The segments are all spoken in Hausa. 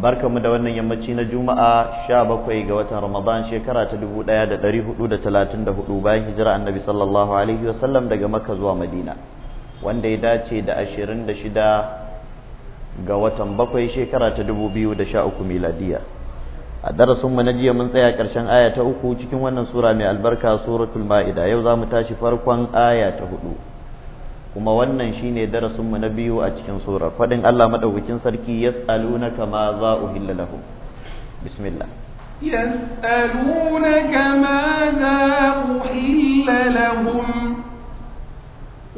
barkamu da wannan yammaci na juma'a sha bakwai ga watan ramadan shekara ta 1434 bayan hijira annabi sallallahu alaihi wasallam daga makka zuwa madina wanda ya dace da ashirin 26 ga watan bakwai shekara ta uku miladiya a darasin mu na jiya mun tsaya karshen aya ta uku cikin wannan sura mai albarka suratul ma'ida yau za mu tashi farkon aya ta hudu kuma wannan shine darasinmu na biyu a cikin surar faɗin Allah maɗaukakin sarki yas'alunaka kama za uhilla lahum bismillah yas'alunaka ma uhilla lahum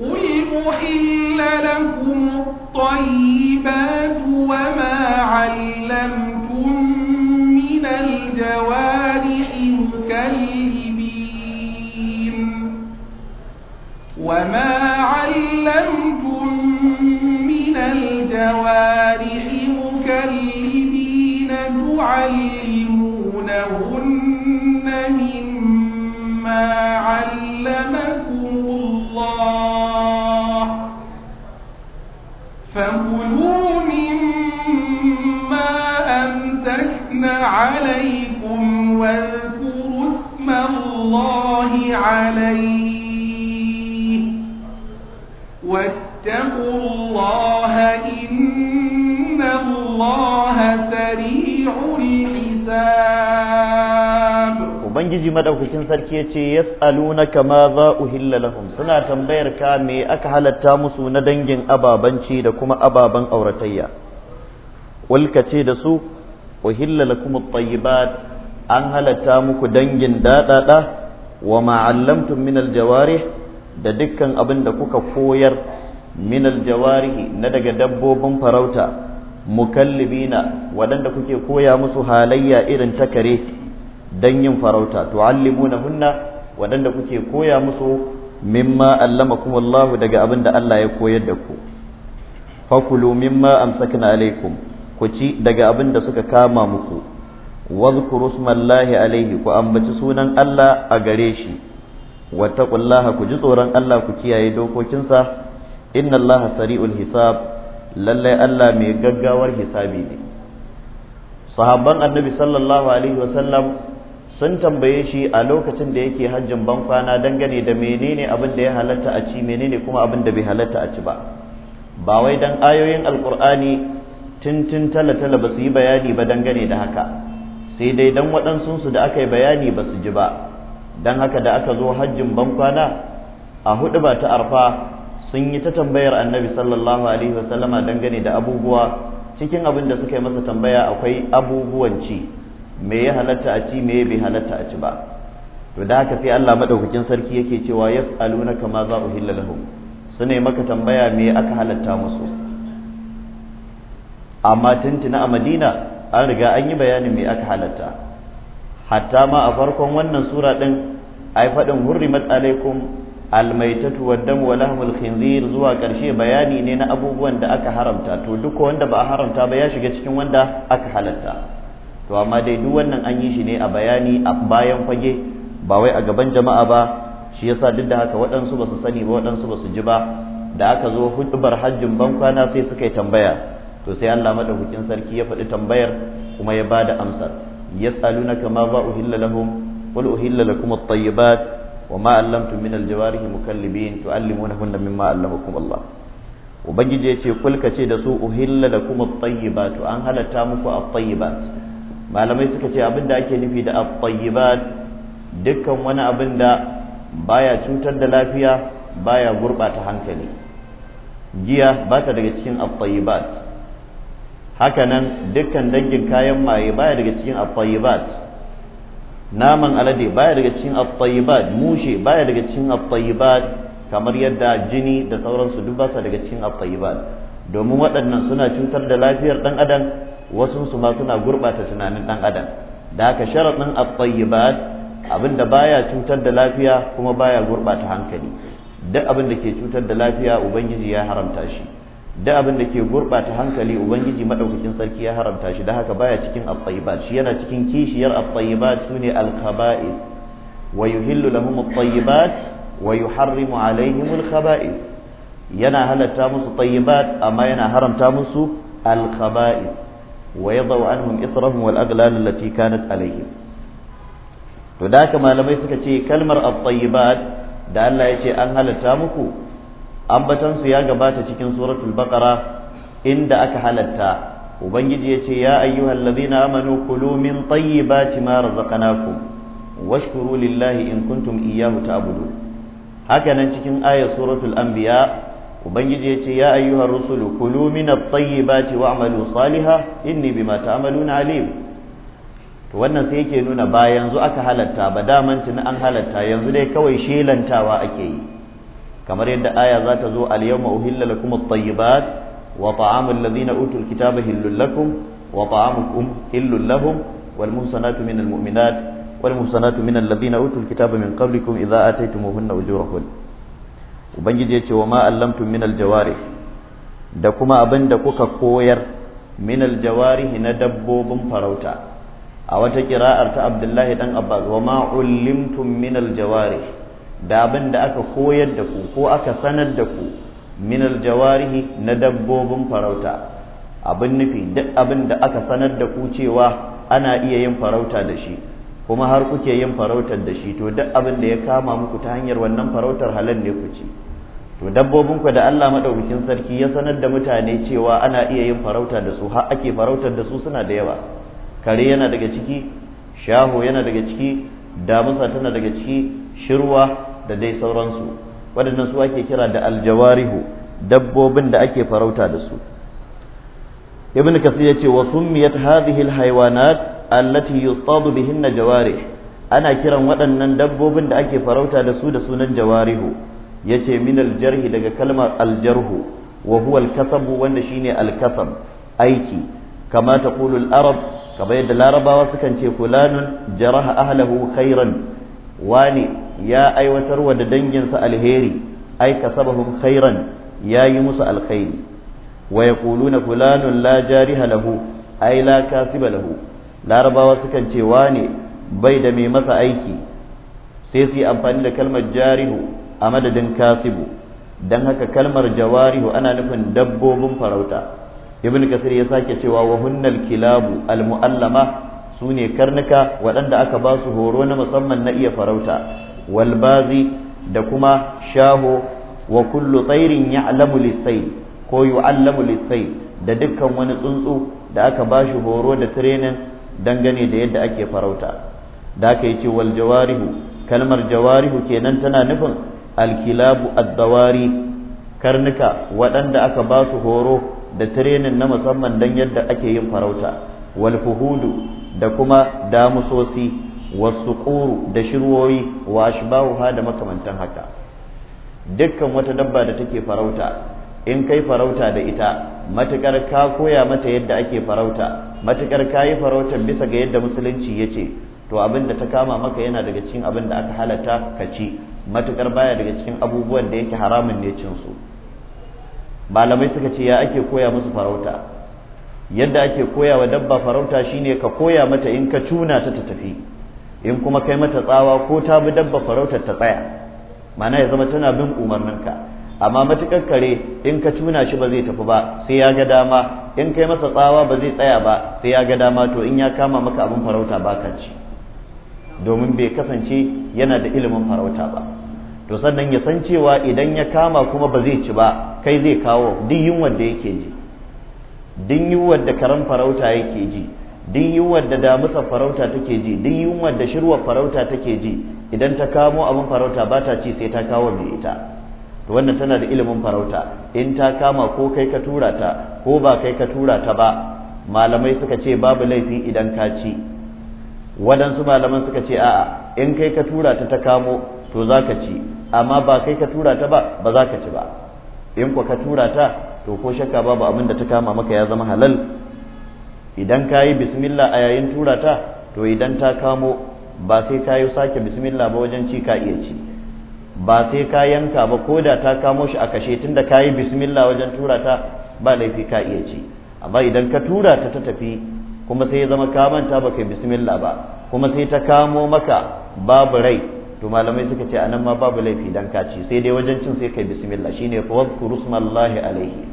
قل أحل لكم الطيبات وما علمتم من الجواب وما علمتم من الجوارح مكلبين تعلمونهن مما علمكم الله فكلوا مما أمتكن عليكم واذكروا اسم الله عليه واتقوا الله إن الله سريع الحساب Ubangiji madaukakin sarki ya ce, Yas'alunaka ma za uhilla lahum suna tambayar ka me aka halatta musu na dangin ababanci da kuma ababen auratayya. Walka ce da su, uhilla lakum tayyibat an halatta muku dangin daɗaɗa wa ma'allamtum min aljawarih da dukkan abin da kuka koyar minal jawarihi na daga dabbobin farauta mukallibina waɗanda kuke koya musu halayya irin ta kare don yin farauta to na hunna waɗanda kuke koya musu mimma allamakum Allahu daga abin da Allah ya koyar da ku fakulu mimma amsakna alaikum ku ci daga abin da suka kama muku wadhkuru smallahi alaihi ku ambaci sunan Allah a gare shi واتقوا الله كجزورا الله كتيا ku kiyaye إن الله سريع الحساب للي ألا ميقاقا والحسابي دي صحابان النبي صلى الله عليه وسلم sun tambaye shi a lokacin da yake hajjin bankwana dangane da menene abin da ya halatta a ci menene kuma abin da bai halatta a ci ba ba wai dan ayoyin alkur'ani tintin tala-tala ba su yi bayani ba dangane da haka sai dai dan waɗansunsu da aka yi bayani ba su ji ba don haka da aka zo hajjin kwana, a hudu ba ta arfa sun yi ta tambayar annabi sallallahu alaihi wasallama dangane da abubuwa cikin abin da suka yi masa tambaya akwai abubuwan ci me ya halatta a ci me ya bai halatta a ci ba to da haka sai Allah madaukakin sarki yake cewa yas'alunaka kama za uhilla lahum su ne maka tambaya me aka halatta musu amma tuntuna a Madina an riga an yi bayanin me aka halatta hatta ma a farkon wannan sura din ai faɗin hurrimat alaikum almaitatu waddamu wa lahmul khinzir zuwa karshe bayani ne na abubuwan da aka haramta to duk wanda ba a haramta ba ya shiga cikin wanda aka halatta to amma dai duk wannan an yi shi ne a bayani a bayan fage ba wai a gaban jama'a ba shi yasa duk da haka waɗansu ba su sani ba waɗansu ba su ji ba da aka zo hudubar hajjin bankwana sai suka yi tambaya to sai Allah madaukakin sarki ya faɗi tambayar kuma ya bada amsar yas'alunaka kama ba uhilla lahum qul uhilla lakum at-tayyibat wa ma 'allamtum min al-jawarihi mukallibin tu'allimunahunna mimma 'allamakum Allah ubangiji ya ce kul ce da su uhilla lakum at-tayyibat an halatta muku at-tayyibat malamai suka ce abin da ake nufi da at-tayyibat dukkan wani abin da baya cutar da lafiya baya gurɓata hankali giya ba ta daga cikin at-tayyibat hakanan dukkan dangin kayan maye baya daga cikin at-tayyibat naman alade baya daga cikin at-tayyibat mushe baya daga cikin at-tayyibat kamar yadda jini da sauransu duk basa daga cikin at-tayyibat domin waɗannan suna cutar da lafiyar ɗan adam wasu su ma suna gurɓata tunanin ɗan adam da haka sharaɗin at-tayyibat abinda baya cutar da lafiya kuma baya gurɓata hankali duk abinda ke cutar da lafiya ubangiji ya haramta shi da abin da ke gurɓata hankali ubangiji maɗaukacin sarki ya haramta shi da haka baya cikin at shi yana cikin kishiyar at sune al wa yuhillu lahum at-tayyibat wa yuharrimu alaihim al-khaba'is yana halatta musu tayyibat amma yana haramta musu al-khaba'is wa yadau anhum israhum wal aghlal allati kanat to da haka malamai suka ce kalmar at-tayyibat da Allah ya ce an halatta muku ambatansu ya gabata cikin suratul baqara inda aka halatta ubangiji ya ce ya ayyuhal ladhina amanu kulu min tayyibati ma razaqnakum washkuru lillahi in kuntum iyyahu ta'budun haka nan cikin aya suratul anbiya ubangiji ya ce ya ayyuhar rusulu kulu min at-tayyibati wa'malu salihan inni bima ta'maluna alim to wannan sai yake nuna ba yanzu aka halatta ba daman tuni an halatta yanzu dai kawai shelantawa ake yi kamar yadda aya za ta zo al-yawma uhilla lakum at-tayyibat wa ta'amul ladina utul kitaba hillul lakum wa ta'amukum hillul lahum wal muhsanatu minal mu'minat wal muhsanatu minal ladina utul kitaba min qablikum idza ataytumuhunna ujurahun ubangiji yace wa ma allamtum minal jawari da kuma abin da kuka koyar minal jawarihi na dabbobin farauta a wata kira'ar ta Abdullahi dan Abbas wa ma ullimtum minal jawarih da abin da aka koyar da ku ko aka sanar da ku minal jawarihi na dabbobin farauta abin nufi duk abin da aka sanar da ku cewa ana iya yin farauta da shi kuma har kuke yin farautar da shi to duk abin da ya kama muku ta hanyar wannan farautar halal ne ku ci to dabbobin ku da Allah madaukakin sarki ya sanar da mutane cewa ana iya yin farauta da su har ake farautar da su suna da yawa kare yana daga ciki shaho yana daga ciki damusa tana daga ciki shirwa da dai sauransu waɗannan su ake kira da aljawarihu dabbobin da ake farauta da su ibn kasir yace wa summiyat hadhihi alhayawanat allati yustadu bihinna jawari ana kiran waɗannan dabbobin da ake farauta da su da sunan jawarihu yace min aljarhi daga kalmar aljarhu wa huwa alkasabu wanda shine alkasab aiki kama taqulu alarab kamar yadda larabawa sukan ce fulanun jaraha ahlahu khairan wani ya aiwatar wa da danginsa alheri ai kasabahum khairan ya yi musu alkhairi wa yaquluna fulanun la jariha lahu ai la kasiba lahu larabawa sukan ce wane bai da mai masa aiki sai su yi amfani da kalmar jarihu a madadin kasibu don haka kalmar jawarihu ana nufin dabbobin farauta ibn kasir ya sake cewa wa hunnal kilabu almu'allama su ne karnuka waɗanda aka ba su horo na musamman na iya farauta walbazi da kuma shaho wa kullu tsairin ya'lamu ko yu'allamu lisai da dukkan wani tsuntsu da aka bashi horo da training dangane da yadda ake farauta da aka yi ce wal jawarihu kalmar jawarihu kenan tana nufin alkilabu addawari karnuka waɗanda aka ba su horo da tirenin na musamman don yadda ake yin farauta wal da kuma damusosi wasu ƙuru da shirwoyi wa wuha da makamantan haka dukkan wata dabba da take farauta in kai farauta da ita matukar ka koya mata yadda ake farauta matukar ka yi farautar bisa ga yadda musulunci ya ce to abin da ta kama maka yana daga cikin abin da aka halatta ka ci matukar baya daga cikin abubuwan da yake haramun ne cin su malamai suka ce ya ake koya musu farauta yadda ake koya wa dabba farauta shine ka koya mata in ka cuna ta ta tafi in kuma kai mata tsawa ko ta bi dabba farautar ta tsaya mana ya zama tana bin umarninka amma matukar kare in ka tuna shi ba zai tafi ba sai ya ga dama in kai masa tsawa ba zai tsaya ba sai ya ga dama to in ya kama maka abin farauta ba ka ci domin bai kasance yana da ilimin farauta ba to sannan ya san cewa idan ya kama kuma ba zai ci ba kai zai kawo duk yunwar da yake ji duk yunwar da karen farauta yake ji duk yunwar da damusa farauta take ji duk yunwar da shirwar farauta take ji idan ta kamo abin farauta ba ta ci sai ta kawo mai ita to wannan tana da ilimin farauta in ta kama ko kai ka tura ta ko ba kai ka tura ta ba malamai suka ce babu laifi idan ka ci waɗansu malaman suka ce a'a in kai ka tura ta ta kamo to za ka ci amma ba kai ka tura ta ba ba za ka ci ba in ko ka tura ta to ko shakka babu abin da ta kama maka ya zama halal idan ka yi bismillah a yayin tura ta to idan ta kamo ba sai ka yi sake bismillah ba wajen ci ka iya ci ba sai ka yanka ba ko da ta kamo shi a kashe tunda ka yi bismillah wajen tura ta ba laifi ka iya ci amma idan ka tura ta ta tafi kuma sai ya zama ka manta ba kai bismillah ba kuma sai ta kamo maka babu rai to malamai suka ce anan ma babu laifi dan ci sai dai wajen cin sai kai bismillah shine fa wadhkuru smallahi alaihi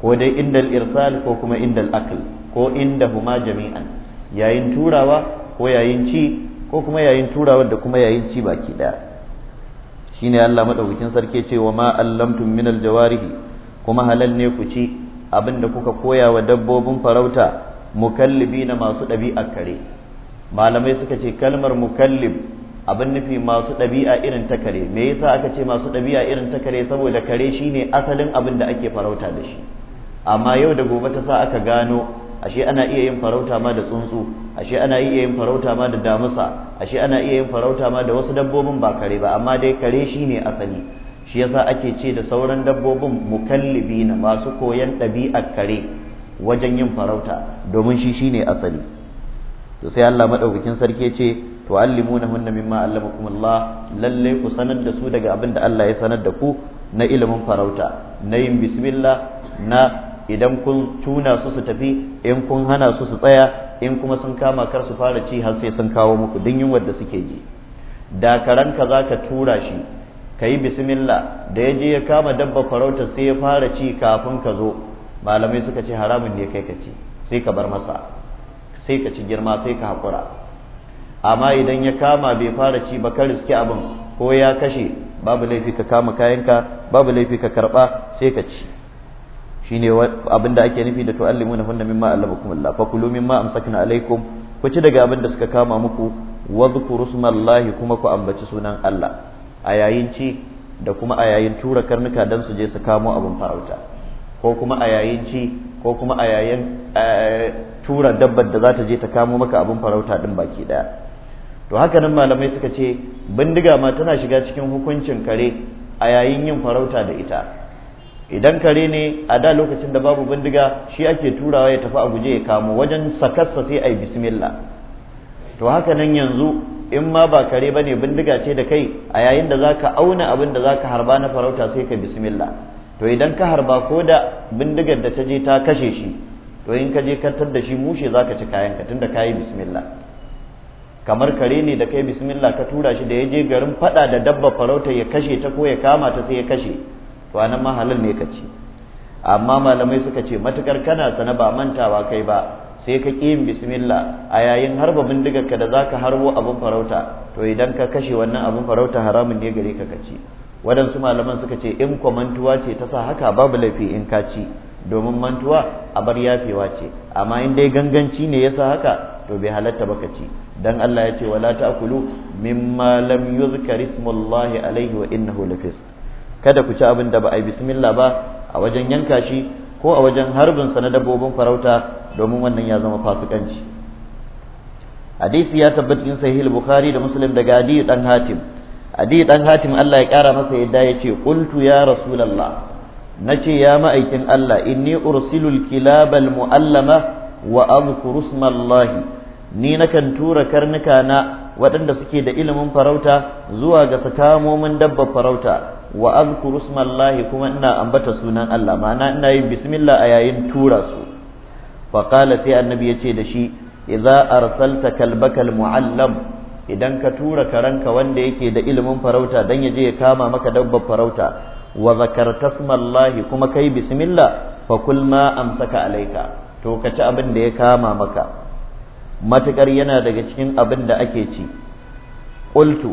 ko dai indal irsal ko kuma indal akl ko inda huma jami'an yayin turawa ko yayin ci ko kuma yayin turawa da kuma yayin ci baki daya shine Allah madaukakin sarki ce wa ma allamtum min aljawarihi kuma halal ne ku ci abinda kuka koya wa dabbobin farauta mukallibi na masu ɗabi'a kare malamai suka ce kalmar mukallib abin nufi masu ɗabi'a irin ta kare me yasa aka ce masu ɗabi'a irin ta kare saboda kare shine asalin abin da ake farauta da shi amma yau da gobe ta sa aka gano ashe ana iya yin farauta ma da tsuntsu ashe ana iya yin farauta ma da damusa ashe ana iya yin farauta ma da wasu dabbobin ba kare ba amma dai kare shi ne asali shi yasa ake ce da sauran dabbobin na masu koyan ɗabi'ar kare wajen yin farauta domin shi shine asali to sai Allah madaukakin sarki ya ce to hunna mimma Allah lalle ku sanar da su daga abin da Allah ya sanar da ku na ilimin farauta na yin bismillah na idan kun tuna su su tafi in kun hana su su tsaya in kuma sun kama kar su fara ci har sai sun kawo muku din yunwar da suke ji da karanka za ka tura shi ka yi bismillah da ya je ya kama dabba farauta sai ya fara ci kafin ka zo malamai suka ce haramun ne kai ka ci sai ka bar masa sai ka ci girma sai ka haƙura amma idan ya kama bai fara ci ba ka riski abin ko ya kashe babu laifi ka kama kayanka babu laifi ka karɓa sai ka ci shine da ake nufi da na hunna mimma allabakum Allah fa kulu mimma amsakna alaikum ku ci daga abin da suka kama muku wa dhkuru smallahi kuma ku ambaci sunan Allah a yayin ci da kuma a yayin tura karnuka dan su je su kamo abin farauta ko kuma a yayin ci ko kuma a yayin tura dabbar da za ta je ta kamo maka abin farauta din baki daya to haka nan malamai suka ce bindiga ma tana shiga cikin hukuncin kare a yayin yin farauta da ita idan kare ne a da lokacin da babu bindiga shi ake turawa ya tafi a guje ya kamo wajen sakassa sai a yi bismillah to haka nan yanzu in ma ba kare bane bindiga ce da kai a yayin da zaka auna abin da zaka harba na farauta sai ka bismillah to idan ka harba ko da bindigar da ta je ta kashe shi to in ka je kantar da shi mushe zaka ci kayan ka tunda kayi bismillah kamar kare ne da kai bismillah ka tura shi da ya je garin fada da dabba farauta ya kashe ta ko ya kama ta sai ya kashe to anan ma halal ne ka ci amma malamai suka ce matukar kana sana ba mantawa kai ba sai ka ƙi yin bismillah a yayin harba bindigar ka da za ka harbo abin farauta to idan ka kashe wannan abin farauta haramun ne gare ka ci waɗansu malaman suka ce in kwa mantuwa ce ta sa haka babu laifi in ka ci domin mantuwa a bar yafewa ce amma in dai ganganci ne ya sa haka to bai halatta ba ka ci dan Allah ya ce wala ta'kulu mimma lam yuzkar ismullahi alaihi wa innahu lafis kada ku ci abin da ba a yi bismillah ba a wajen yanka shi ko a wajen harbin sa na dabbobin farauta domin wannan ya zama fasikanci hadisi ya tabbata cikin sahih bukhari da muslim daga adi dan hatim adi dan hatim Allah ya kara masa yadda ya ce qultu ya rasulullah nace ya ma'aikin Allah inni ursilul kilabal mu'allama wa adhkuru ni nakan tura karnuka na waɗanda suke da ilimin farauta zuwa ga sakamomin dabba dabbar farauta wa azkuru smallahi kuma ina ambata sunan Allah ma'ana ina yin bismillah a yayin tura su fa sai annabi ya ce da shi idza arsalta kalbaka almuallam idan ka tura karanka wanda yake da ilimin farauta dan je ya kama maka dabbar farauta wa zakarta smallahi kuma kai bismillah fa kul ma amsaka alayka to ka ci abin da ya kama maka matukar yana daga cikin abin da ake ci qultu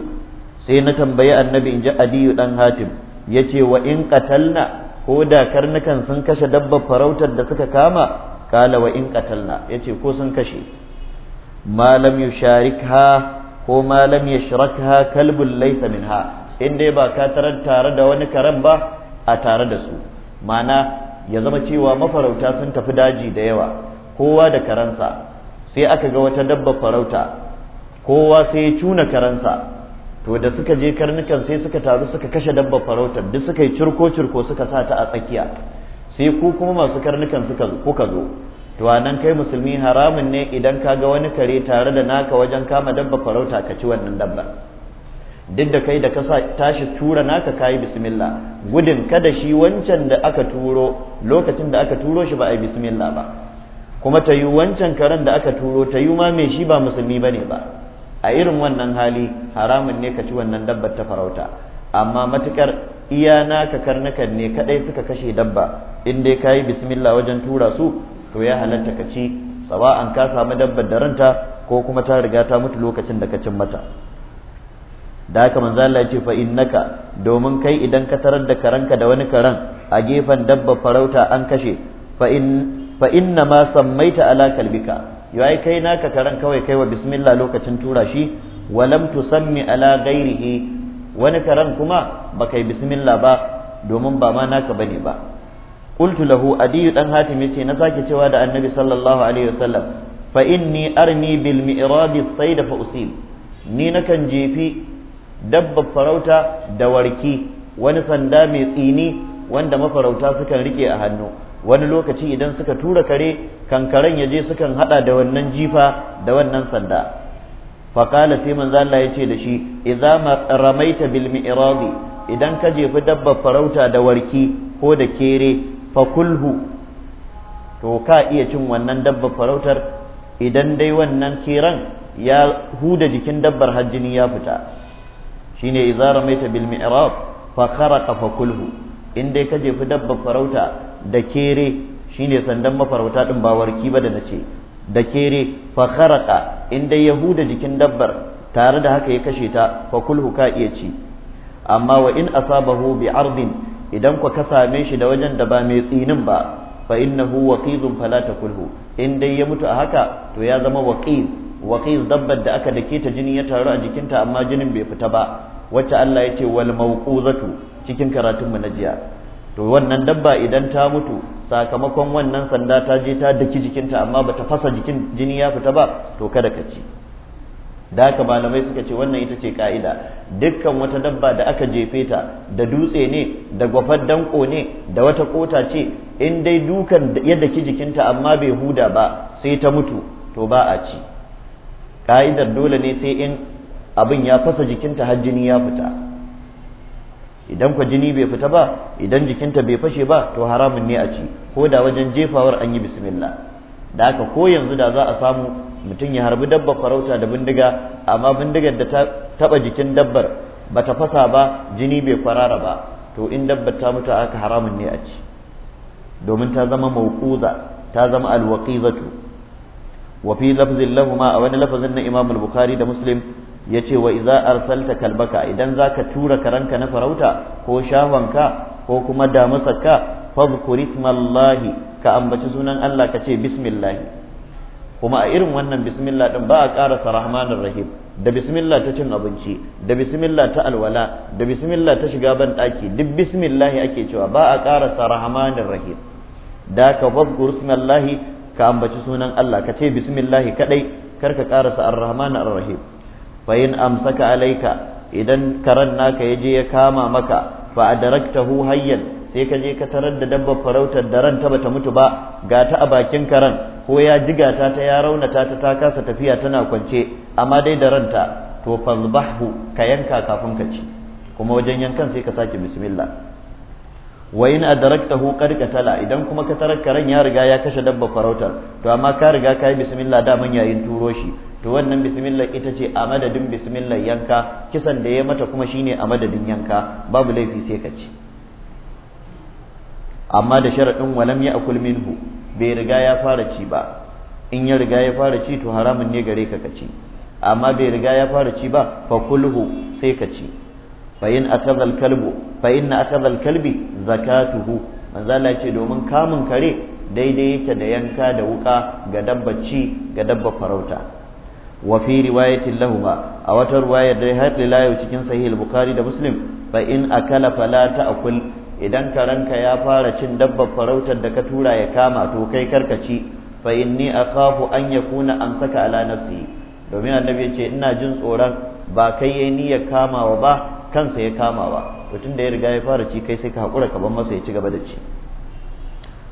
sai na tambayi annabi in ji adiyu dan hatim yace wa in qatalna ko da karnukan sun kashe dabbar farautar da suka kama kala wa in qatalna yace ko sun kashe malam yusharikha ko malam yashrakha kalbun laysa minha in dai ba ka tarar tare da wani karen ba a tare da su mana ya zama cewa mafarauta sun tafi daji da yawa kowa da karansa sai aka ga wata dabba farauta kowa sai ya cuna karansa to da suka je karnukan sai suka taru suka kashe dabba farauta duk suka yi cirko cirko suka sa ta a tsakiya sai ku kuma masu karnukan suka kuka zo to a nan kai musulmi haramun ne idan ka ga wani kare tare da naka wajen kama dabba farauta ka ci wannan dabba duk da kai da ka tashi tura naka kayi bismillah gudun kada shi wancan da aka turo lokacin da aka turo shi ba a yi bismillah ba kuma ta yi wancan karen da aka turo ta yi ma mai shi ba musulmi ba ne ba a irin wannan hali haramun ne ka ci wannan dabbar ta farauta amma matukar iya naka karnukan ne kadai suka kashe dabba in dai kayi bismillah wajen tura su to ya halatta ka ci sawa'an ka samu dabbar da ranta ko kuma ta riga ta mutu lokacin da ka cin mata da haka manzo Allah ya ce fa innaka domin kai idan ka tarar da karanka da wani karan a gefen dabba farauta an kashe fa in fa inna ma sammaita ala kalbika yayi kai naka karan kawai kai wa bismillah lokacin tura shi wa lam tusammi ala ghairihi wani karan kuma ba kai bismillah ba domin ba ma naka bane ba qultu lahu adiyu dan hatim yace na sake cewa da annabi sallallahu alaihi wasallam fa inni armi bil mi'rad as-sayd fa usil ni nakan jefi dabbar farauta da warki wani sanda mai tsini wanda mafarauta sukan rike a hannu wani lokaci idan suka tura kare kankaren ya je sukan hada da wannan jifa da wannan sanda faƙala sai manzo Allah ya ce da shi idza ramaita bil mi'radi idan ka jefi dabbar farauta da warki ko da kere fa kulhu to ka iya cin wannan dabbar farautar idan dai wannan kiran ya huda jikin dabbar hajjini ya fita shine idza ramaita bil mi'rad fa kharaqa fakulhu in dai ka jefi dabbar farauta da kere shine sandan mafarauta ɗin ba warki ba da nace da kere fa kharaqa inda yahuda jikin dabbar tare da haka ya kashe ta fa kulhu ka iya ci amma wa in asabahu bi ardin idan ku ka same shi da wajen da ba mai tsinin ba fa innahu waqizun fala takulhu in dai ya mutu a haka to ya zama waqiz waqiz dabbar da aka dake ta jini ya taru a jikinta amma jinin bai fita ba wacce Allah ya ce wal mawquzatu cikin karatun mu na jiya to wannan dabba idan ta mutu sakamakon wannan sanda ta je ta daki jikinta amma ba ta fasa jikin jini ya fita ba to kada ka ci da haka malamai suka ce wannan ita ce ka'ida dukkan wata dabba da aka jefe ta da dutse ne da gwafar danko ne da wata kota ce in dai dukan ya daki jikinta amma bai huda ba sai ta mutu to ba a ci ka'idar dole ne sai in abin ya fasa jikinta har jini ya fita idan kwa jini bai fita ba idan jikinta bai fashe ba to haramun ne a ci ko da wajen jefawar an yi bismillah da haka ko yanzu da za a samu mutum ya harbi dabbar farauta da bindiga amma bindigar da ta taba jikin dabbar ba ta fasa ba jini bai kwarara ba to in dabbar ta mutu aka haramun ne a ci domin ta zama mauquza ta zama alwaqizatu wa fi lafzin lahuma a wani lafazin na Imam al-Bukhari da Muslim ya ce wa iza arsalta kalbaka idan za ka tura karanka na farauta ko ka ko kuma damusarka fadhkur ismallahi ka ambaci sunan Allah ka ce bismillah kuma a irin wannan bismillah din ba a ƙarasa rahmanin rahim da bismillah ta cin abinci da bismillah ta alwala da bismillah ta shiga ban daki duk bismillah ake cewa ba a ƙarasa rahmanin rahim da ka fadhkur ismallahi ka ambaci sunan Allah ka ce bismillah kadai kar ka ƙarasa ar rahim fa in amsaka alaika idan karan naka yaje ya kama maka fa adraktahu hayyan sai ka je ka tarar da dabbar farautar da ran ta bata mutu ba ga ta a bakin karan ko ya jiga ta ta ya raunata ta ta kasa tafiya tana kwance amma dai da ranta to fazbahu ka yanka kafin ka ci kuma wajen yankan sai ka sake bismillah wa in adraktahu qad katala idan kuma ka tarar karen ya riga ya kashe dabba farautar to amma ka riga ka yi bismillah da man yayin turo shi to wannan bismillah ita ce a madadin bismillah yanka kisan da ya mata kuma shine a madadin yanka babu laifi sai ka ci amma da sharadin walam ya akul minhu bai riga ya fara ci ba in ya riga ya fara ci to haramun ne gare ka ka ci amma bai riga ya fara ci ba fa kulhu sai ka ci fa in kalbu fa in kalbi zakatuhu manzala ce domin kamun kare daidai yake da yanka da wuka ga dabba ci ga dabba farauta wa fi riwayatin lahuma a wata riwayar da har ila cikin sahih bukhari da muslim fa in akala fala ta'kul idan karanka ya fara cin dabbar farautar da ka tura ya kama to kai karkaci fa inni akhafu an yakuna amsaka ala nafsi domin annabi ya ce ina jin tsoron ba kai yayi niyyar kamawa ba kansa ya kama ba mutum da ya riga ya fara ci kai sai ka haƙura ka ban masa ya ci gaba da ci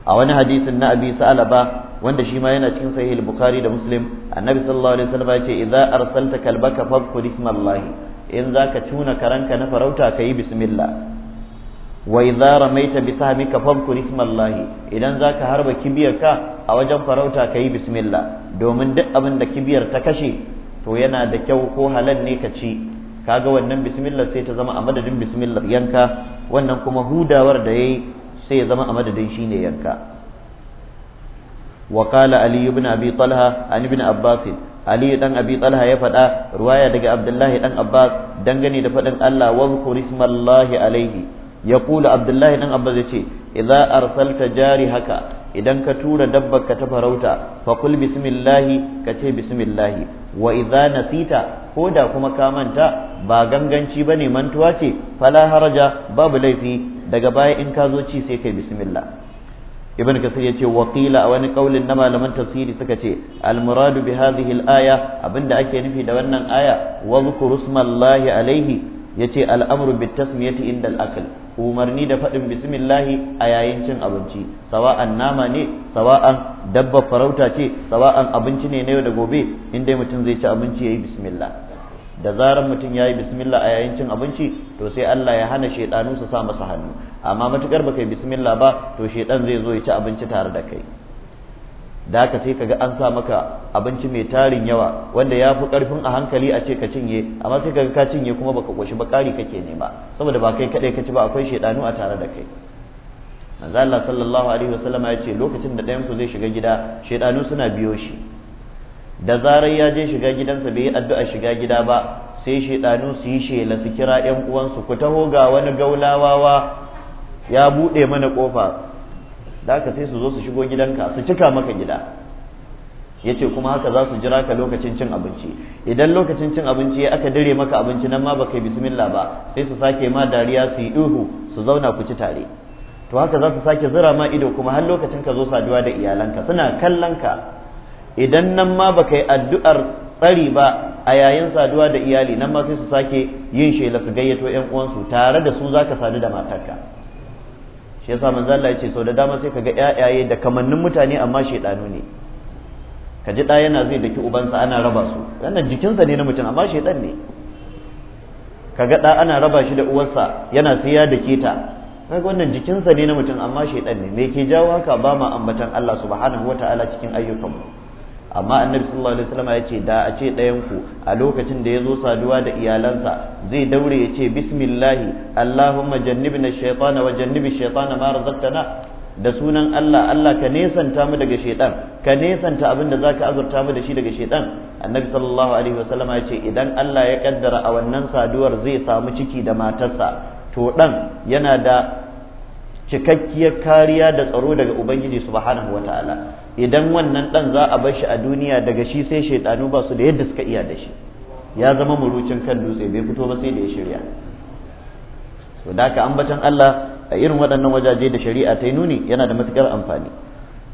a wani hadisin na abi sa'alaba wanda shi ma yana cikin sahih bukhari da muslim annabi sallallahu alaihi wasallam ya idza arsalta kalbaka fadhkur ismallahi in zaka tuna karanka na farauta kayi bismillah wa idza ramaita bi sahmika fadhkur ismallahi idan zaka harba kibiyarka a wajen farauta kayi bismillah domin duk abin da kibiyar ta kashe to yana da kyau ko halal ne ka ci kaga wannan bismillah sai ta zama a madadin bismillah yanka wannan kuma hudawar da yayi sai ya zama a madadin shine yanka wa qala ali ibn abi talha an ibn abbas ali dan abi talha ya faɗa ruwaya daga abdullahi dan abbas dangane da faɗin Allah wa zkur ismallahi alaihi ya kula abdullahi dan abba zai ce idza arsalta jari haka idan ka tura dabbar ka ta farauta fa kul bismillahi ka ce bismillahi wa idza nasita ko da kuma ka manta ba ganganci ba ne mantuwa ce fala haraja babu laifi daga baya in ka zo ci sai kai bismillah ibn kasir yace wa qila a wani kaulin na malaman tafsiri suka ce al muradu bi hadhihi al aya abinda ake nufi da wannan aya wa dhkuru alaihi ya ce al'amru bit tasmiyati inda al umarni da faɗin bismillahi a yayin cin abinci sawa'an nama ne sawa'an dabba farauta ce sawa'an abinci ne na yau da gobe inda mutum zai ci abinci ya yi bismillah da zarar mutum ya yi bismillah a yayin cin abinci to sai Allah ya hana shaidanu su sa masa hannu amma matukar ba kai bismillah ba to shaiɗan zai zo ya ci abinci tare da kai da haka sai kaga an sa maka abinci mai tarin yawa wanda ya fi karfin a hankali a ce ka cinye amma sai kaga ka cinye kuma baka koshi ba kari kake nema saboda ba kai kadai ka ci ba akwai shedanu a tare da kai manzo Allah sallallahu alaihi wasallam ya ce lokacin da ɗayan ku zai shiga gida shedanu suna biyo shi da zarar ya je shiga gidansa bai yi addu'a shiga gida ba sai shaidanu su yi shela su kira 'yan uwansu ku taho ga wani gaulawawa ya buɗe mana kofa. da haka sai su zo su shigo gidanka su cika maka gida ya ce kuma haka za su jira ka lokacin cin abinci idan lokacin cin abinci ya aka dire maka abinci nan ma baka yi bismillah ba sai su sake ma dariya su yi duhu su zauna ku ci tare to haka za su sake zira ma ido kuma har lokacin ka zo saduwa da iyalanka suna kallon ka idan nan ma baka yi addu'ar tsari ba a yayin saduwa da iyali nan ma sai su sake yin shela su gayyato yan uwansu tare da su zaka sadu da matarka shi yasa manzo Allah ce sau da dama sai kaga ƴaƴaye da kamannin mutane amma shedanu ne ka ji da yana zai daki ubansa ana raba su wannan jikinsa ne na mutum amma shedan ne kaga da ana raba shi da uwarsa yana siya da keta. ta kaga wannan jikinsa ne na mutum amma shedan ne me ke jawo haka ba ma ambatan Allah subhanahu wataala cikin ayyukanmu amma annabi sallallahu alaihi wasallam ya ce da a ce ɗayan ku a lokacin da ya zo saduwa da iyalansa zai daure ya ce bismillahi allahumma jannibna shaytana wa jannibi shaytana ma razaqtana da sunan Allah Allah ka nesanta mu daga shaytan ka nesanta abin da zaka azurta mu da shi daga shaytan annabi sallallahu alaihi wasallam ya ce idan Allah ya kaddara a wannan saduwar zai samu ciki da matarsa to dan yana da cikakkiyar kariya da tsaro daga ubangiji subhanahu wataala idan wannan dan za a bar shi a duniya daga shi sai shaidanu ba su da yadda suka iya da shi ya zama murucin kan dutse bai fito ba sai da ya shirya so da ambatan Allah a irin waɗannan wajaje da shari'a ta yi nuni yana da matukar amfani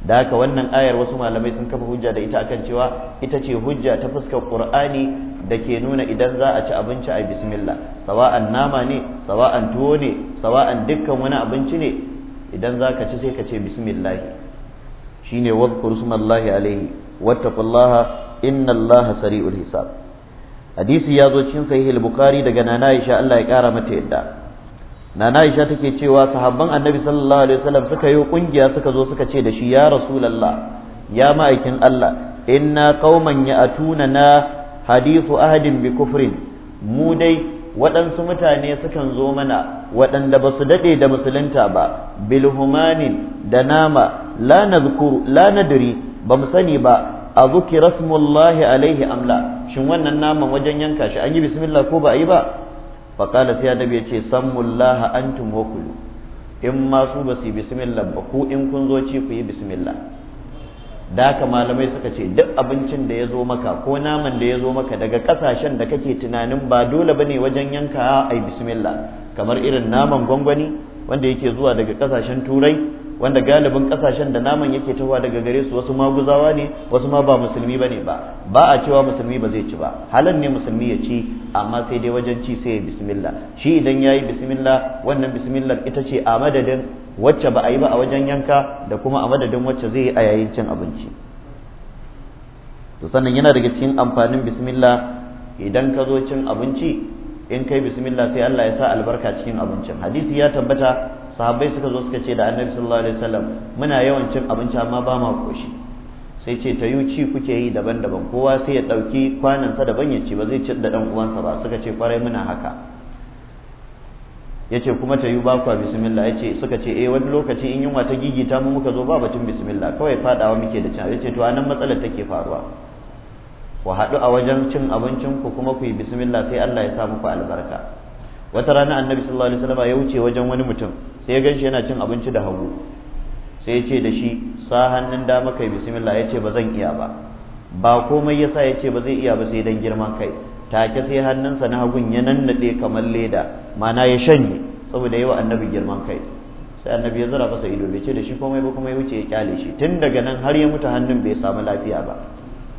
da haka wannan ayar wasu malamai sun kafa hujja da ita akan cewa ita ce hujja ta fuskar Qur'ani da ke nuna idan za a ci abinci a bismillah sawa'an nama ne sawa'an tuwo ne sawa'an dukkan wani abinci ne idan za ka ci sai ka ce shi shine wadkur smallahi alaihi wattaqullaha inna allaha sari'ul hisab hadisi ya zo cikin sahih al-bukhari daga nana Aisha Allah ya kara mata yadda nana Aisha take cewa sahabban annabi sallallahu alaihi wasallam suka yi kungiya suka zo suka ce da shi ya rasulullah ya ma'aikin Allah inna qauman ya'tuna na hadithu ahadin bi kufrin mu dai waɗansu mutane sukan zo mana waɗanda ba su daɗe da musulunta ba bilhumanin da nama la nadiri ba mu sani ba a zuki rasmullahi alaihi amla shin wannan naman wajen yanka shi an yi bismillah ko ba a yi ba faƙala sai annabi ya ce sammullaha antum wakulu in ma su ba su yi bismillah ba ku in kun zo ci ku yi bismillah da haka malamai suka ce duk abincin da ya zo maka ko naman da ya zo maka daga kasashen da kake tunanin ba dole bane wajen yanka ai bismillah kamar irin naman gwangwani wanda yake zuwa daga kasashen turai wanda galibin kasashen da naman yake tawa daga gare su wasu maguzawa ne wasu ma ba musulmi bane ba ba a cewa musulmi ba zai ci ba halan ne musulmi ya ci amma sai dai wajen ci sai ya bismillah shi idan yayi bismillah wannan bismillah ita ce a madadin wacce ba a yi ba a wajen yanka da kuma a madadin wacce zai yi a yayin cin abinci sannan yana daga cikin amfanin bismillah idan ka zo cin abinci in kai bismillah sai Allah ya sa albarka cikin abincin hadisi ya tabbata sahabbai suka zo suka ce da annabi sallallahu alaihi wasallam muna yawan cin abinci amma ba ma koshi sai ce ta ci kuke yi daban-daban kowa sai ya ɗauki kwanansa daban ya ci ba zai ci da ɗan uwansa ba suka ce kwarai muna haka ya ce kuma ta yi bakwa bismillah ya ce suka ce eh wani lokaci in yunwa ta gigita mu muka zo ba batun bismillah kawai fadawa muke da cin ya ce to anan matsalar take faruwa ku haɗu a wajen cin abincin ku kuma ku yi bismillah sai Allah ya sa muku albarka wata rana annabi sallallahu alaihi wasallam ya wuce wajen wani mutum sai ya ganshi yana cin abinci da hagu sai ya ce da shi sa hannun dama kai bismillah ya ce ba zan iya ba ba komai yasa ya ce ba zai iya ba sai dan girman kai take sai hannunsa na hagun ya nannade kamar leda mana ya shanye saboda yawa annabi girman kai sai annabi ya zura masa ido bai ce da shi komai ba kuma wuce ya kyale shi tun daga nan har ya mutu hannun bai samu lafiya ba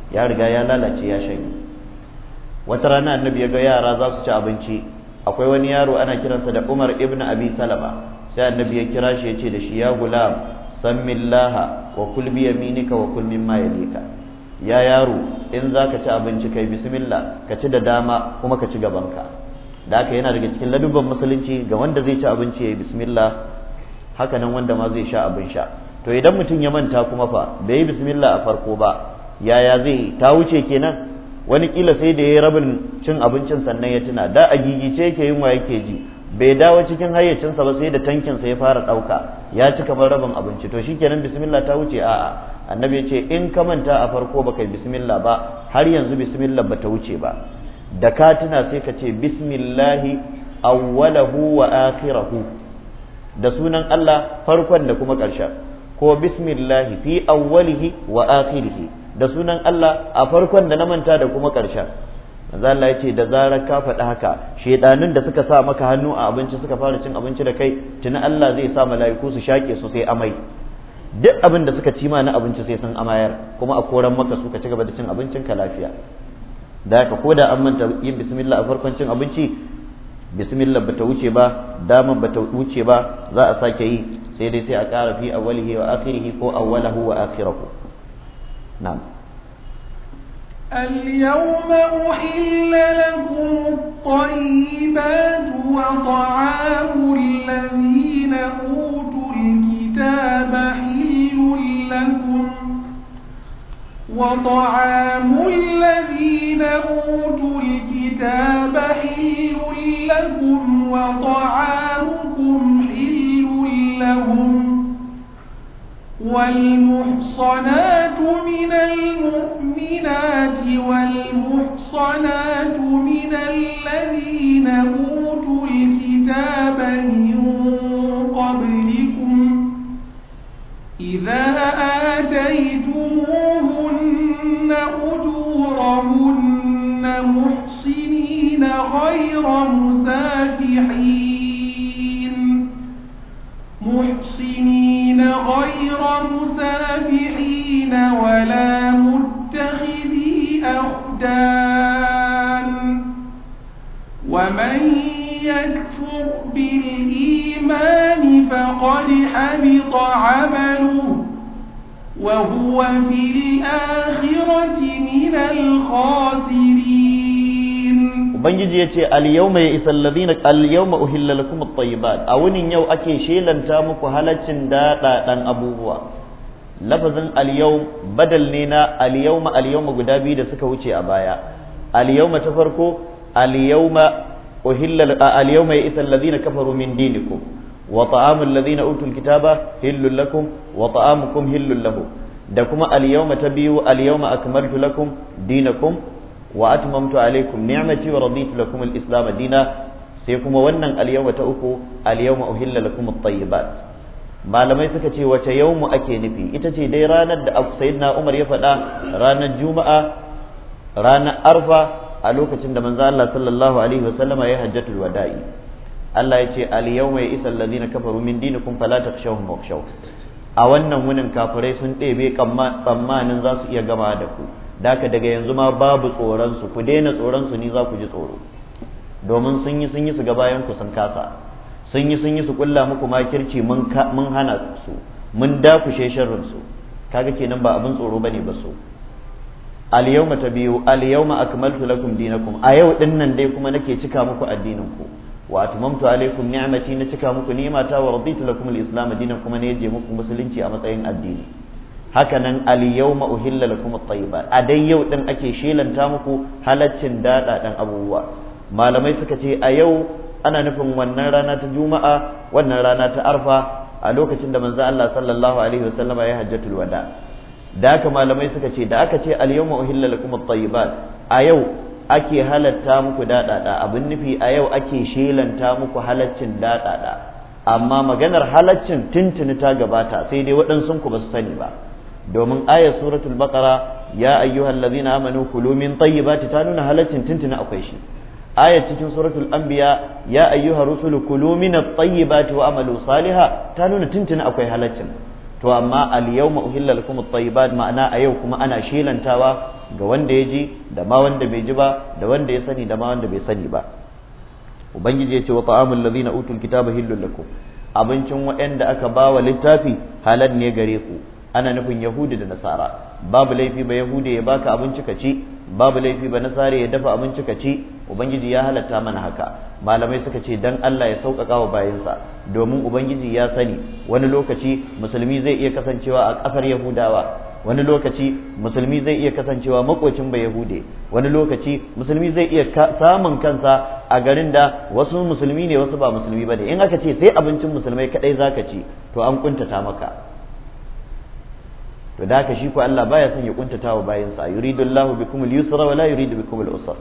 ya riga ya lalace ya shanye wata rana annabi ya ga yara za su ci abinci akwai wani yaro ana kiransa da Umar ibn Abi Salama sai annabi ya kira shi ya ce da shi ya gulam millaha wa kul bi yaminika wa kul mimma ya yaro in zaka ci abinci kai bismillah ka ci da dama kuma ka ci gabanka da aka yana daga cikin ladubban musulunci ga wanda zai ci abinci ya bismillah haka nan wanda ma zai sha abin sha to idan mutum ya manta kuma fa bai yi bismillah a farko ba yaya zai ta wuce kenan wani kila sai da ya yi rabin cin abincin sannan ya tuna da a gigice yake yin wa yake ji bai dawo cikin hayyacinsa ba sai da tankinsa ya fara ɗauka ya ci kamar rabin abinci to shikenan bismillah ta wuce a'a annabi ya ce in ka manta a farko baka bismillah ba har yanzu bismillah ta wuce ba da ka tuna sai ka ce bismillahi awwalahu wa akhirahu da sunan Allah farkon da kuma ƙarshen ko bismillahi fi awwalihi wa akhirihi da sunan Allah a farkon da na manta da kuma ƙarshen manzo Allah yace da zarar ka faɗi haka shedanun da suka sa maka hannu a abinci suka fara cin abinci da kai tuni Allah zai sa mala'iku su shake su sai amai duk abin da suka ci ma na abinci sai sun amayar kuma a koran maka su ka ci gaba da cin abincin ka lafiya da haka ko da an manta yin bismillah a farkon cin abinci bismillah bata wuce ba daman bata wuce ba za a sake yi sai dai sai a ƙara fi awwalihi wa akhirihi ko awwalahu wa akhirahu na'am اليوم أحل لكم الطيبات وطعام الذين أوتوا الكتاب حل لكم وطعام الذين أوتوا الكتاب حل لكم وطعامكم حل لهم والمحصنات من المؤمنين yace al yawma ya isal ladina al yawma uhilla lakum at tayyibat a wunin yau ake shelanta muku halaccin dada dan abubuwa lafazin al badal ne na al yawma al yawma guda biyu da suka wuce a baya al yawma ta farko al yawma uhilla al yawma ya isal ladina kafaru min dinikum wa ta'amul ladina utul kitaba hillul lakum wa ta'amukum hillul lahu da kuma al yawma ta biyu al yawma akmaltu lakum dinakum wa atmamtu alaikum ni'mati wa raditu lakum islam dinan sai kuma wannan al-yawma ta uku al-yawma malamai suka ce wace mu ake nufi ita ce dai ranar da sayyidina Umar ya faɗa ranar Juma'a ranar Arfa a lokacin da manzo Allah sallallahu alaihi wasallama ya hajjatul wada'i Allah ya ce al-yawma ya'isa alladhina kafaru min dinikum fala takhshawhum wakhshaw a wannan wunin kafirai sun ɗebe tsammanin za su iya gama da ku daka daga yanzu ma babu tsoron su ku daina tsoron su ni za ku ji tsoro domin sun yi sun yi su ga bayan ku sun kasa sun yi sun yi su kulla muku makirci mun hana su mun dakushe sharrin su kaga kenan ba abin tsoro bane ba su al-yawma tabiyu al-yawma akmaltu lakum dinakum a yau din nan dai kuma nake cika muku addinin ku wa atmamtu alaykum ni'mati na cika muku ni'mata wa raditu lakum al-islam dinan kuma ne je muku musulunci a matsayin addini hakanan aliyau yawma lakum at-tayyibat a dai yau din ake shelanta muku halaccin dadadan abubuwa malamai suka ce a yau ana nufin wannan rana ta juma'a wannan rana ta arfa a lokacin da manzo Allah sallallahu alaihi wasallama ya hajjatul wada da haka malamai suka ce da aka ce aliyau yawma lakum at-tayyibat a yau ake halatta muku dadada abin nufi a yau ake shelanta muku halaccin dadada amma maganar halaccin tuntuni ta gabata sai dai waɗansu ku ba su sani ba domin ayat suratul baqara ya ayyuhal ladzina amanu kulu min tayyibati ta nuna halaccin tuntuna akwai shi ayat cikin suratul anbiya ya ayyuhar rusulu kulu min at-tayyibati wa amalu salihah ta nuna tuntuna akwai halaccin to amma al-yawma uhilla lakum at-tayyibat ma'ana a yau kuma ana shelantawa ga wanda ya ji da ma wanda bai ji ba da wanda ya sani da ma wanda bai sani ba ubangiji ya ce wa ta'amul ladzina utul kitaba hillul lakum abincin waɗanda aka ba wa littafi halal ne gare ku ana nufin yahudi da nasara babu laifi ba yahudi ya baka abinci ka ci babu laifi ba nasara ya dafa abinci ka ci ubangiji ya halatta mana haka malamai suka ce dan Allah ya sauƙaƙa wa bayansa domin ubangiji ya sani wani lokaci musulmi zai iya kasancewa a ƙasar yahudawa wani lokaci musulmi zai iya kasancewa makocin ba yahude wani lokaci musulmi zai iya samun kansa a garin da wasu musulmi ne wasu ba musulmi ba ne in aka ce sai abincin musulmai kaɗai zaka ci to an kuntata maka to da haka shi ko Allah baya son ya kuntata wa bayinsa yuridullahu Allahu bikum al-yusra wa la yuridu bikum usra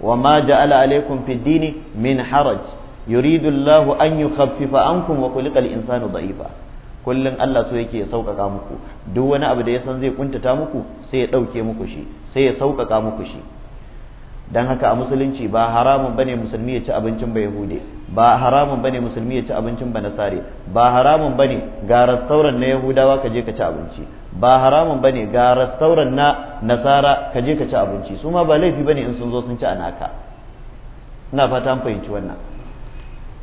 wa ma ja'ala alaykum fi dini min haraj yuridullahu Allahu an yukhaffifa ankum wa khuliqa insanu da'ifa kullum Allah so yake ya sauƙaƙa muku duk wani abu da ya san zai kuntata muku sai ya ɗauke muku shi sai ya sauƙaƙa muku shi don haka a musulunci ba haramun bane musulmi ya ci abincin bai yahude ba haramun bane musulmi ya ci abincin ba banasare ba haramun bane ga rastauran na yahudawa ka je ka ci abinci ba haramun bane ga rastauran na nasara ka je ka ci abinci su ma ba laifi bane in sun zo sun ci a naka ina fata an fahimci wannan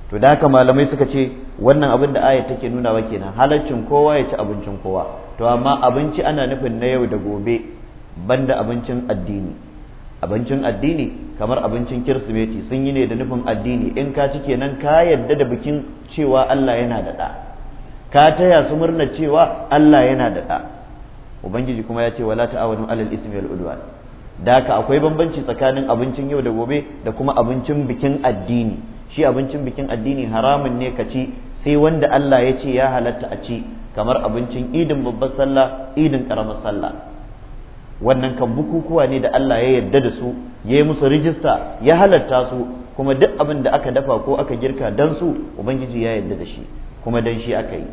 to da haka malamai suka ce wannan abin da ayat take nuna wa kenan halaccin kowa ya ci abincin kowa to amma abinci ana nufin na yau da gobe banda abincin addini abincin addini kamar abincin kirsimeti sun yi ne da nufin addini in ka ci kenan ka yadda da bikin cewa Allah yana da ɗa ka taya su murna cewa Allah yana da ɗa ubangiji kuma ya ce wala ta'awanu alal ismi wal udwan da ka akwai bambanci tsakanin abincin yau da gobe da kuma abincin bikin addini shi abincin bikin addini haramun ne ka ci sai wanda Allah ya ce ya halatta a ci kamar abincin idin babbar sallah idin karamar sallah wannan kan bukukuwa ne da Allah ya yarda da su ya yi musu rijista ya halatta su kuma duk abin da aka dafa ko aka girka dan su ubangiji ya yarda da shi kuma dan shi aka yi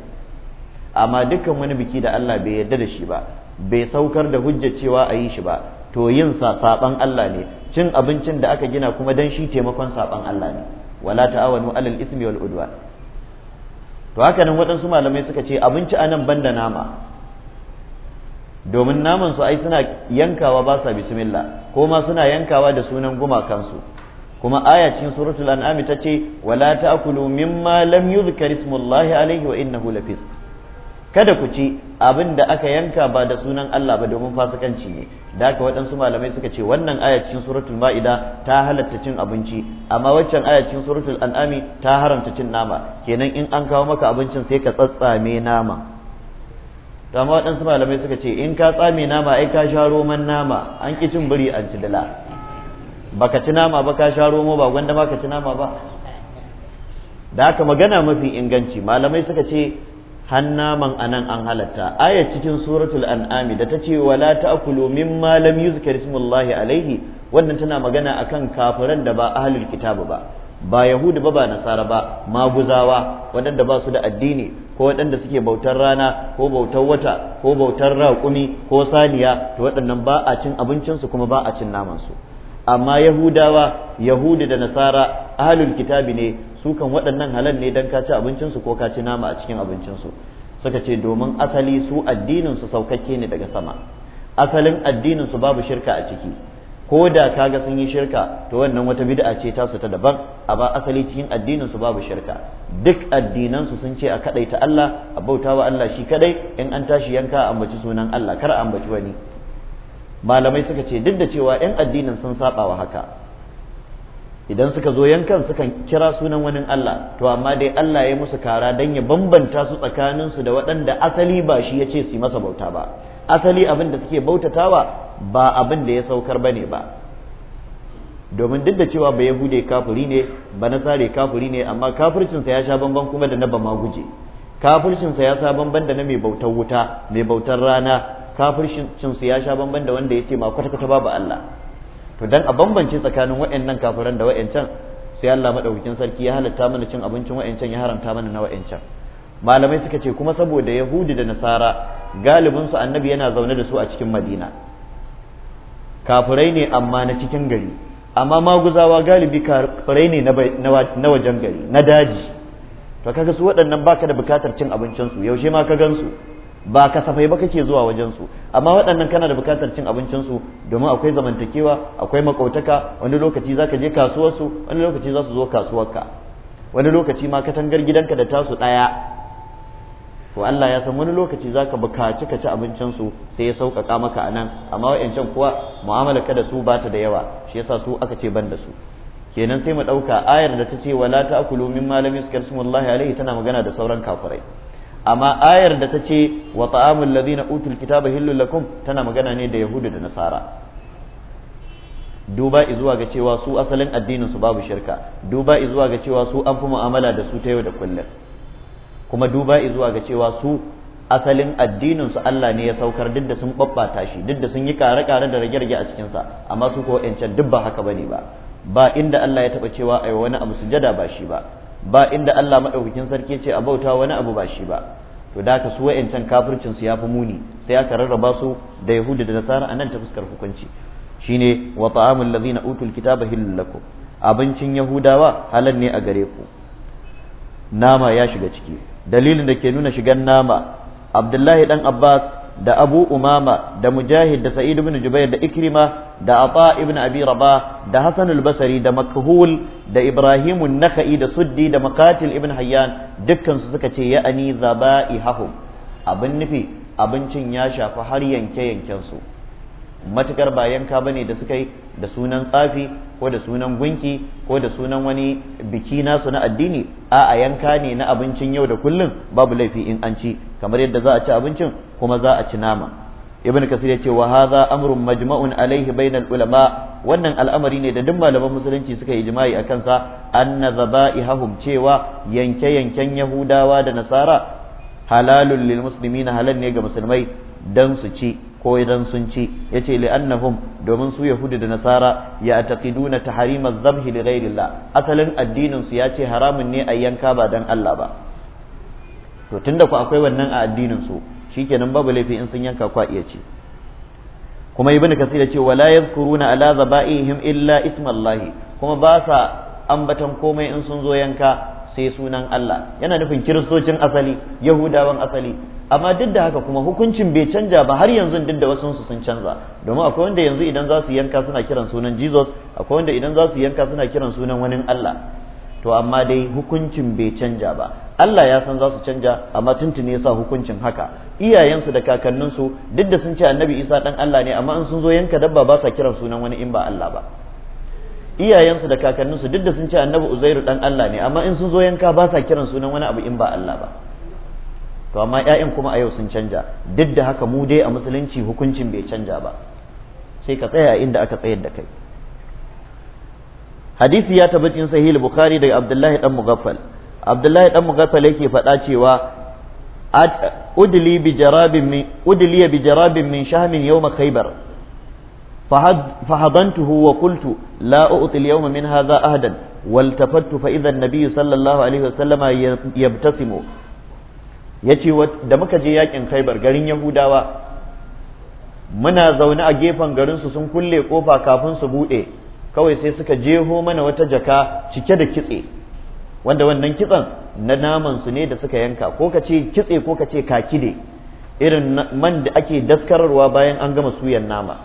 amma dukkan wani biki da Allah bai yarda da shi ba bai saukar da hujja cewa a yi shi ba to yin sa saban Allah ne cin abincin da aka gina kuma dan shi taimakon saban Allah ne wala ta'awanu alal ismi wal udwan to haka nan waɗansu malamai suka ce abinci anan banda nama domin naman su ai suna yankawa ba sa bismillah ko ma suna yankawa da sunan gumakansu kuma aya cikin suratul an'am ta ce wala ta'kulu mimma lam yuzkar ismullahi alayhi wa innahu lafis kada ku ci abin da aka yanka ba da sunan Allah ba domin fasikanci ne da haka waɗansu malamai suka ce wannan aya cikin suratul ma'ida ta halatta cin abinci amma waccan aya cikin suratul an'ami ta haramta cin nama kenan in an kawo maka abincin sai ka tsatsame nama to amma waɗansu malamai suka ce in ka tsame nama ai ka sha roman nama an ki cin biri an ci dila baka ci nama ba ka sha romo ba gwanda ma ka ci nama ba da haka magana mafi inganci malamai suka ce hannaman anan an halatta aya cikin suratul an'ami da ta ce wala ta'kulu mimma lam yuzkar ismullahi alaihi wannan tana magana akan kafiran da ba ahlul kitabu ba ba yahudu ba ba nasara ba maguzawa waɗanda ba su da addini ko waɗanda suke bautar rana ko bautar wata ko bautar raƙumi ko saniya to waɗannan ba a cin abincinsu kuma ba a cin namansu amma yahudawa yahudu da nasara ahalul kitabi ne su kan waɗannan halal ne don ka ci abincinsu ko ka ci nama a cikin abincinsu suka ce domin asali su addininsu saukakke ne daga sama asalin addininsu babu shirka a ciki ko da kaga sun yi shirka to wannan wata bid'a ce ta su ta daban a ba asali cikin addinin su babu shirka duk addinan su sun ce a kadaita Allah a bauta wa Allah shi kadai in an tashi yanka a ambaci sunan Allah kar a ambaci wani malamai suka ce duk da cewa yan addinin sun saba wa haka idan suka zo yankan sukan kira sunan wani Allah to amma dai Allah ya musu kara dan ya bambanta su tsakanin su da waɗanda asali ba shi ya ce su yi masa bauta ba asali abin da suke bautatawa ba abin da ya saukar bane ba domin duk da cewa ba yahude kafiri ne ba sare kafiri ne amma kafircinsa ya sha bamban kuma da na ba maguje kafircinsa ya sha bamban da na mai bautar wuta mai bautar rana kafircinsa ya sha bamban da wanda ya ce ma kwata-kwata babu Allah to dan a bambance tsakanin waɗannan kafiran da waɗancan sai Allah madaukakin sarki ya halatta mana cin abincin waɗancan ya haramta mana na waɗancan malamai suka ce kuma saboda yahudi da nasara galibinsu annabi yana zaune da su a cikin madina kafirai ne amma na cikin gari amma maguzawa galibi kafirai ne na wajen gari na daji to kaga su waɗannan baka da bukatar cin abincinsu yaushe ma ka gansu ba kasafai ba kake zuwa wajen su amma waɗannan kana da bukatar cin abincinsu domin akwai zamantakewa akwai makautaka wani lokaci za ka je kasuwarsu wani lokaci za su zo kasuwarka wani lokaci ma katangar gidanka da tasu ɗaya to Allah ya san wani lokaci zaka bukaci ka ci abincin su sai ya sauƙaƙa maka anan amma wa'ancan kuwa mu'amala ka da su ba ta da yawa shi yasa su aka ce ban da su kenan sai mu ɗauka ayar da ta ce wala ta'kulu mimma lam yuskar sumullahi alaihi tana magana da sauran kafirai amma ayar da ta ce wa ta'amul ladina utul kitaba hillul lakum tana magana ne da yahudu da nasara duba izuwa ga cewa su asalin addinin su babu shirka duba izuwa ga cewa su an fi mu'amala da su ta yau da kullum kuma duba zuwa ga cewa su asalin addinin su Allah ne ya saukar duk da sun babbata shi duk da sun yi kare-kare da rage-rage a cikin sa amma su ko yancan duk ba haka bane ba ba inda Allah ya taba cewa ai wani abu sujada ba shi ba ba inda Allah madaukakin sarki ce a bauta wani abu ba shi ba to da ka su wayancan kafircin su yafi muni sai aka rarraba su da Yahudu da nasara nan ta fuskar hukunci shine wa ta'amul ladina utul kitaba hillakum abincin yahudawa halan ne a gare ku nama ya shiga ciki dalilin da ke nuna shigan nama abdullahi dan abbas da abu umama da mujahid da sa'id ibn jubair da ikrima da ata ibn abi raba da hasan al-basri da makhul da ibrahim an-nakhai da suddi da maqatil ibn hayyan dukkan su suka ce ya'ani zaba'ihum abin nufi abincin ya shafi har yanke yankensu matukar ba yanka bane da suka yi da sunan tsafi ko da sunan gunki ko da sunan wani biki nasu na addini a a yanka ne na abincin yau da kullum babu laifi in an ci kamar yadda za a ci abincin kuma za a ci nama ibn kasir ya ce wa hadha amrun majma'un alaihi bainal ulama wannan al'amari ne da duk malaman musulunci suka yi ijma'i a kansa anna zaba'ihum cewa yanke yanken yahudawa da nasara halalun lil muslimina halal ne ga musulmai dan su ci ko idan sun ci yace li'annahum domin su yahudu da nasara ya taqiduna tahrim az-zabhi li ghairillah asalin addinin su ce haramun ne a yanka ba dan Allah ba to tunda ku akwai wannan a addinin su shikenan babu laifi in sun yanka a iya ci kuma ibn kasir ce wala yadhkuruna ala zaba'ihim illa ismallahi kuma ba sa ambatan komai in sun zo yanka sai sunan Allah yana nufin kiristocin asali yahudawan asali amma duk da haka kuma hukuncin bai canja ba har yanzu duk da wasu sun canza domin akwai wanda yanzu idan za su yanka suna kiran sunan Jesus akwai wanda idan za su yanka suna kiran sunan wani Allah to amma dai hukuncin bai canja ba Allah ya san za su canja amma tuntuni ya sa hukuncin haka iyayensu da kakanninsu duk da sun ce annabi Isa dan Allah ne amma in sun zo yanka dabba ba sa kiran sunan wani in ba Allah ba iyayensu da kakanninsu duk da sun ce annabi Uzairu dan Allah ne amma in sun zo yanka ba sa kiran sunan wani abu in ba Allah ba to amma ƴaƴan kuma a yau sun canja duk da haka mu dai a musulunci hukuncin bai canja ba sai ka tsaya inda aka tsayar da kai hadisi ya tabbacin sahih bukhari daga abdullahi dan mugaffal abdullahi dan mugaffal yake faɗa cewa udli bi jarabin min udli bi jarabin min shahmin yawma khaybar فحضنته وقلت لا أعطي اليوم من هذا أهدا والتفت فإذا النبي صلى الله عليه وسلم يبتسم yace da muka je yakin kaibar garin Yahudawa muna zaune a gefen garin su sun kulle kofa kafin su bude kawai sai suka jeho mana wata jaka cike da kitse wanda wannan kitsen na naman su ne da suka yanka ko ka ce kitse ko ka ce kakide irin man da ake daskararwa bayan an gama suyan nama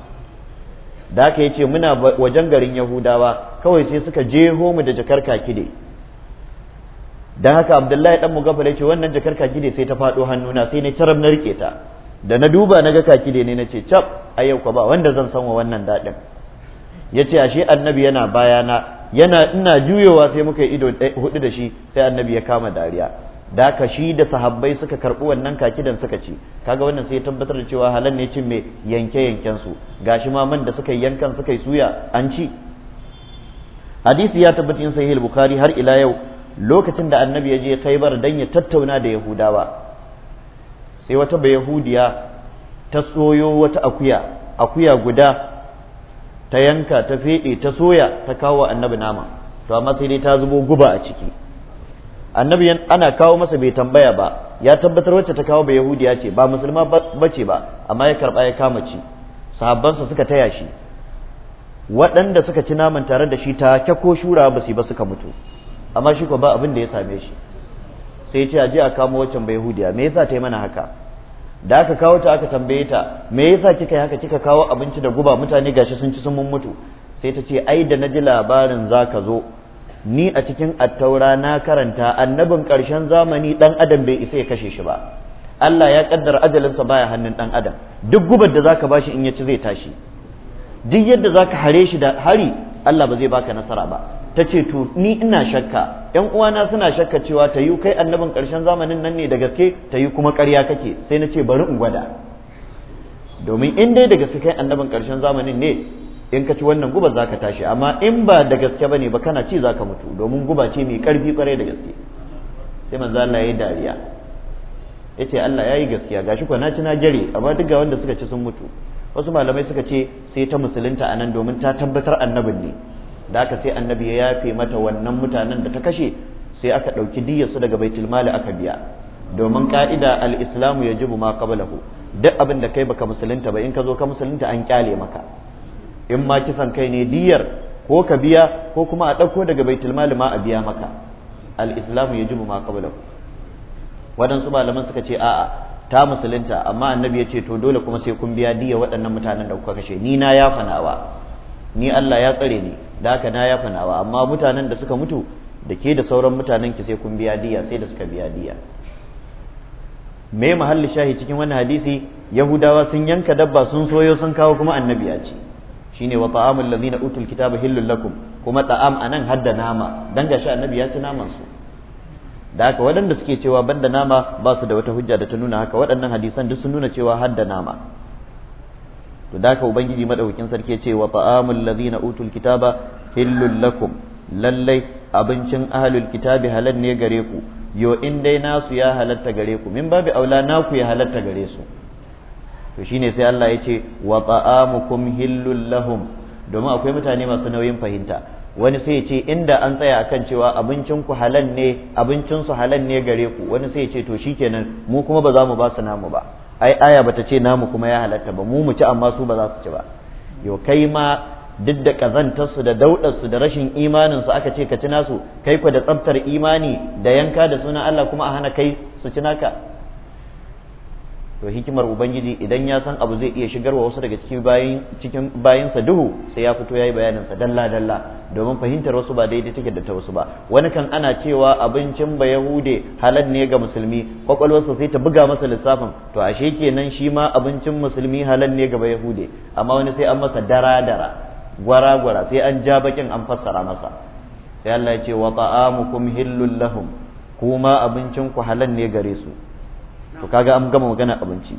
da haka yace muna wajen garin Yahudawa kawai sai suka jeho mu da jakar kakide dan haka abdullahi dan mugafal ya ce wannan jakar kaki ne sai ta faɗo hannuna sai ne caram na rike ta da na duba na ga kaki ne na ce cap a yau ba wanda zan san wa wannan dadin. ya ce ashe annabi yana bayana yana ina juyowa sai muka yi ido eh, hudu da shi sai annabi ya kama dariya da ka shi da sahabbai suka karɓi wannan kakidan suka ci kaga wannan sai ya tabbatar da cewa halan ne cin mai yanke yanken su gashi ma man da suka yi yankan suka yi suya an ci hadisi ya tabbatin sahih al-bukhari har ila yau lokacin da annabi ya je khaibar dan ya tattauna da yahudawa sai wata ba yahudiya ta tsoyo wata akuya akuya guda ta yanka ta feɗe ta soya ta kawo annabi nama to amma sai dai ta zubo guba a ciki annabi ana kawo masa bai tambaya ba ya tabbatar wacce ta kawo ba yahudiya ce ba musulma bace ba amma ya karɓa ya kama ci sahabbansa suka taya shi waɗanda suka ci naman tare da shi ta kyakko shura ba su yi ba suka mutu amma shi ko ba abin da ya same shi sai ce aje a kamo waccan bai hudiya me yasa ta yi mana haka da aka kawo ta aka tambaye ta me yasa kika yi haka kika kawo abinci da guba mutane gashi sun ci sun mun mutu sai ta ce ai da na ji labarin za ka zo ni a cikin attaura na karanta annabin karshen zamani dan adam bai isa ya kashe shi ba Allah ya kaddara ajalinsa baya hannun dan adam duk gubar da zaka bashi in ya ci zai tashi duk yadda zaka hare shi da hari Allah ba zai baka nasara ba ta ce to ni ina shakka yan uwana suna shakka cewa ta yi kai annabin ƙarshen zamanin nan ne da gaske ta yi kuma ƙarya kake sai na ce bari in gwada domin in dai da gaske kai annabin ƙarshen zamanin ne in ka ci wannan guba za ka tashi amma in ba da gaske ba ne ba kana ci za ka mutu domin guba ce mai ƙarfi ƙwarai da gaske sai manzo Allah ya yi dariya ya Allah ya yi gaskiya gashi kwanaci na ci na jare amma duk ga wanda suka ci sun mutu wasu malamai suka ce sai ta musulunta a nan domin ta tabbatar annabin ne da aka sai annabi ya yafe mata wannan mutanen da ta kashe sai aka ɗauki diyyarsu daga baitul mali aka biya domin ka'ida al-islamu yajibu ma qablahu duk abin da kai baka musulunta ba in ka zo ka musulunta an kyale maka in ma kisan kai ne diyar ko ka biya ko kuma a ɗauko daga baitul mali ma a biya maka al-islamu yajibu ma qablahu waɗansu malaman suka ce a'a ta musulunta amma annabi ya ce to dole kuma sai kun biya diya waɗannan mutanen da kuka kashe ni na yafa nawa ni Allah ya tsare ni da haka na yafa nawa amma mutanen da suka mutu da ke da sauran mutanen ki sai kun biya diya sai da suka biya diya me mahalli shahi cikin wani hadisi yahudawa sun yanka dabba sun soyo sun kawo kuma annabi ya ce shine wa ta'amul ladina utul kitaba hillul lakum kuma ta'am anan hadda nama dan shi annabi ya ci naman su da haka waɗanda suke cewa banda nama ba su da wata hujja da ta nuna haka waɗannan hadisan duk sun nuna cewa hadda nama to da ka ubangiji maɗaukin sarki ce wa ta'amul ladina utul kitaba hillul lakum lallai abincin ahlul kitabi halal ne gare ku yo in dai nasu ya halatta gare ku min babu aula naku ya halatta gare su to shine sai Allah ya ce wa ta'amukum hillul lahum domin akwai mutane masu nauyin fahimta wani sai ya ce inda an tsaya akan cewa abincin ku halal ne abincin su halal ne gare ku wani sai ya ce to shikenan mu kuma ba za mu ba su namu ba ai aya bata ce namu kuma ya halatta ba mu mu ci amma su ba za su ci ba yo kai ma duk da kazantarsu da daudarsu da rashin imanin su aka ce ka ci nasu kai ku da tsabtar imani da yanka da sunan Allah kuma a hana kai su ci naka to hikimar ubangiji idan ya san abu zai iya shigarwa wasu daga cikin bayin cikin duhu sai ya fito yayi bayanin sa dalla dalla domin fahimtar wasu ba daidai take da ta wasu ba wani kan ana cewa abincin ba yahude halal ne ga musulmi kwakwalwarsa sai ta buga masa lissafin to ashe kenan shi ma abincin musulmi halal ne ga ba yahude amma wani sai an masa dara dara gwara gwara sai an ja bakin an fassara masa sai Allah ya ce wa ta'amukum hillul lahum kuma abincin ku halal ne gare su to kaga an gama magana abinci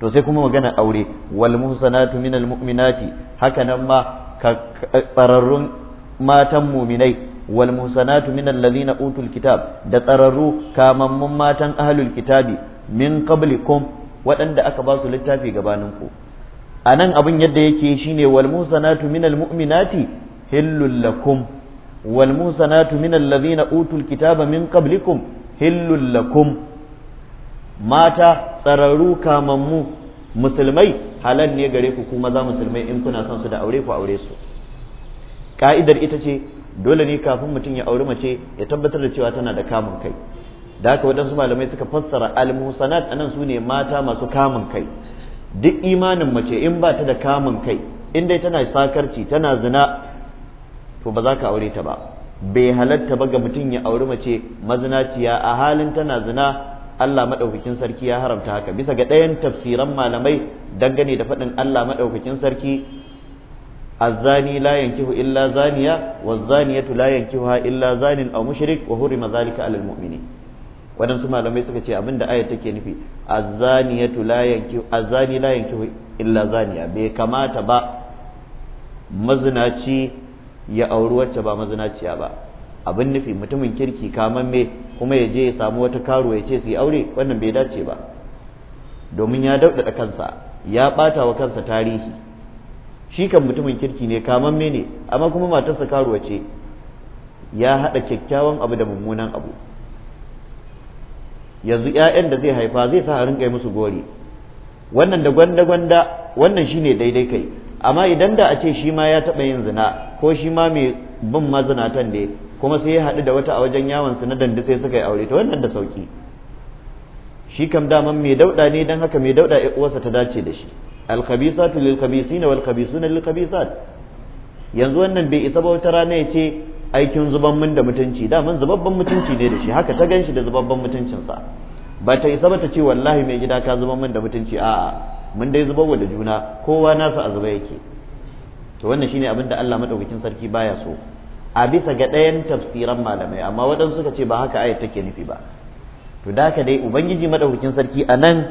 to sai kuma magana aure wal muhsanatu minal mu'minati haka nan ma tsararrun matan muminai wal muhsanatu minal ladina utul kitab da tsararru kamammun matan ahlul kitabi min qablikum waɗanda aka ba su littafi gabanin ku a nan abin yadda yake shine wal muhsanatu minal mu'minati hillul lakum wal muhsanatu minal ladina utul kitaba min qablikum hillul lakum mata tsararru kamammu musulmai halal ne gare ku kuma za musulmai in kuna son su da aure ku aure su ka'idar ita ce dole ne kafin mutum ya auri mace ya tabbatar da cewa tana da kamun kai da haka waɗansu malamai suka fassara almusanat anan su ne mata masu kamun kai duk imanin mace in ba ta da kamun kai in dai tana sakarci tana zina to ba za ka aure ta ba bai halatta ba ga mutum ya auri mace mazinaciya a halin tana zina Allah maɗaukakin sarki ya haramta haka bisa ga ɗayan tafsiran malamai dangane da faɗin Allah maɗaukakin sarki الزاني لا ينكه إلا زانية والزانية لا ينكهها إلا زان أو مشرك وحرم ذلك على المؤمنين waɗansu malamai suka ce abin da ayat nufi azzaniyatu la yankihu illa zaniya bai kamata ba mazinaci ya auri wacce ba mazinaciya ba abin nufi mutumin kirki kaman me kuma ya je ya samu wata karo ya ce su yi aure wannan bai dace ba domin ya daudada kansa ya bata wa kansa tarihi shi kan mutumin kirki ne kaman me ne amma kuma matarsa karuwa ce ya haɗa kyakkyawan abu da mummunan abu yanzu 'ya'yan da zai haifa zai sa a rinka musu gori wannan da gwanda-gwanda wannan shine daidai kai amma idan da a ce shi ma ya taɓa yin zina ko shi ma mai bin mazinatan ne kuma sai ya haɗu da wata a wajen yawon su na dandi sai suka yi aure ta wannan da sauki shi kam daman mai dauɗa ne don haka mai dauɗa uwarsa ta dace da shi alkhabisatu lil khabisina wal khabisuna lil khabisat yanzu wannan bai isa ba wata rana ya ce aikin zuban mun da mutunci daman zubabban mutunci ne da shi haka ta ganshi da zubabban mutuncinsa ba ta isa ba ta ce wallahi mai gida ka zuban mun da mutunci a'a mun dai zubar da juna kowa nasa a zuba yake to wannan shine abin da Allah madaukakin sarki baya so a bisa ga ɗayan tafsiran malamai amma waɗansu suka ce ba haka ayat take nufi ba to da haka dai ubangiji madaukakin sarki a nan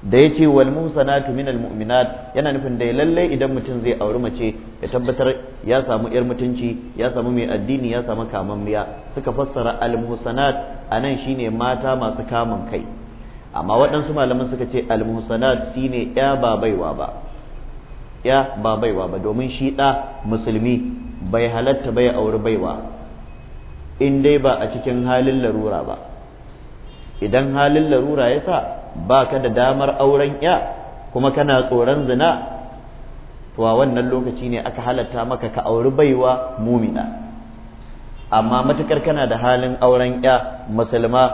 da ya ce wal musanatu minal mu'minat yana nufin da lalle idan mutum zai auri mace ya tabbatar ya samu yar mutunci ya samu mai addini ya samu kaman miya suka fassara al musanat nan shine mata masu kamun kai amma waɗansu malaman suka ce al musanat shine ya ba baiwa ba ya ba baiwa ba domin shi da musulmi bai halatta bai auri baiwa in dai ba a cikin halin larura ba idan halin larura ya sa ba ka da damar auren ya kuma kana tsoron zina to a wannan lokaci ne aka halatta maka ka auri baiwa mumina amma matukar kana da halin auren ya musulma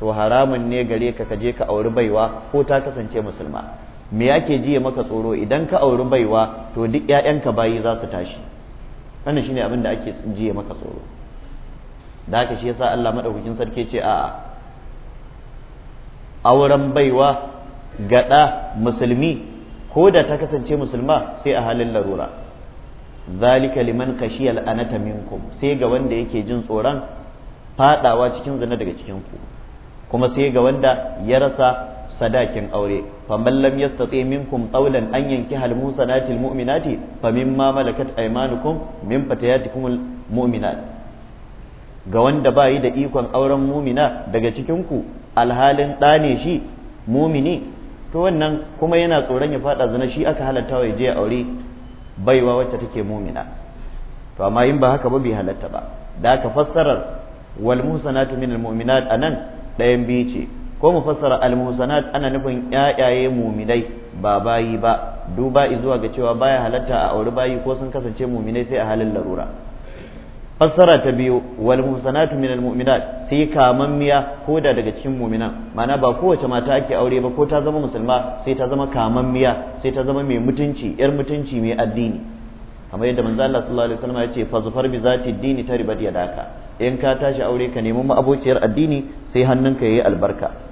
to haramun ne gare ka kaje ka auri baiwa ko ta kasance musulma me yake jiya maka tsoro idan ka auri baiwa to duk 'ya'yanka bayi za su tashi wannan shine abin da ake jiye maka tsoro da haka shi yasa Allah madaukakin sarki ce a auren baiwa gada musulmi ko da ta kasance musulma sai a halin larura zalika liman khashiyal anata minkum sai ga wanda yake jin tsoron fadawa cikin zina daga cikin ku kuma sai ga wanda ya rasa sadakin aure faman lam yastati minkum qawlan an yankiha almusanati almu'minati famimma malakat aymanukum min fatayatikum mu'minat ga wanda bayi da ikon auren mumina daga cikin ku alhalin dane shi mumini to wannan kuma yana tsoron ya fada zina shi aka halatta wa je aure baiwa wacce take mumina to amma in ba haka ba bai halatta ba da aka fassarar wal musanatu minal mu'minat anan ɗayan biyu ce ko mu fassara almuhsanat ana nufin ƴaƴaye muminai ba bayi ba duba zuwa ga cewa baya halatta a auri bayi ko sun kasance muminai sai a halin larura fassara ta biyu wal muhsanatu minal mu'minat sai kamammiya ko da daga cikin mu'minan ma'ana ba kowace mata ake aure ba ko ta zama musulma sai ta zama kamammiya sai ta zama mai mutunci yar mutunci mai addini kamar yadda manzo Allah sallallahu alaihi wasallam ya ce fa zufar bi zati dini taribat yadaka in ka tashi aure ka nemi abokiyar addini sai hannunka yayi albarka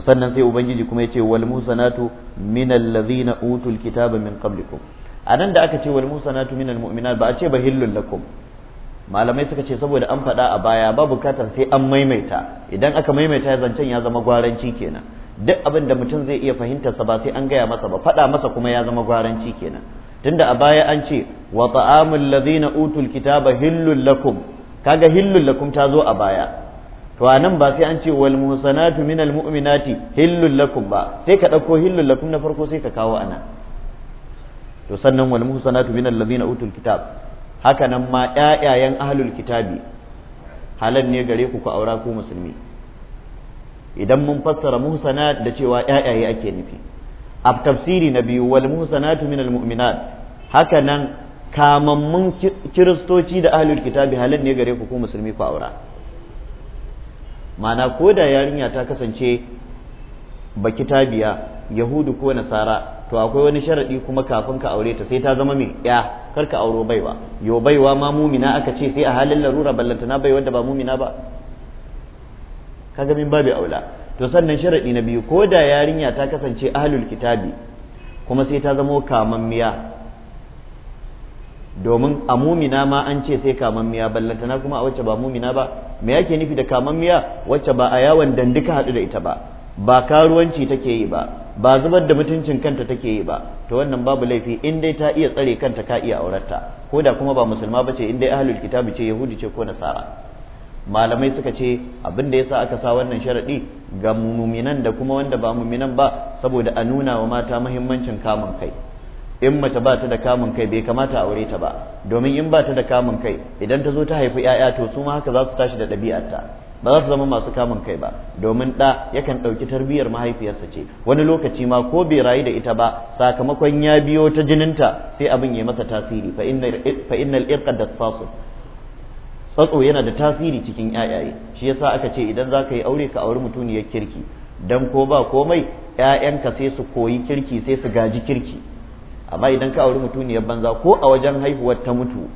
to sannan sai ubangiji kuma ya ce wal musanatu min allazina utul kitaba min qablikum anan da aka ce wal musanatu min al mu'minat ba a ce ba hillul lakum malamai suka ce saboda an faɗa a baya ba bukatar sai an maimaita idan aka maimaita ya zancen ya zama gwaranci kenan duk abin da mutum zai iya fahimtar sa ba sai an gaya masa ba faɗa masa kuma ya zama gwaranci kenan tunda a baya an ce wa ta'amul ladhina utul kitaba hillul lakum kaga hillul lakum ta zo a baya to anan ba sai an ce wal musanatu minal mu'minati hillul lakum ba sai ka dauko hillul lakum na farko sai ka kawo anan to sannan wal musanatu minal ladina utul kitab haka nan ma ƴaƴayen ahlul kitabi halal ne gare ku ku aura ku musulmi idan mun fassara muhsanat da cewa ƴaƴaye ake nufi a tafsiri na biyu wal min minal mu'minat haka nan kamammun kiristoci da ahlul kitabi halal ne gare ku ku musulmi ku aura ma'ana ko da yarinya ta kasance baki tabiya yahudu ko nasara to akwai wani sharadi kuma kafin ka aure ta sai ta zama mai ya kar ka auro baiwa yo baiwa ma mumina aka ce sai a halin larura ballantana bai wanda ba mumina ba kaga min babu aula to sannan sharadi na biyu ko da yarinya ta kasance ahlul kitabi kuma sai ta zama kamammiya domin a mumina ma an ce sai miya ballantana kuma a wacce ba mumina ba me yake nufi da miya wacce ba a yawon dandika haɗu da ita ba ba karuwanci take yi ba ba zubar da mutuncin kanta take yi ba to wannan babu laifi in dai ta iya tsare kanta ka iya auratta ko da kuma ba musulma ba ce in dai ahlul kitabi ce yahudi ce ko nasara malamai suka ce abin da sa aka sa wannan sharaɗi ga muminan da kuma wanda ba muminan ba saboda a nuna wa mata mahimmancin kamun kai in mace ba ta da kamun kai bai kamata a aure ta ba domin in ba ta da kamun kai idan ta zo ta haifi 'ya'ya to su ma haka za su tashi da ta ba za su zama masu kamun kai ba domin ɗa yakan ɗauki tarbiyyar mahaifiyarsa ce wani lokaci ma ko bai rayu da ita ba sakamakon ya biyo ta jininta sai abin ya masa tasiri fa innal irqa fasu tsatso yana da tasiri cikin ƴaƴaye shi yasa aka ce idan za ka yi aure ka auri mutuniyar kirki dan ko ba komai ƴaƴanka sai su koyi kirki sai su gaji kirki amma idan ka auri mutuniyar banza ko a wajen haihuwar ta mutu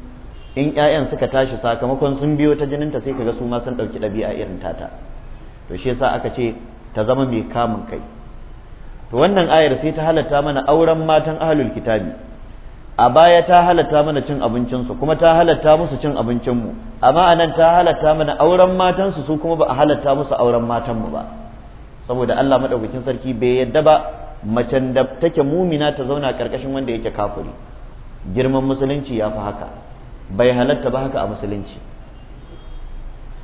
in 'ya'yan suka tashi sakamakon sun biyo ta jininta sai ka ga su ma sun ɗauki ɗabi'a irin tata to shi yasa aka ce ta zama mai kamun kai to wannan ayar sai ta halatta mana auren matan ahlul kitabi a baya ta halatta mana cin abincinsu kuma ta halatta musu cin abincin abincinmu amma anan ta halatta mana auren matansu su kuma ba a halatta musu auren matan mu ba saboda Allah madaukakin sarki bai yadda ba macen da take mumina ta zauna karkashin wanda yake kafiri girman musulunci yafi haka bai halatta ba haka a musulunci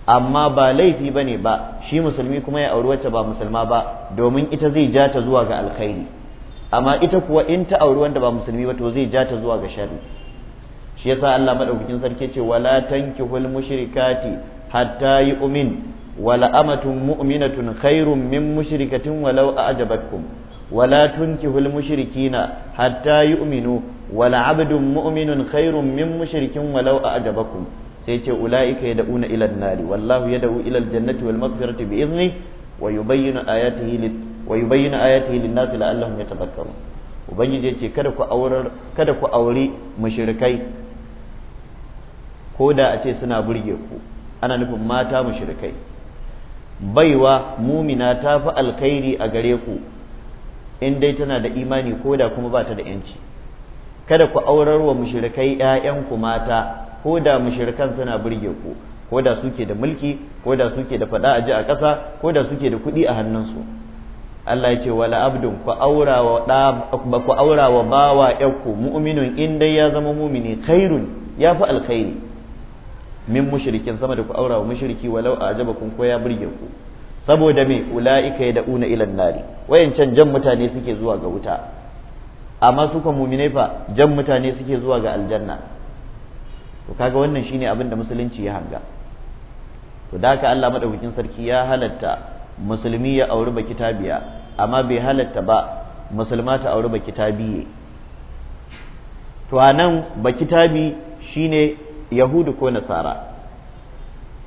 amma ba laifi ba ne ba shi musulmi kuma ya auri wacce ba musulma ba domin ita zai ja ta zuwa ga alkhairi amma ita kuwa in ta auri wanda ba musulmi ba to zai ja ta zuwa ga sharri shi yasa Allah madaukakin sarki ce wala tankihul mushrikati hatta yu'min wala amatun mu'minatun khairum min mushrikatin walau a'jabatkum wala tunkihul mushrikina hatta yu'minu wala abdun mu'minun khairun min mushrikin walau a'jabakum sai ce ulaika yad'una ila an-nari wallahu yad'u ila jannati wal maghfirati bi idhni wa yubayyinu ayatihi lit wa yubayyinu ayatihi lin-nasi la'allahum yatadhakkarun ubangiji yace kada ku auri ko da a suna burge ku ana nufin mata mushrikai baiwa mumina ta fi alkhairi a gare ku in dai tana da imani ko da kuma ba ta da yanci kada ku aurar wa mushrikai ku mata ko da mushrikan suna burge ku ko da suke da mulki ko da suke da faɗa a ji a ƙasa ko da suke da kuɗi a hannunsu Allah ya ce wala abdun ku aura wa da ku aura wa bawa yakku mu'minun in dai ya zama mu'mini khairun ya fi alkhairi min mushrikin sama da ku aura wa mushriki walau a ajabakum ko ya burge ku saboda me ula'ika ya da'una ilan nari wayancan jan mutane suke zuwa ga wuta amma su kuma muminai fa jan mutane suke zuwa ga aljanna to kaga wannan shine abin da musulunci ya hanga to da haka Allah madaukakin sarki ya halatta musulmi ya auri baki tabiya amma bai halatta ba musulma ta auri baki tabiye to anan baki tabi shine yahudu ko nasara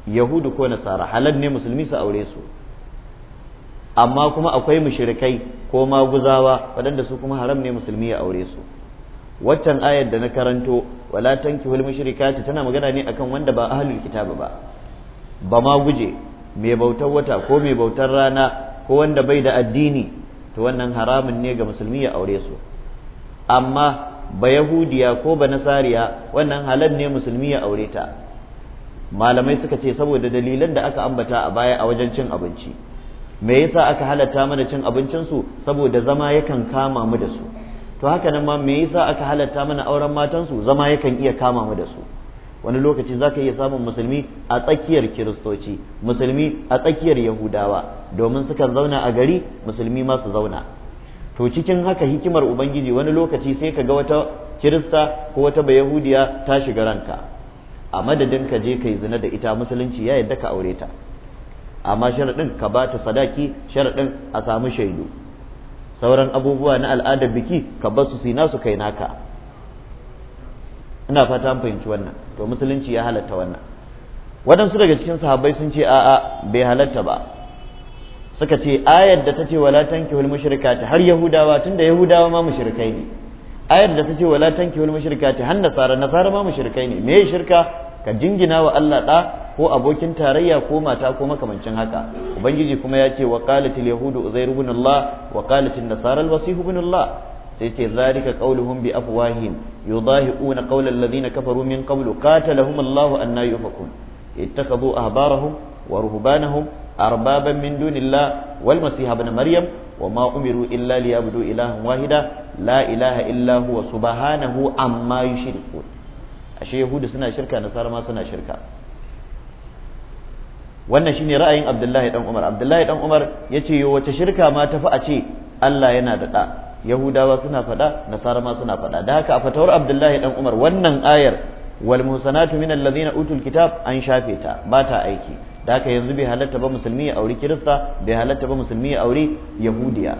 yahudu ko nasara halal ne musulmi su aure su amma kuma akwai mushrikai ko maguzawa waɗanda su kuma haram ne musulmi ya aure su waccan ayar da na karanto wala tankihul mushrikati tana magana ne akan wanda ba ahlul kitab ba ba ma guje mai bautar wata ko mai bautar rana ko wanda bai da addini to wannan haramun ne ga musulmi ya aure su amma ba yahudiya ko ba nasariya wannan halal ne musulmi ya aure ta malamai suka ce saboda dalilan da aka ambata a baya a wajen cin abinci me yasa aka halatta mana cin abincinsu saboda zama yakan kama mu da su to haka nan ma me yasa aka halatta mana auren matansu zama yakan iya kama mu da su wani lokaci za ka iya samun musulmi a tsakiyar kiristoci musulmi a tsakiyar yahudawa domin sukan zauna a gari musulmi ma su zauna to cikin haka hikimar ubangiji wani lokaci sai ka ga wata kirista ko wata bayahudiya ta shiga ranka a madadin ka je kai zina da ita musulunci ya yadda ka aure ta amma sharaɗin ka ba ta sadaki sharaɗin a samu shaidu sauran abubuwa na al'adar biki ka bar su sina su kai naka ina fata an fahimci wannan to musulunci ya halatta wannan waɗansu daga cikin sahabbai sun ce a'a bai halatta ba suka ce ayar da ta ce wala tankihul mushrikati har yahudawa tunda yahudawa ma mushrikai ne ayar da ta ce wala tankihul mushrikati har nasara nasara ma mushrikai ne me shirka ka jingina wa Allah ɗa ko abokin tarayya ko mata ko makamancin haka ubangiji kuma ya ce wa qalatil yahudu uzair ibn Allah wa qalatil nasara al-wasih ibn Allah sai ce zalika qauluhum bi afwahin yudahiquna qawla alladhina kafaru min qablu qatalahum Allah anna yufakun ittakhadhu ahbarahum wa ruhbanahum arbaban min dunillah wal masih ibn maryam ma أمروا إلا ليعبدوا إلها wahida la ilaha إلا هو سبحانه amma يشركون ashe yahudu suna shirka nasara ma suna shirka wannan shine ra'ayin abdullahi dan umar abdullahi dan umar yace yo wace shirka ma tafi a ce Allah yana da da yahudawa suna faɗa nasara ma suna faɗa da haka a fatawar abdullahi dan umar wannan ayar wal musanatu min alladhina utul kitab an shafe ta ba ta aiki da haka yanzu bai halatta ba musulmi ya auri kirista bai halatta ba musulmi ya auri yahudiya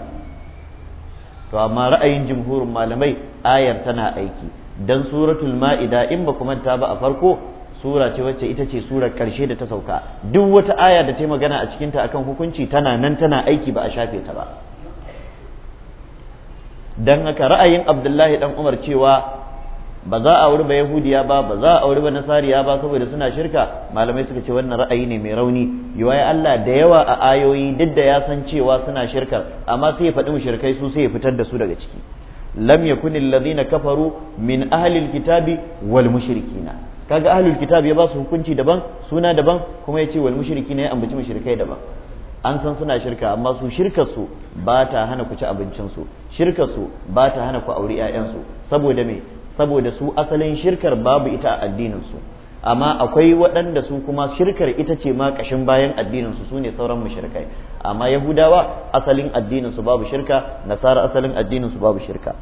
to amma ra'ayin jumhurin malamai ayar tana aiki dan suratul ma'ida in ba ku manta ba a farko sura ce wacce ita ce surar karshe da ta sauka duk wata aya da ta magana a cikinta akan hukunci tana nan tana aiki ba a shafe ta ba dan haka ra'ayin abdullahi dan umar cewa ba za a auri ba yahudiya ba ba za a auri ba nasariya ba saboda suna shirka malamai suka ce wannan ra'ayi ne mai rauni yiwaye Allah da yawa a ayoyi duk da ya san cewa suna shirka, amma sai ya faɗi shirkai su sai ya fitar da su daga ciki lam yakun na kafaru min ahli alkitabi wal mushrikina kaga ahlul kitabi ya basu hukunci daban suna daban kuma ya ce wal mushrikina ya ambaci mushrikai daban an san suna shirka amma su shirka su ba ta hana ku ci abincin su shirka su ba ta hana ku auri 'ya'yansu saboda me saboda su asalin shirkar babu ita a addinin su amma akwai waɗanda su kuma shirkar ita ce ma ƙashin bayan addinin su ne sauran mushrikai amma yahudawa asalin addinin su babu shirka nasara asalin addinin su babu shirka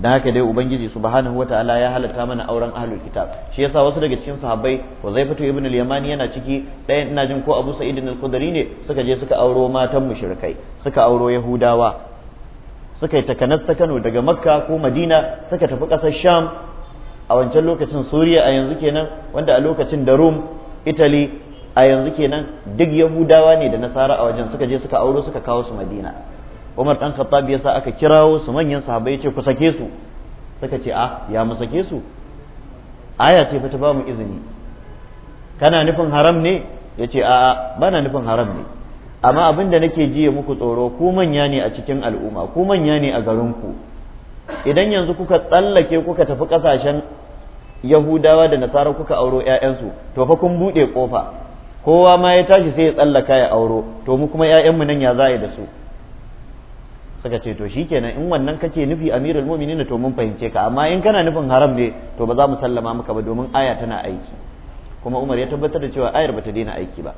da haka dai ubangiji subhanahu wataala ya halatta mana auren ahlul kitab shi yasa wasu daga cikin sahabbai Huzaifatu ibn al-Yamani yana ciki ɗayan ina jin ko Abu Sa'id al-Khudri ne suka je suka auro matan mushrikai suka auro Yahudawa suka yi takanas ta Kano daga Makka ko Madina suka tafi ƙasar Sham a wancan lokacin suriya a yanzu kenan wanda a lokacin da rum italy a yanzu kenan duk yahudawa ne da nasara a wajen suka je suka auro suka kawo su madina umar dan khattab yasa aka kirawo su manyan sahabbai ce ku sake su suka ce ah ya mu sake su aya ce fa ta ba mu izini kana nufin haram ne yace a'a bana nufin haram ne amma abin da nake jiya muku tsoro ku manya ne a cikin al'umma ku manya ne a garinku ku idan yanzu kuka tsallake kuka tafi kasashen yahudawa da nasara kuka auro 'ya'yansu to fa kun buɗe kofa? kowa ma ya tashi sai ya tsallaka ya auro to mu kuma 'ya'yanmu nan ya za da su suka ce to shikenan in wannan kake nufi amirul mu'minin to mun fahimce ka amma in kana nufin haram ne to ba za mu sallama maka ba domin aya tana aiki kuma Umar ya tabbatar da cewa ayar bata daina aiki ba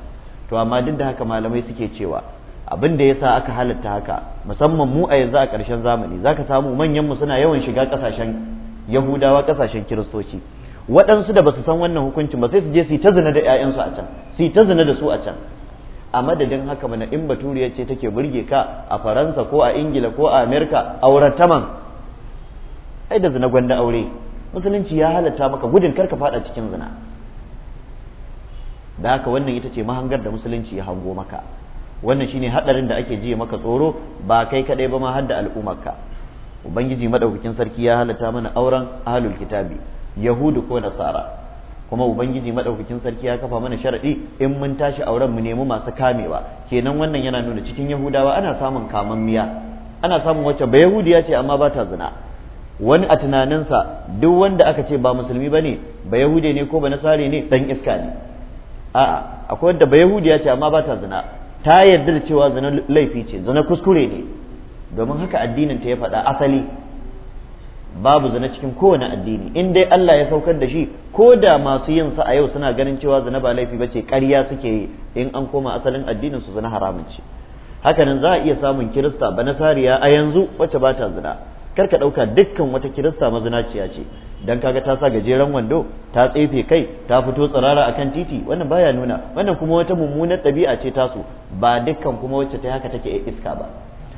to amma duk da haka malamai suke cewa abin da sa aka halatta haka musamman mu a yanzu a ƙarshen zamani zaka samu manyanmu suna yawan shiga ƙasashen yahudawa ƙasashen kiristoci waɗansu da basu san wannan hukuncin ba sai su je su ta zina da ƴaƴansu a can su ta zina da su a can a madadin haka mana in baturiya ce take burge ka a faransa ko a ingila ko a amerika aurataman ai da zina gwanda aure musulunci ya halatta maka gudun kar ka faɗa cikin zina da haka wannan ita ce mahangar da musulunci ya hango maka wannan shine hadarin da ake ji maka tsoro ba kai kadai ba ma hadda da al'ummarka ubangiji madaukakin sarki ya halatta mana auren ahlul kitabi yahudu ko nasara kuma ubangiji madaukakin sarki ya kafa mana sharadi in mun tashi auren mu nemi masu kamewa kenan wannan yana nuna cikin yahudawa ana samun miya ana samun wacce ba yahudiya ce amma ba ta zina wani a tunaninsa duk wanda aka ce ba musulmi bane ba yahudi ne ko ba nasare ne dan iska ne a'a akwai wanda ba yahudiya ce amma ba ta zina ta yarda da cewa zina laifi ce zina kuskure ne domin haka addinin ta ya faɗa asali babu zina cikin kowane addini in dai Allah ya saukar da shi ko da masu yin sa a yau suna ganin cewa zina ba laifi bace ƙarya suke yi in an koma asalin addinin su zina haramun ce hakanan za a iya samun kirista ba nasariya a yanzu wacce ba ta zina kar ka ɗauka dukkan wata kirista mazinaciya ce dan kaga ta sa gajeren wando ta tsefe kai ta fito tsirara akan titi wannan baya nuna wannan kuma wata mummunar ɗabi'a ce tasu ba dukkan kuma wacce ta haka take iska ba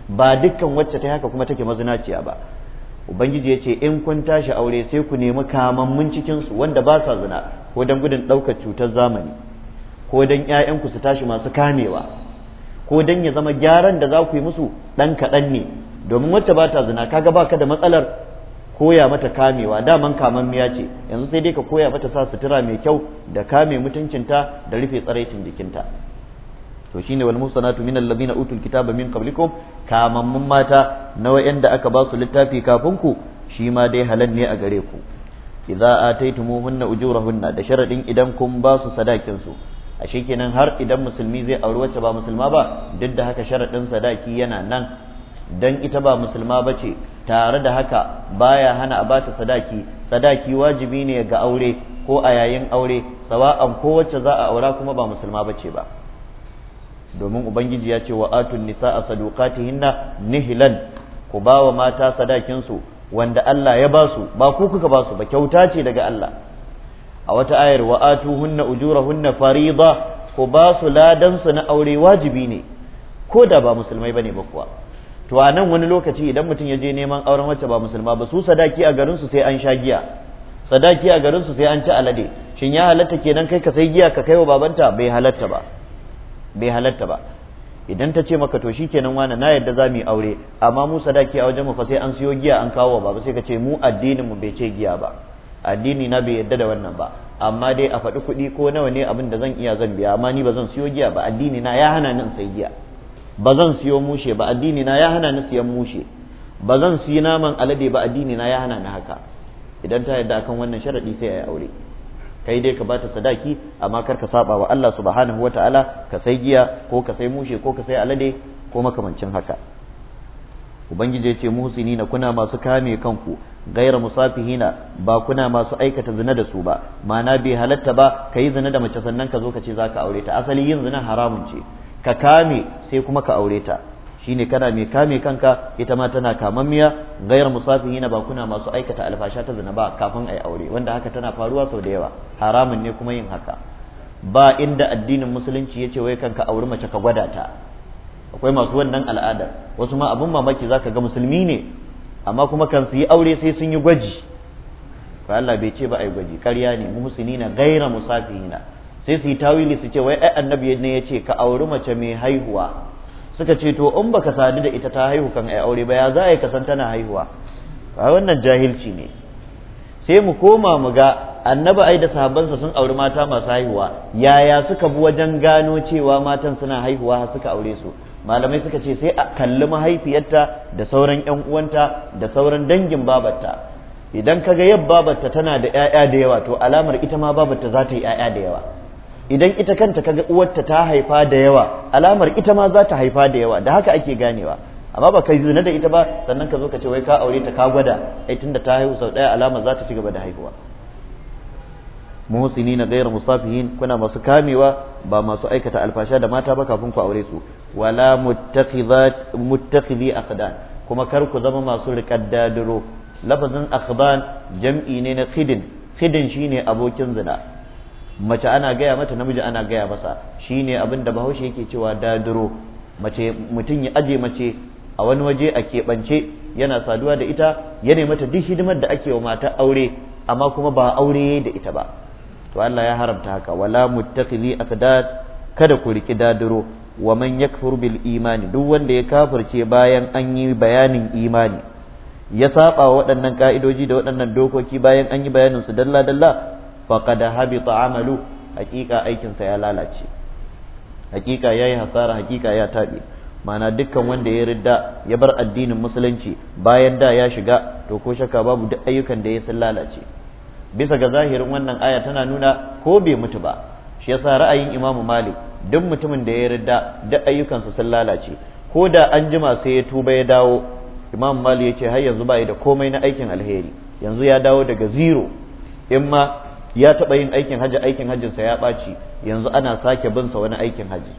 ba dukkan wacce ta haka kuma take mazinaciya ba ubangiji ya ce in kun tashi aure sai ku nemi kamammun cikin su wanda ba sa zina ko dan gudun ɗaukar cutar zamani ko dan ƴaƴanku su tashi masu kamewa ko dan ya zama gyaran da za ku yi musu ɗan kaɗan ne domin wacce ba ta zina kaga baka da matsalar koya mata kamewa daman miya ce yanzu sai dai ka koya mata sa sutura mai kyau da kame mutuncinta da rufe tsaraicin jikinta to shine wal musanatu minal ladina utul kitaba min qablikum mun mata na wayanda aka ba su littafi kafin ku shi ma dai halan ne a gare ku idza ataytumuhunna ujurahunna da sharadin idan kun ba su sadakin su ashe kenan har idan musulmi zai auri wacce ba musulma ba duk da haka sharadin sadaki yana nan dan ita ba musulma bace tare da haka baya hana a bata sadaki sadaki wajibi ne ga aure ko a yayin aure sawa'an ko wacce za a aura kuma ba musulma bace ba domin ubangiji ya ce wa atun nisa a sadukatihinna nihilan ku ba wa mata sadakin su wanda Allah ya ba su ba ku kuka ba su ba kyauta ce daga Allah a wata ayar wa hunna ujurahunna farida ku ba su ladan su na aure wajibi ne ko da ba musulmai bane ba kuwa to a nan wani lokaci idan mutum ya je neman auren wacce ba musulma ba su sadaki a garinsu sai an sha giya sadaki a garinsu sai an ci alade shin ya halatta kenan kai ka sai giya ka kai wa babanta bai halatta ba bai halatta ba idan ta ce maka to shikenan wani na yadda za mu aure amma mu sadaki a wajen mu fa sai an siyo giya an kawo wa baba sai ka ce mu addinin mu bai ce giya ba addini na bai yadda da wannan ba amma dai a faɗi kuɗi ko nawa ne abin da zan iya zan biya amma ni ba zan siyo giya ba addini na ya hana ni in sai giya ba zan siyo mushe ba addini na ya hana ni siyan mushe ba zan siyi naman alade ba addini na ya hana ni haka idan ta yadda akan wannan sharadi sai ayi aure kai dai ka bata sadaki amma kar ka saba wa Allah subhanahu wataala ka sai giya ko ka sai mushe ko ka sai alade ko makamancin haka ubangiji ya ce na kuna masu kame kanku gaira musafihina ba kuna masu aikata zina da su ba ma'ana bai halatta ba ka yi zina da mace sannan ka zo ka ce za ka aure ta asali yin zina haramun ce ka kame sai kuma ka aure ta shi ne kana mai kame kanka ita ma tana kamammiya gairar musafin ba kuna masu aikata alfasha ta zina ba kafin a yi aure wanda haka tana faruwa sau da yawa haramun ne kuma yin haka ba inda addinin musulunci ya ce wai kanka auri mace ka gwada ta akwai masu wannan al'ada wasu ma abin mamaki za ka ga musulmi ne amma kuma kan su yi aure sai sun yi gwaji Allah bai ce ba a yi gwaji karya ne mu musulmi na gaira musafihina sai su yi tawili su ce wai ai annabi ne ya ce ka auri mace mai haihuwa suka ce to in baka sadu da ita ta haihu kan ai aure ba ya za a yi kasan tana haihuwa ba wannan jahilci ne sai mu koma mu ga annabi ai da sahabbansa sun auri mata masu haihuwa yaya suka bi wajen gano cewa matan suna haihuwa har suka aure su malamai suka ce sai a kalli mahaifiyarta da sauran yan uwanta da sauran dangin babarta idan kaga yabba babarta tana da 'ya'ya da yawa to alamar ita ma babarta za ta yi 'ya'ya da yawa idan ita kanta kaga uwarta ta haifa da yawa alamar ita ma za ta haifa da yawa da haka ake ganewa amma ba kai zina da ita ba sannan ka zo ka ce wai ka aure ta ka gwada ai tunda ta haihu sau daya alamar za ta ci gaba da haihuwa muhsinina gaira musafihin kuna masu kamewa ba masu aikata alfasha da mata ba kafin ku aure su wala muttakhidhat muttakhidhi aqdan kuma kar ku zama masu riƙar lafazin akhdan jam'i ne na khidin khidin shine abokin zina mace ana gaya mata namiji ana gaya masa shine abin da bahaushe yake cewa dadiro mace mutum ya aje mace a wani waje a keɓance yana saduwa da ita ya mata duk hidimar da ake wa mata aure amma kuma ba aure da ita ba to Allah ya haramta haka wala muttaqili aqdad kada ku riki dadiro wa man yakfur bil imani duk wanda ya kafirce bayan an yi bayanin imani ya saba waɗannan ka'idoji da waɗannan dokoki bayan an yi bayanin su dalla dalla faqad habita amalu hakika aikinsa ya lalace hakika yayi hasara hakika ya taɓe mana dukkan wanda ya ridda ya bar addinin musulunci bayan da ya shiga to ko shaka babu duk ayyukan da ya sun lalace bisa ga zahirin wannan aya tana nuna ko bai mutu ba shi yasa ra'ayin imamu malik duk mutumin da ya ridda duk ayyukansa sun lalace ko da an jima sai ya tuba ya dawo imamu malik ya ce har yanzu bai da komai na aikin alheri yanzu ya dawo daga zero in ma ya taɓa yin aikin hajji aikin hajjinsa ya ɓaci yanzu ana sake bin sa wani aikin hajji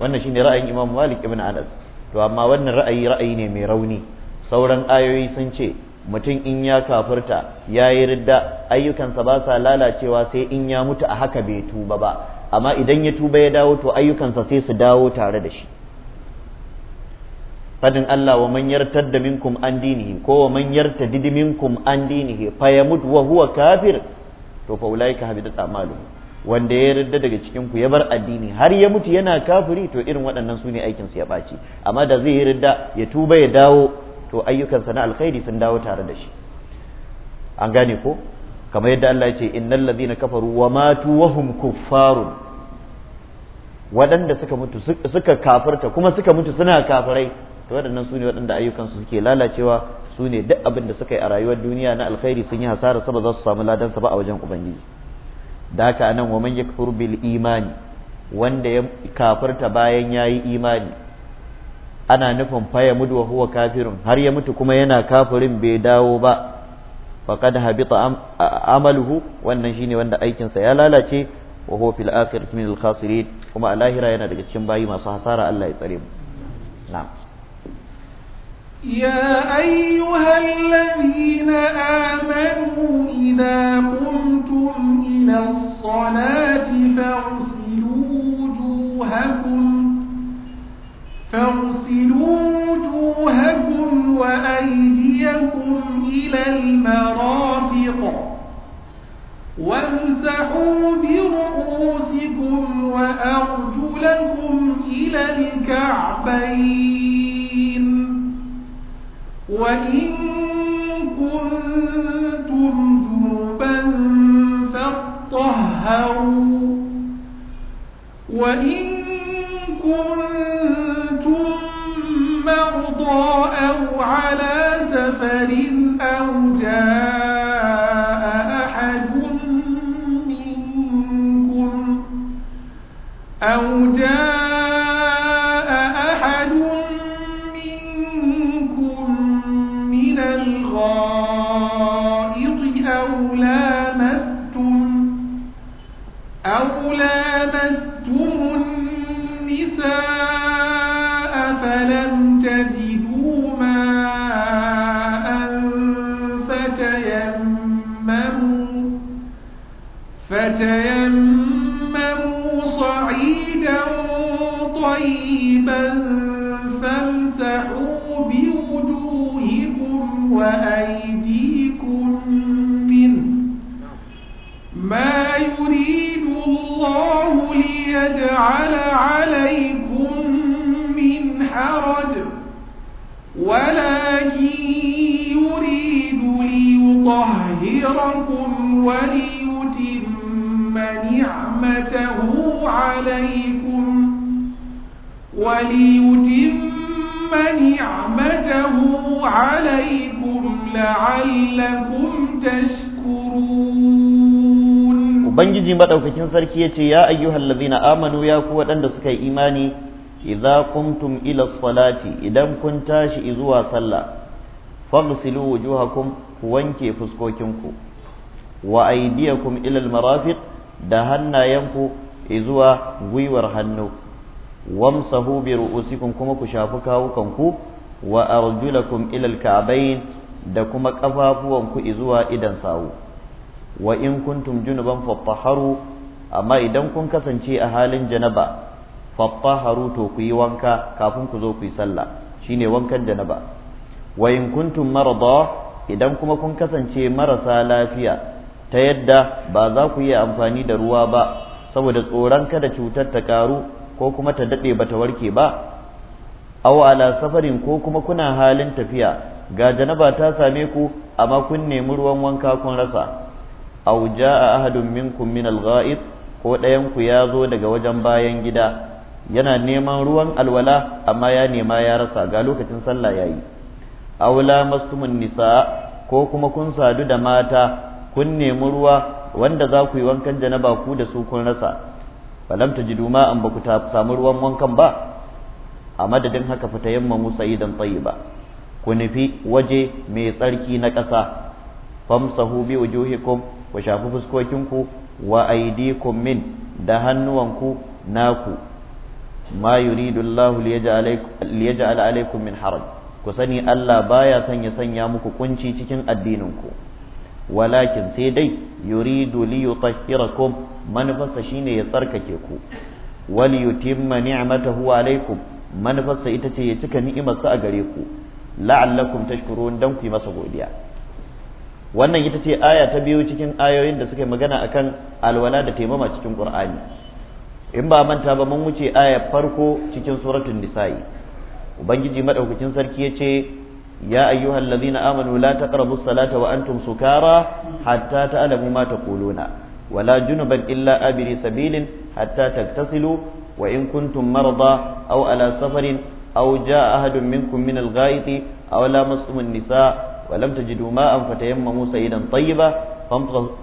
wannan shine ra'ayin Imam Malik ibn Anas to amma wannan ra'ayi ra'ayi ne mai rauni sauran ayoyi sun ce mutum in ya kafirta ya yi ridda ayyukansa ba sa lalacewa sai in ya mutu a haka bai tuba ba amma idan ya tuba ya dawo to ayyukansa sai su dawo tare da shi fadin Allah wa man yartadda minkum an dinihi ko wa man yartadid minkum an dinihi fa yamut wa huwa kafir to fa ulaika habidat a'malu wanda ya yarda daga cikin ku ya bar addini har ya mutu yana kafiri to irin waɗannan su ne aikin su ya ɓaci amma da zai yarda ya tuba ya dawo to ayyukansa na alkhairi sun dawo tare da shi an gane ko kamar yadda Allah ya ce innal ladhina kafaru wa matu wa hum kuffarun waɗanda suka mutu suka kafirta kuma suka mutu suna kafirai to waɗannan su ne waɗanda ayyukansu suke lalacewa su ne duk abin da suka yi a rayuwar duniya na alkhairi sun yi hasara saboda za su samu ladan sa ba a wajen ubangiji daka haka nan wa man yakfur bil imani wanda ya kafirta bayan yayi imani ana nufin fa ya mudu wa huwa kafirun har ya mutu kuma yana kafirin bai dawo ba faqad habita amaluhu wannan shine wanda aikinsa ya lalace wa huwa fil akhirati min al khasirin kuma a lahira yana daga cikin bayi masu hasara Allah ya tsare mu na'am يا أيها الذين آمنوا إذا قمتم إلى الصلاة فاغسلوا وجوهكم فاغسلوا وجوهكم وأيديكم إلى المرافق وامسحوا برؤوسكم وأرجلكم إلى الكعبين وإن كنتم جنبا فاطهروا وإن كنتم وليتم نعمته عليكم لعلكم تشكرون وبنجي مدوكين سركي يتي يا أيها الذين آمنوا يا قوة أن سكي إيماني إذا قمتم إلى الصلاة إذا كنت إذوا صلى فاغسلوا وجوهكم وانكي فسكوكنكم وأيديكم إلى المرافق دهنا ينكو إذوا غيور هنو wamsahu bi ru'usikum kuma ku shafi kawukan ku wa arjulakum ila da kuma kafafuwan ku zuwa idan sawu wa in kuntum junuban fattaharu amma idan kun kasance a halin janaba fattaharu to ku yi wanka kafin ku zo ku yi sallah shine wankan janaba wa in kuntum marada idan kuma kun kasance marasa lafiya ta yadda ba za ku yi amfani da ruwa ba saboda tsoron kada cutar ta karu ko kuma ta daɗe bata warke ba aw ala safarin ko kuma kuna halin tafiya ga janaba ta same ku amma kun nemi ruwan wanka kun rasa aw jaa ahadun minkum min al ghaib ko ɗayan ku ya zo daga wajen bayan gida yana neman ruwan alwala amma ya nema ya rasa ga lokacin sallah yayi aw mastumun nisa ko kuma kun sadu da mata kun nemi ruwa wanda za ku yi wankan janaba ku da su kun rasa falam tajidu ma'an ba ku samu ruwan wankan ba a madadin haka fita yamma musa tsayi ba ku nufi waje mai tsarki na ƙasa famsahu bi wujuhikum ku shafi fuskokinku wa aydikum min da hannuwanku naku ma yuridu Allah liyaj'ala alaikum min haraj ku sani Allah baya son ya sanya muku kunci cikin addininku walakin sai dai yuridu li yutahhirakum manufarsa shine ya tsarkake ku wal yutimma ni'matahu alaikum manufarsa ita ce ya cika ni'imar sa a gare ku la'allakum tashkurun dan ku yi masa godiya wannan ita ce aya ta biyu cikin ayoyin da suke magana akan alwala da taimama cikin qur'ani in ba manta ba mun wuce aya farko cikin suratul nisa'i ubangiji madaukakin sarki ya ce ya ayyuhal ladina amanu la taqrabus salata wa antum sukara hatta ta'lamu ma taquluna ولا جنبا إلا آبر سبيل حتى تغتسلوا وإن كنتم مرضى أو على سفر أو جاء أحد منكم من الغائط أو لامستم النساء ولم تجدوا ماء فتيمموا سيدا طيبا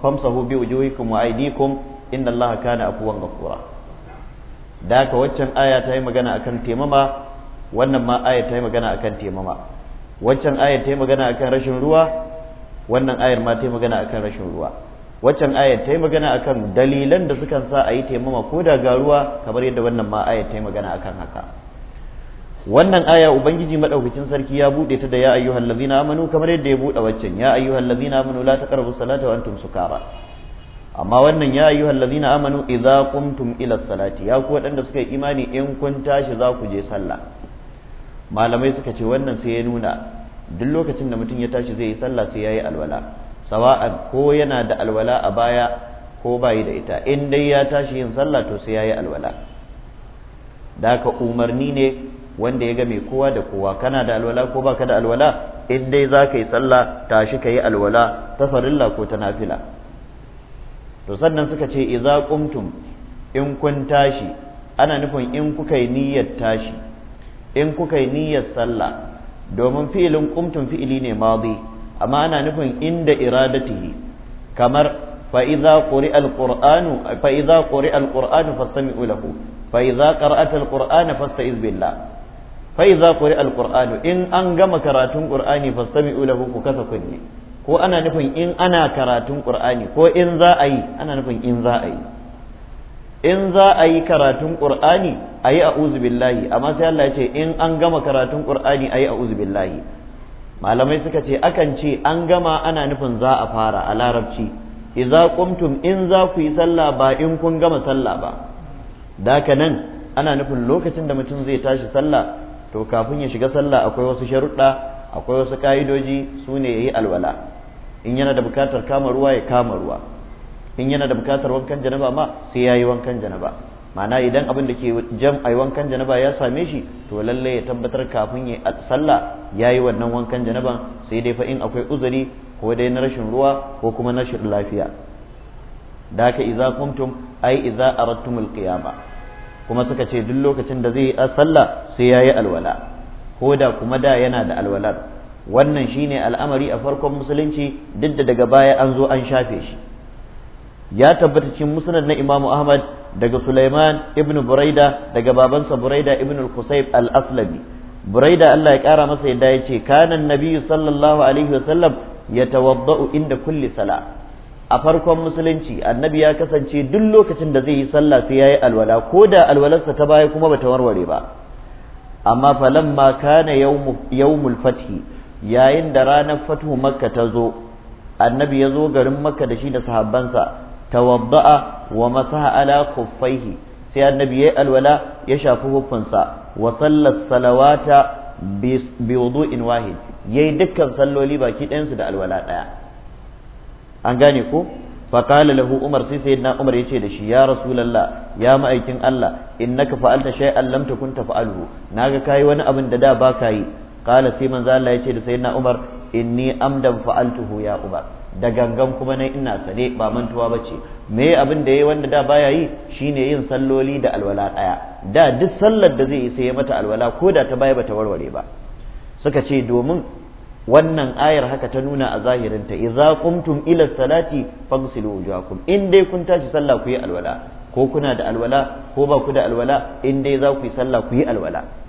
فامسحوا بوجوهكم وأيديكم إن الله كان عفوا غفورا da haka waccan aya ta yi magana akan temama wannan ma aya ta yi magana akan temama waccan aya ta yi magana akan rashin ruwa wannan ayar ma ta yi magana akan rashin ruwa waccan ayar ta yi magana akan dalilan da sukan sa a yi taimama ko da garuwa kamar yadda wannan ma ayat ta yi magana akan haka wannan aya ubangiji maɗaukacin sarki ya buɗe ta da ya ayyuhal ladzina amanu kamar yadda ya buɗe waccan ya ayyuhal ladzina amanu la taqrabu salata wa antum sukara amma wannan ya ayyuhal ladzina amanu idza qumtum ila salati ya ku wadanda suka yi imani in kun tashi za ku je sallah malamai suka ce wannan sai ya nuna duk lokacin da mutum ya tashi zai yi sallah sai yayi alwala sawa'an ko yana da alwala a baya ko bayi da ita in dai ya tashi yin sallah to sai ya yi alwala da ka umarni ne wanda ya ga mai kowa da kowa kana da alwala ko baka da alwala in dai za ka yi sallah tashi ka yi alwala ta farilla ko ta nafila to sannan suka ce za kumtum in kun tashi ana nufin in kuka yi niyyar tashi in kuka yi niyyar sallah domin fi'ilin kumtun fi'ili ne madi amma ana nufin inda iradatihi kamar fa idza quri'a alqur'anu fa fa'iza quri'a alqur'anu fastami'u lahu fa idza qara'ata alqur'ana fasta'iz billah fa idza quri'a alqur'anu in an gama karatun qur'ani fastami'u lahu ku kasa kunne ko ana nufin in ana karatun qur'ani ko in za a yi ana nufin in za a yi in za a yi karatun ƙur'ani a yi a billahi amma sai Allah ya ce in an gama karatun ƙur'ani a yi a billahi malamai suka ce akan ce an gama ana nufin za a fara a larabci idza qumtum in za ku yi sallah ba in kun gama sallah ba daka nan ana nufin lokacin da mutum zai tashi sallah to kafin ya shiga sallah akwai wasu sharuɗa akwai wasu ka'idoji su ne yayi alwala in yana da bukatar kama ruwa ya kama ruwa in yana da bukatar wankan janaba ma sai yayi wankan janaba ma'ana idan abin da ke jam ai wankan janaba ya same shi to lalle ya tabbatar kafin ya sallah ya yayi wannan wankan janaban sai dai fa in akwai uzuri ko dai na rashin ruwa ko kuma na rashin lafiya da haka idza kumtum ai idza aradtumul alqiyama kuma suka ce duk lokacin da zai yi sallah sai yayi alwala ko da kuma da yana da alwalar wannan shine al'amari a farkon musulunci duk da daga baya an zo an shafe shi ya tabbata cikin musnad na Imam Ahmad daga Sulaiman ibn Buraida daga babansa Buraida ibn al-Qusayb al-Aslami Buraida Allah ya kara masa yadda ya ce kana nabiyyu sallallahu alaihi wasallam yatawadda'u inda kulli sala a farkon musulunci annabi ya kasance duk lokacin da zai yi sallah sai yayi alwala ko da alwalarsa ta baya kuma bata warware ba amma falamma kana yawmul fathi yayin da ranar fatuhu makka ta zo annabi ya zo garin makka da shi da sahabbansa tawadda'a wa masaha ala khuffaihi sai annabi yayi alwala ya shafi hufunsa wa sallat salawata bi wudu'in wahid yayi dukkan salloli baki ɗayan su da alwala ɗaya an gane ko fa qala lahu umar sai sayyidina umar yace da shi ya rasulullah ya ma'aikin Allah innaka fa'alta shay'an lam takun taf'alhu naga kai wani abin da da ba ka yi qala sai manzo Allah yace da sayyidina umar inni amdan fa'altuhu ya uba da gangan kuma na ina sane ba mantuwa ba ce me abin da yayi wanda da baya yi shine yin salloli da alwala daya da duk sallar da zai yi sai ya mata alwala ko da ta baya bata warware ba suka ce domin wannan ayar haka ta nuna a zahirin ta idza qumtum ila salati fagsilu wujuhakum in dai kun tashi sallah ku yi alwala ko kuna da alwala ko ba ku da alwala in dai za ku yi sallah ku yi alwala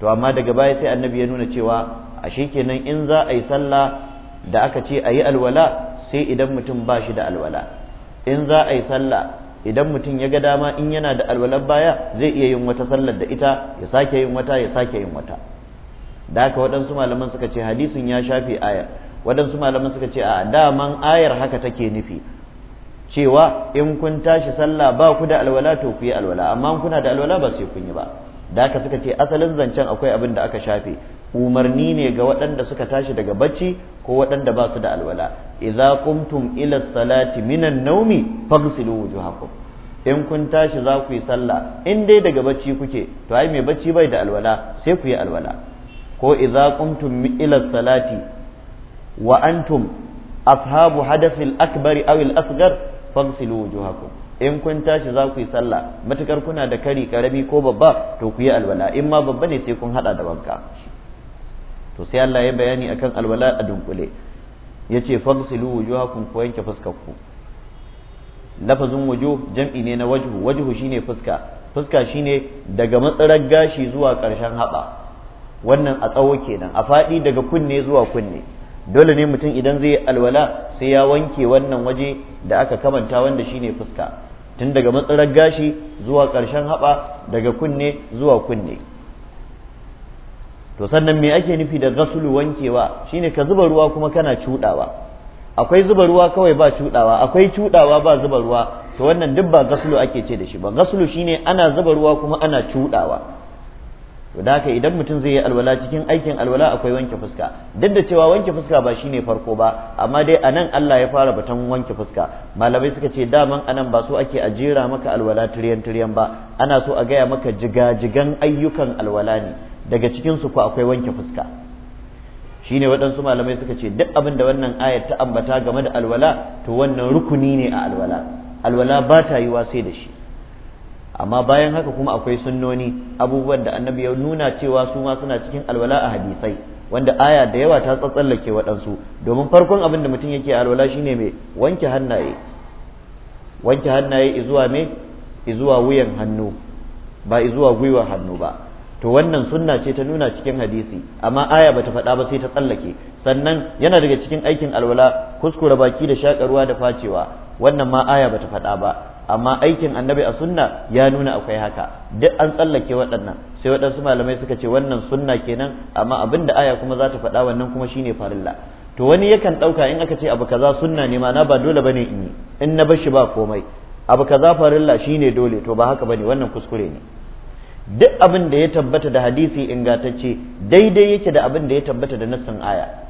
to amma daga baya sai annabi ya nuna cewa a kenan in za a yi sallah da aka ce a yi alwala sai idan mutum ba shi da alwala in za a yi sallah idan mutum ya ga dama in yana da alwalar baya zai iya yin wata sallar da ita ya sake yin wata ya sake yin wata da haka waɗansu malaman suka ce hadisin ya shafe ayar waɗansu malaman suka ce a daman ayar haka take nufi cewa in kun tashi sallah ba ku da alwala to ku yi alwala amma kuna da alwala ba sai kun yi ba da haka suka ce asalin zancen akwai abin da aka shafe umarni ne ga waɗanda suka tashi daga bacci ko waɗanda ba su da alwala idza kumtum ila salati minan naumi faghsilu wujuhakum in kun tashi za ku yi sallah in dai daga bacci kuke to ai mai bacci bai da alwala sai ku yi alwala ko idza kumtum ila salati wa antum ashabu hadathil akbari aw al asghar faghsilu wujuhakum in kun tashi za ku yi sallah matukar kuna da kari karami ko babba to ku yi alwala in ma babba ne sai kun hada da wanka to sai Allah ya bayani akan alwala a dunkule yace fagsilu wujuhakum ku yanke fuskarku lafazin wujuh jam'i ne na wajhu wajhu shine fuska fuska shine daga matsarar gashi zuwa ƙarshen haɓa wannan a tsawo kenan a faɗi daga kunne zuwa kunne dole ne mutum idan zai alwala sai ya wanke wannan waje da aka kamanta wanda shine fuska tun daga matsarar gashi zuwa ƙarshen haɓa daga kunne zuwa kunne to sannan me ake nufi da gasulu wankewa shine ka zuba ruwa kuma kana cuɗawa akwai zuba ruwa kawai ba cuɗawa akwai cuɗawa ba zuba ruwa to wannan duk ba gasulu ake ce da shi ba gasulu shine ana zuba ruwa kuma ana cuɗawa to da haka idan mutum zai yi alwala cikin aikin alwala akwai wanke fuska duk da cewa wanke fuska ba shine farko ba amma dai anan Allah ya fara batun wanke fuska malamai suka ce daman anan ba so ake ajera maka alwala tiryan tiryan ba ana so a gaya maka jigajigan ayyukan alwala ne daga cikin su ko akwai wanke fuska shine waɗansu malamai suka ce duk abin da wannan ayar ta ambata game da alwala to wannan rukuni ne a alwala alwala ba ta yiwa sai da shi amma bayan haka kuma akwai sunnoni abubuwan da annabi ya nuna cewa su ma suna cikin alwala a hadisai wanda aya da yawa ta tsatsallake waɗansu domin farkon abin da mutum yake alwala shine mai wanke hannaye wanke hannaye izuwa me izuwa wuyan hannu ba izuwa gwiwa hannu ba to wannan sunna ce ta nuna cikin hadisi amma aya bata faɗa ba sai ta tsallake sannan yana daga cikin aikin alwala kuskure baki da shaƙaruwa da facewa wannan ma aya bata faɗa ba amma aikin annabi a sunna ya nuna akwai haka duk an tsallake waɗannan sai waɗansu malamai suka ce wannan sunna kenan amma abin da aya kuma za ta faɗa wannan kuma shine farilla to wani yakan ɗauka in aka ce abu kaza sunna ne ma na ba dole bane in yi in na bashi ba komai abu kaza farilla shine dole to ba haka bane wannan kuskure ne duk abin da ya tabbata da hadisi ingantacce daidai yake da abin da ya tabbata da nassan aya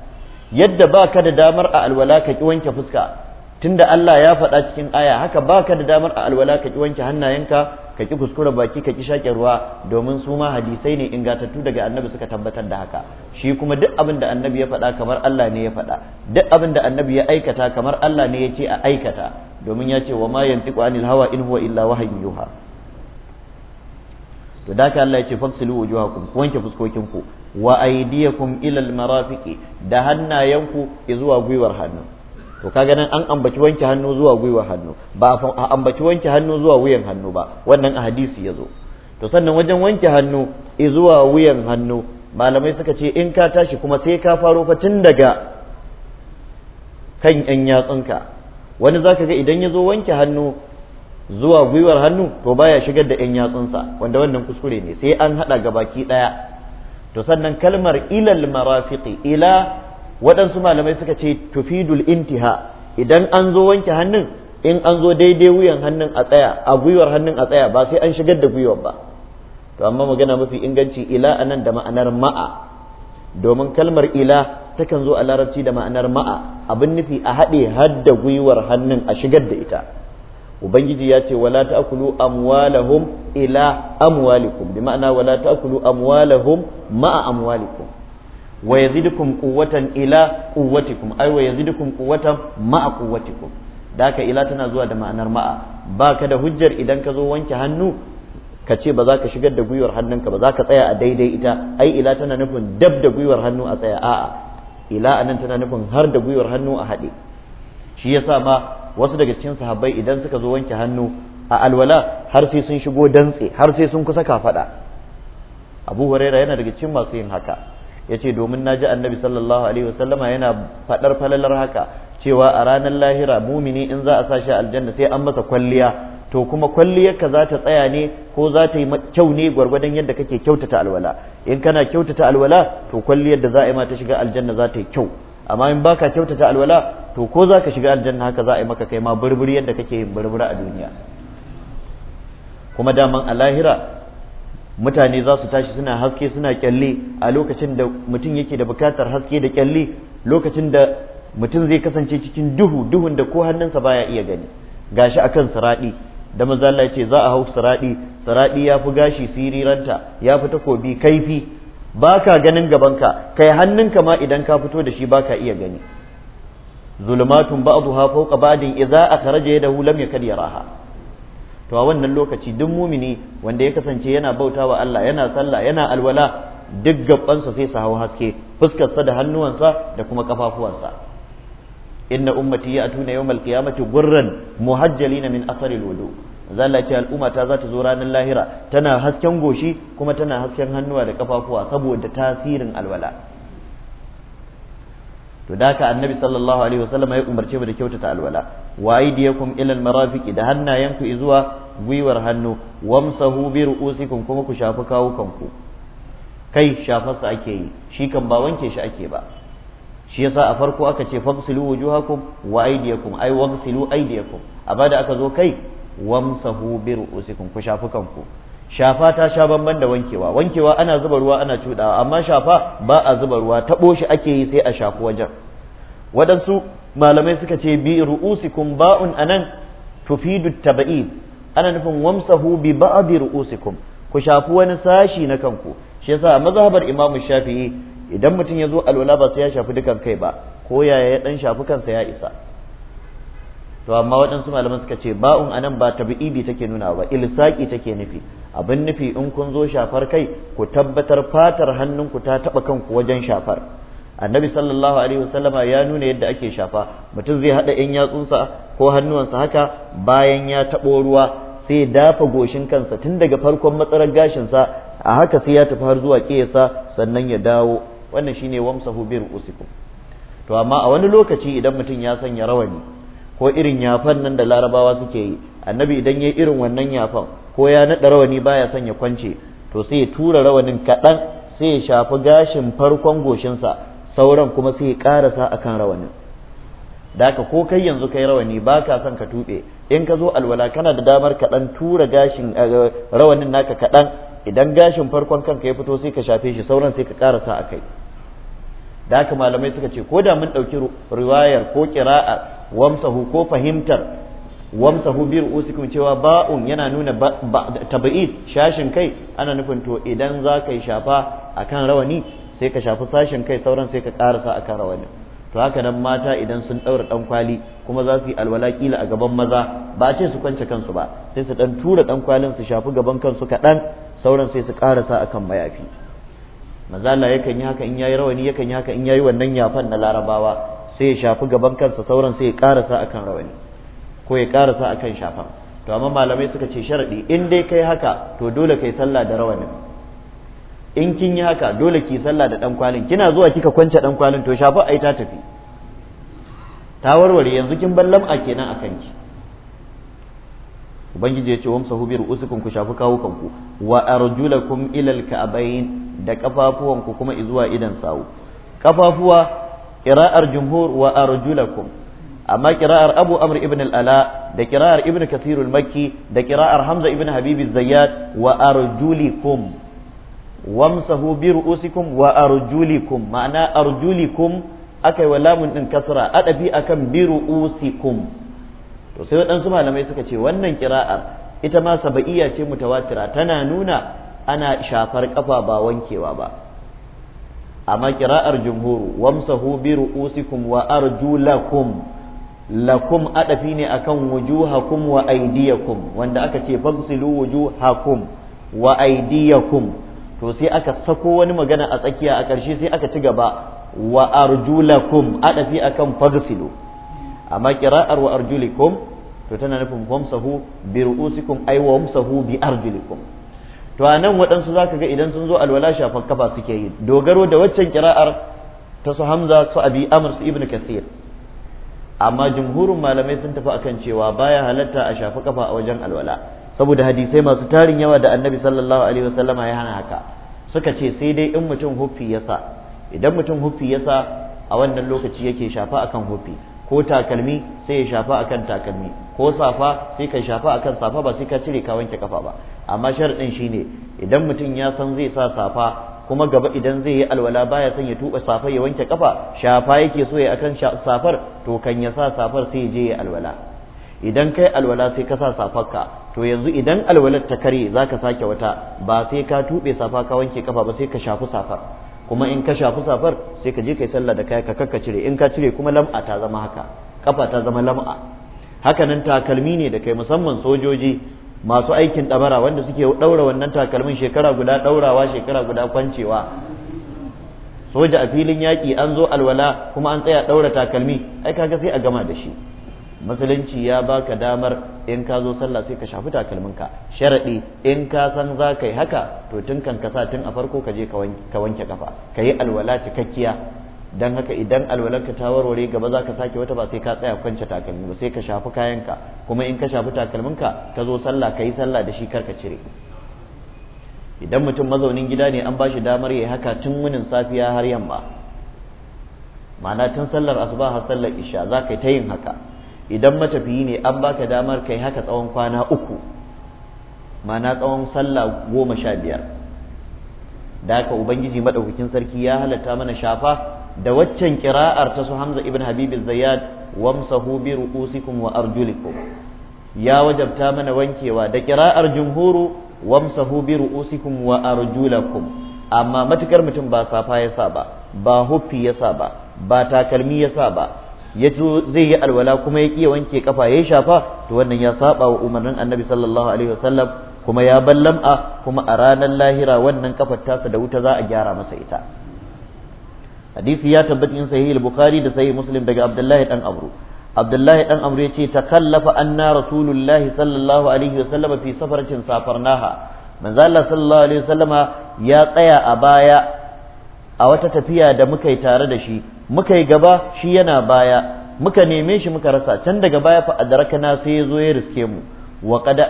yadda ba ka da damar a alwala ka ki wanke fuska tunda Allah ya faɗa cikin aya haka baka da damar a alwala ka ki wanke hannayenka ka ki kuskura baki ka ki shaƙe ruwa domin su ma hadisai ne ingantattu daga annabi suka tabbatar da haka shi kuma duk abin da annabi ya faɗa kamar Allah ne ya faɗa duk abin da annabi ya aikata kamar Allah ne ya ce a aikata domin ya ce wa ma yantiqu anil hawa in huwa illa wahyu yuha to da ka Allah ya ce fafsilu wujuhakum ku wanke fuskokinku wa aydiyakum ila marafiqi da hannayenku zuwa gwiwar hannu to kaga nan an ambaci wanke hannu zuwa gwiwa hannu ba a ambaci wanke hannu zuwa wuyan hannu ba wannan a hadisi ya zo to sannan wajen wanke hannu zuwa wuyan hannu malamai suka ce in ka tashi kuma sai ka faro fa tun daga kan yan yatsunka wani zaka ga idan ya zo wanke hannu zuwa gwiwar hannu to baya shigar da yan yatsunsa wanda wannan kuskure ne sai an haɗa gabaki ɗaya to sannan kalmar ilal marafiqi ila waɗansu malamai suka ce tufidul intiha idan an zo wanke hannun in an zo daidai wuyan hannun a tsaya a gwiwar hannun a tsaya ba sai an shigar da gwiwar ba to amma magana mafi inganci ila anan da ma'anar ma'a domin kalmar ila takan zo a larabci da ma'anar ma'a abin nufi a haɗe hadda gwiwar hannun a shigar da ita ubangiji ya ce wala ta'kulu amwalahum ila amwalikum bi ma'ana wala ta'kulu amwalahum ma'a amwalikum wa yazidukum quwwatan ila quwwatikum ay wa yazidukum quwwatan ma'a quwwatikum da ka ila tana zuwa da ma'anar ma'a baka da hujjar idan ka zo wanke hannu ka ce ba za ka shigar da gwiwar hannunka ba za ka tsaya a daidai ita ai ila tana nufin dab da gwiwar hannu a tsaya a'a ila anan tana nufin har da gwiwar hannu a haɗe shi yasa ma wasu daga cikin sahabbai idan suka zo wanke hannu a alwala har sai sun shigo dantse har sai sun kusa kafada abu huraira yana daga cikin masu yin haka yace domin na ji annabi sallallahu alaihi wasallama yana fadar falalar haka cewa a ranar lahira mumini in za a sa shi aljanna sai an masa kwalliya to kuma kwalliyar ka za ta tsaya ne ko za ta yi kyau ne gwargwadon yadda kake kyautata alwala in kana kyautata alwala to kwalliyar da za a yi ma ta shiga aljanna za ta yi kyau amma in baka kyautata alwala to ko za ka shiga aljanna haka za a yi maka kai ma burburi yadda kake yin burbura a duniya kuma daman a lahira mutane za su tashi suna haske suna kyalle a lokacin da mutum yake da bukatar haske da kyalle lokacin da mutum zai kasance cikin duhu duhun da ko hannunsa baya iya gani gashi akan siradi da manzo Allah yace za a hau siradi siradi ya fi gashi siriranta ya fi takobi kaifi baka ganin gabanka kai hannunka ma idan ka fito da shi baka iya gani zulumatun ba'daha fawqa ba'din idza akhraja yadahu lam yakad yaraha to a wannan lokaci duk mumini wanda ya kasance yana bauta wa Allah yana sallah yana alwala duk gabansa sai su hau haske fuskarsa da hannuwansa da kuma kafafuwansa inna ummati ya'tuna yawmal qiyamati gurran muhajjalina min asari wudu zalla ce al'umma za ta zo ranar lahira tana hasken goshi kuma tana hasken hannuwa da kafafuwa saboda tasirin alwala to da ka annabi sallallahu alaihi wasallam ya umarce mu da kyautata alwala wa aydiyakum ila almarafiqi da hannayenku zuwa gwiwar hannu wamsahu bi ru'usikum kuma ku shafi kawukanku kai shafarsa ake yi shi kan ba wanke shi ake ba shi yasa a farko aka ce fagsilu wujuhakum wa aydiyakum ay wagsilu aydiyakum bada aka zo kai wamsahu bi ru'usikum ku shafi kanku shafa ta sha bamban da wankewa wankewa ana zuba ruwa ana cuɗawa amma shafa ba a zuba ruwa taɓo shi ake yi sai a shafi wajen waɗansu malamai suka ce bi ru'usikum ba'un anan tufidu taba'id ana nufin wamsahu bi ba'di ru'usikum ku shafi wani sashi na kanku shi yasa mazhabar imamu shafi'i idan mutum ya zo alwala ba sai ya shafi dukan kai ba ko yaya ya dan shafi kansa ya isa to amma waɗansu malaman suka ce ba'un anan ba bi take nuna ba ilsaki take nufi abin nufi in kun zo shafar kai ku tabbatar fatar hannunku ta taɓa kanku wajen shafar annabi sallallahu alaihi wasallama ya nuna yadda ake shafa mutum zai haɗa yan yatsunsa ko hannuwansa haka bayan ya taɓo ruwa sai ya dafa goshin kansa tun daga farkon matsarar gashinsa a haka sai ya tafi har zuwa ƙesa sannan ya dawo wannan shine wamsahu bir usikum to amma a wani lokaci idan mutum ya sanya rawani ko irin yafan nan da larabawa suke yi annabi idan ya irin wannan yafan ko ya naɗa rawani baya son ya kwance to sai ya tura rawanin kaɗan sai ya shafi gashin farkon goshinsa sauran kuma sai ya ƙarasa a kan rawanin da ko kai yanzu kai rawani ba ka son ka tuɓe in ka zo alwala kana da damar kaɗan tura gashin eh, rawanin naka kaɗan idan gashin farkon kanka ya fito sai ka shafe shi sauran sai ka ƙarasa a kai da haka malamai suka ce ko da mun ɗauki riwayar ko ƙira'ar wamsahu ko fahimtar wamsahu bi ru'usikum cewa ba'un yana nuna tabi'id shashin kai ana nufin to idan za ka yi shafa akan rawani sai ka shafi sashin kai sauran sai ka karasa akan rawani to haka nan mata idan sun daura dan kwali kuma za su yi alwala kila a gaban maza ba ce su kwance kansu ba sai su dan tura dan kwalin su shafi gaban kansu kaɗan sauran sai su karasa akan mayafi maza Allah yakan yi haka in yayi rawani yakan yi haka in yayi wannan yafan na larabawa sai ya shafi gaban kansa sauran sai ya karasa akan rawani ko ya karasa akan shafan to amma malamai suka ce sharadi in dai kai haka to dole kai sallah da rawanin in kin yi haka dole ki sallah da dan kwalin kina zuwa kika kwance dan kwalin to shafa ai ta tafi ta warware yanzu kin ballam lam'a kenan akan ki ubangiji ya ce wamsahu bi usukun ku shafi kanku wa arjulakum ila alka'bayn da kafafuwanku kuma zuwa idan sawu kafafuwa qira'ar jumhur wa arjulakum amma kira'ar abu amr ibn ala da kira'ar ibn kathir al-makki da kira'ar hamza ibn habib zayyad wa arjulikum wamsahu bi ru'usikum wa arjulikum ma'ana arjulikum akai wa lamun din kasra adabi akan bi ru'usikum to sai waɗansu malamai suka ce wannan kira'ar ita ma saba'iya ce mutawatira tana nuna ana shafar kafa ba wankewa ba amma kira'ar jumhuru wamsahu bi ru'usikum wa arjulakum lakum adafi ne akan wujuhakum wa aydiyakum wanda aka ce fagsilu wujuhakum wa aydiyakum to sai aka sako wani magana a tsakiya a ƙarshe sai aka ci gaba wa arjulakum adafi akan fagsilu amma kira'ar wa arjulikum to tana nufin wamsahu bi ru'usikum ay wamsahu bi arjulikum to anan waɗansu zaka ga idan sun zo alwala shafan kafa suke yi dogaro da waccan kira'ar ta su hamza su abi amr su ibnu kasir amma jumhurin malamai sun tafi akan cewa baya halatta a shafi kafa a wajen alwala saboda hadisai masu tarin yawa da annabi sallallahu alaihi wasallama ya hana haka suka ce sai dai in mutum hufi ya sa idan mutum huffi ya sa a wannan lokaci yake shafa akan hufi ko takalmi sai ya shafa akan takalmi ko safa sai ka shafa akan safa ba sai ka cire ka wanke kafa ba amma sharadin shine idan mutum ya san zai sa safa kuma gaba idan zai yi alwala baya son ya tuba safar ya wanke kafa shafa yake so ya akan safar to kan ya sa safar sai ya je ya alwala idan kai alwala sai ka sa safarka to yanzu idan alwalar ta kare zaka sake wata ba sai ka tube safa ka wanke kafa ba sai ka shafi safar kuma in ka shafi safar sai ka je kai sallah da kai ka kakka cire in ka cire kuma lam'a ta zama haka kafa ta zama lam'a hakanan takalmi ne da kai musamman sojoji masu aikin ɗabara wanda suke ɗaura wannan takalmin shekara guda ɗaurawa shekara guda kwancewa soja a filin yaƙi an zo alwala kuma an tsaya ɗaura takalmi ai kaga sai a gama da shi musulunci ya baka damar in ka zo sallah sai ka shafi takalmin ka sharaɗi in ka san za ka yi haka to tun kan kasa tun a farko ka je ka wanke kafa ka yi alwala cikakkiya dan haka idan alwalanka ta warware gaba za ka sake wata ba sai ka tsaya kwance takalmi ba sai ka shafi kayanka kuma in ka shafi takalminka ka zo sallah ka yi sallah da shi karka cire idan mutum mazaunin gida ne an ba shi damar ya haka tun munin safiya har yamma ma'ana tun sallar asuba har sallar isha za ka yi ta yin haka idan matafiyi ne an baka damar kai haka tsawon kwana uku ma'ana tsawon sallah goma sha biyar da haka ubangiji maɗaukakin sarki ya halatta mana shafa da waccan kira'ar ta su Hamza ibn Habib Zayyad wamsahu bi ru'usikum wa arjulikum ya wajabta mana wankewa da kira'ar jumhuru wamsahu bi ru'usikum wa arjulakum amma matukar mutum ba safa ya sa ba ba huffi ya sa ba ba takalmi ya sa ba ya zai yi alwala kuma ya iya wanke kafa ya shafa to wannan ya saba wa umarnin annabi sallallahu alaihi wasallam kuma ya ballam'a kuma a ranar lahira wannan kafar tasa da wuta za a gyara masa ita hadisi ya tabbata in sahih al-bukhari da sahih muslim daga abdullahi dan amru abdullahi dan amru yace takallafa anna rasulullahi sallallahu alaihi sallama fi safaratin safarnaha manzo Allah sallallahu alaihi sallama ya tsaya a baya a wata tafiya da muka yi tare da shi muka yi gaba shi yana baya muka neme shi muka rasa can daga baya fa adrakana sai ya zo ya riske mu wa kada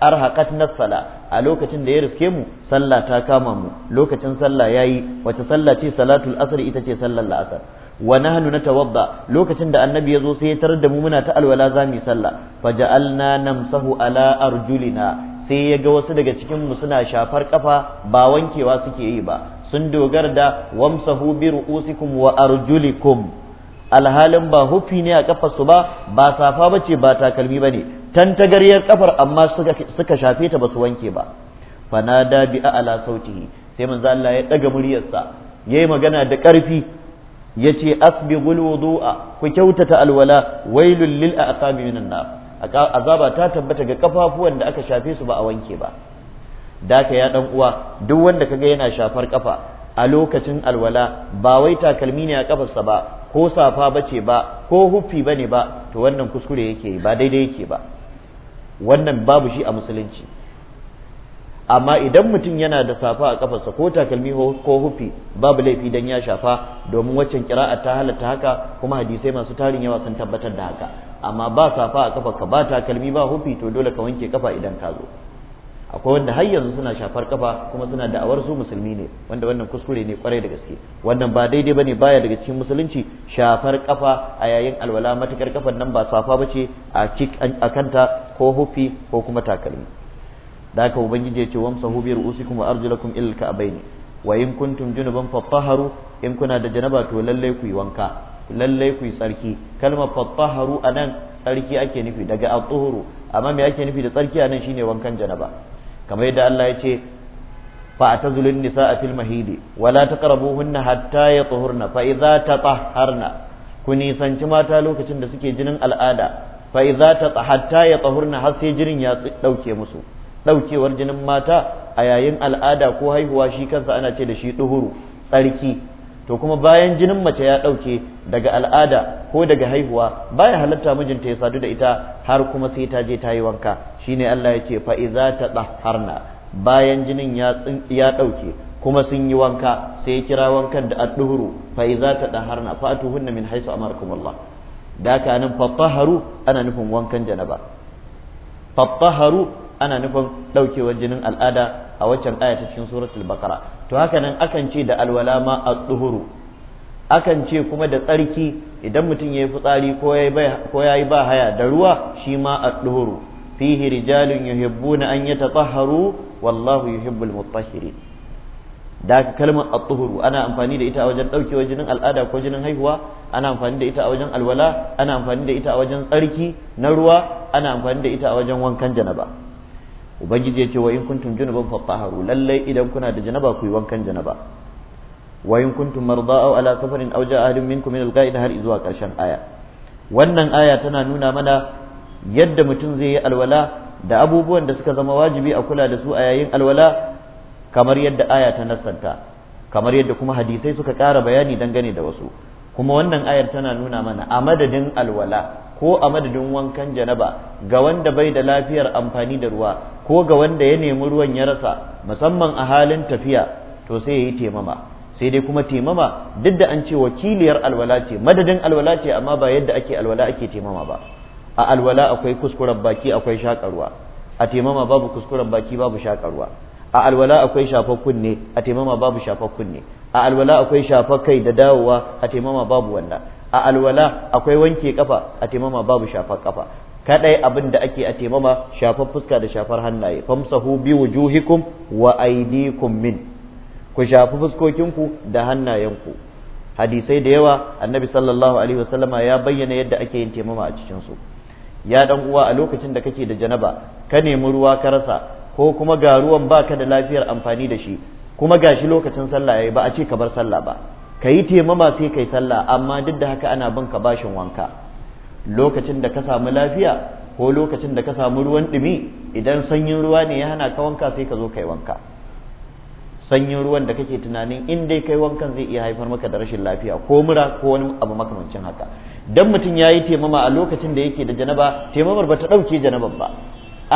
arhaqat nasala a lokacin da ya riske mu sallah ta kama mu lokacin sallah yayi wace sallah ce salatul asr ita ce sallar la'asar wa nahnu natawadda lokacin da annabi ya zo sai ya tarar da mu muna ta alwala zamu sallah faja'alna namsahu ala arjulina sai ya ga wasu daga cikin mu suna shafar kafa ba wankewa suke yi ba sun dogara da wamsahu bi ru'usikum wa arjulikum alhalin ba hufi ne a kafarsu ba ba safa bace ba takalmi bane tantagariyar kafar amma suka shafe ta basu wanke ba fanada bi a'la sautihi sai manzo Allah ya daga muryarsa yayi magana da ƙarfi yace asbighul wudu'a ku kyautata alwala wailul lil aqabi minan nar azaba ta tabbata ga kafafuwan da aka shafe su ba a wanke ba daka ya dan uwa duk wanda kaga yana shafar kafa a lokacin alwala ba wai takalmi ne a kafarsa ba ko safa bace ba ko huffi bane ba to wannan kuskure yake ba daidai yake ba wannan babu shi a musulunci amma idan mutum yana da safa a kafarsa ko takalmi ko hufi babu laifi dan ya shafa domin waccan kira'a ta halatta haka kuma hadisai masu tarin yawa sun tabbatar da haka amma ba safa a kafarka ba takalmi ba hufi to dole ka wanke kafa idan ka zo akwai wanda har yanzu suna shafar kafa kuma suna da'awar su musulmi ne wanda wannan kuskure ne kwarai da gaske wannan ba daidai bane baya daga cikin musulunci shafar kafa a yayin alwala matakar kafan nan ba safa bace a a kanta ko hufi ko kuma takalmi da haka ubangiji ya ce wamsa bi ru'usikum wa arjulakum ila ka'bayn wa in kuntum junuban fatahharu in kuna da janaba to lalle ku yi wanka lalle ku yi tsarki kalmar fatahharu anan tsarki ake nufi daga at-tuhuru amma me ake nufi da tsarki anan shine wankan janaba kamar yadda Allah ya ce fa nisa a filma hidi wala ta hunna hatta ya tsohurna fa ta tsaharna ku nisanci mata lokacin da suke jinin al'ada fa hatta ya tsohurna har sai jinin ya dauke musu daukewar jinin mata a yayin al'ada ko haihuwa shi kansa ana ce da shi duhuru tsarki to kuma bayan jinin mace ya ɗauke daga al'ada ko daga haihuwa baya halatta mijinta ya sadu da ita har kuma sai ta je ta yi wanka Shi ne Allah ya ce fa'iza ta ɗaharna bayan jinin ya ɗauke kuma sun yi wanka sai kira wankan da adduhuru fa iza ta tsahharna fa atuhunna min haisu amarakumullah da ka nan fattaharu ana nufin wankan janaba fattaharu ana nufin ɗaukewar jinin al'ada a waccan aya ta cikin suratul baqara to haka nan akan ce da alwala ma a tsuhuru akan ce kuma da tsarki idan mutum ya yi fitsari ko ya yi ba haya da ruwa shi ma a tsuhuru fihi rijalun yuhibbuna an yatatahharu wallahu yuhibbul mutahhirin da kalmar a tsuhuru ana amfani da ita a wajen daukewar jinin al'ada ko jinin haihuwa ana amfani da ita a wajen alwala ana amfani da ita a wajen tsarki na ruwa ana amfani da ita a wajen wankan janaba ubangiji ya ce wa in kuntum junuban fatahharu lallai idan kuna da janaba ku yi wankan janaba wa in kuntum marda aw ala safarin aw jaa ahadun minkum min al qaid har zuwa karshen aya wannan aya tana nuna mana yadda mutum zai yi alwala da abubuwan da suka zama wajibi a kula da su a yayin alwala kamar yadda aya ta nassanta kamar yadda kuma hadisai suka ƙara bayani dangane da wasu kuma wannan ayar tana nuna mana a madadin alwala ko a madadin wankan janaba ga wanda bai da lafiyar amfani da ruwa ko ga wanda ya nemi ruwan ya rasa musamman a halin tafiya to sai ya yi taimama sai dai kuma taimama duk da an ce wakiliyar alwala ce madadin alwala ce amma ba yadda ake alwala ake taimama ba a alwala akwai kuskuren baki akwai shakarwa a taimama babu kuskuren baki babu shakarwa a alwala akwai shafa kunne a taimama babu shafa kunne a alwala akwai shafa kai da dawowa a taimama babu wannan a alwala akwai wanke kafa a taimama babu shafar kafa kadai abin da ake a taimama shafar fuska da shafar hannaye famsahu bi wujuhikum wa aydikum min ku shafi fuskokinku da hannayenku hadisai da yawa annabi sallallahu alaihi wasallama ya bayyana yadda ake yin taimama a cikin su ya dan uwa a lokacin da kake da janaba ka nemi ruwa ka rasa ko kuma ga ruwan baka da lafiyar amfani da shi kuma gashi lokacin sallah yayi ba a ce ka bar sallah ba ka yi taimama sai kai sallah amma duk da haka ana bin ka bashin wanka lokacin da ka samu lafiya ko lokacin da ka samu ruwan dumi idan sanyin ruwa ne ya hana ka wanka sai ka zo kai wanka sanyin ruwan da kake tunanin in dai kai wankan zai iya haifar maka da rashin lafiya ko mura ko wani abu makamancin haka dan mutum ya yi taimama a lokacin da yake da janaba taimamar ba ta ɗauke janaban ba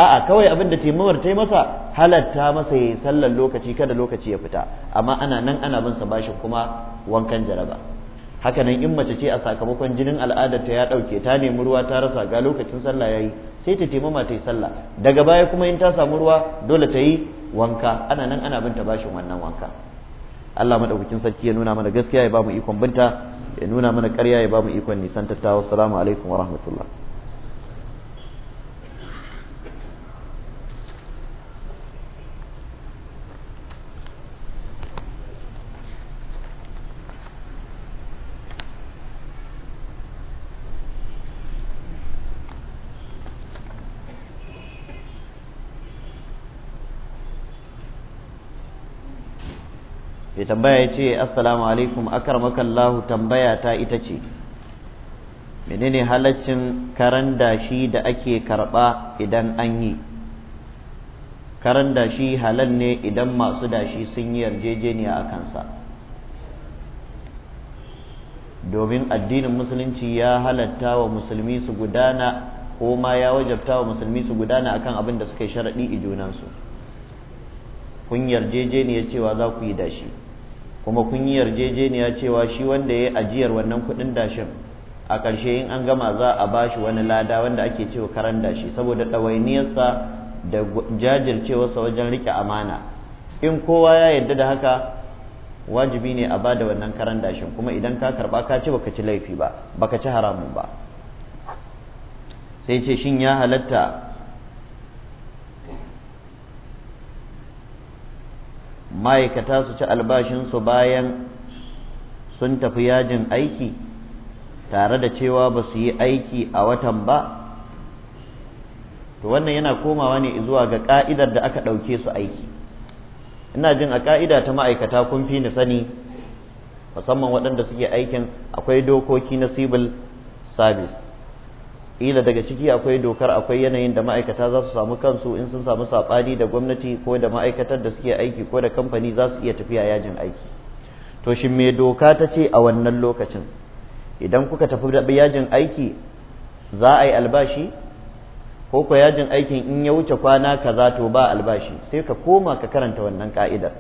a'a kawai abin da taimamar ta masa halatta masa ya sallar lokaci kada lokaci ya fita amma ana nan ana bin sa bashin kuma wankan jaraba haka nan in mace ce a sakamakon jinin al'adar ta ya dauke ta nemi ruwa ta rasa ga lokacin sallah yayi sai ta taimama ta yi sallah daga baya kuma in ta samu ruwa dole ta yi wanka ana nan ana bin ta bashin wannan wanka Allah madaukakin sarki ya nuna mana gaskiya ya ba mu ikon binta ya nuna mana ƙarya ya ba mu ikon nisan tattawa assalamu alaikum wa rahmatullah mai tambaya ya ce assalamu alaikum makallahu tambaya ta ita ce menene halaccin karan dashi da ake karba idan an yi karan dashi halal ne idan masu dashi sun yi yarjejeniya a kansa domin addinin musulunci ya halatta wa musulmi su gudana ko ma ya wajabta wa musulmi su gudana akan abin da suka yi sharaɗi i junansu kun yarjejeniya cewa za ku yi dashi kuma kun yi yarjejeniya cewa shi wanda ya ajiyar wannan kudin dashin a ƙarshe in an gama za a ba shi wani lada wanda ake cewa karan dashi saboda ɗawainiyarsa da jajircewarsa wajen riƙe amana in kowa ya yarda da haka wajibi ne a ba da wannan karan dashin kuma idan ka karba ka ci baka ci laifi ba baka ci haramun ba sai ce shin ya halatta ma'aikata su ci albashinsu bayan sun tafi yajin aiki tare da cewa ba su yi aiki a watan ba to wannan yana komawa ne zuwa ga ka'idar da aka ɗauke su aiki ina jin a ka'ida ta ma'aikata kun fi ni sani musamman waɗanda suke aikin akwai dokoki na civil service ila daga ciki akwai dokar akwai yanayin da ma'aikata za su samu kansu in sun samu saɓani da gwamnati ko da ma'aikatar da suke aiki ko da kamfani za su iya tafiya yajin aiki to shi me doka ta ce a wannan lokacin idan kuka tafi da yajin aiki za a yi albashi ko ko yajin aikin in ya wuce kwana kaza to ba albashi sai ka koma ka karanta wannan ka'idar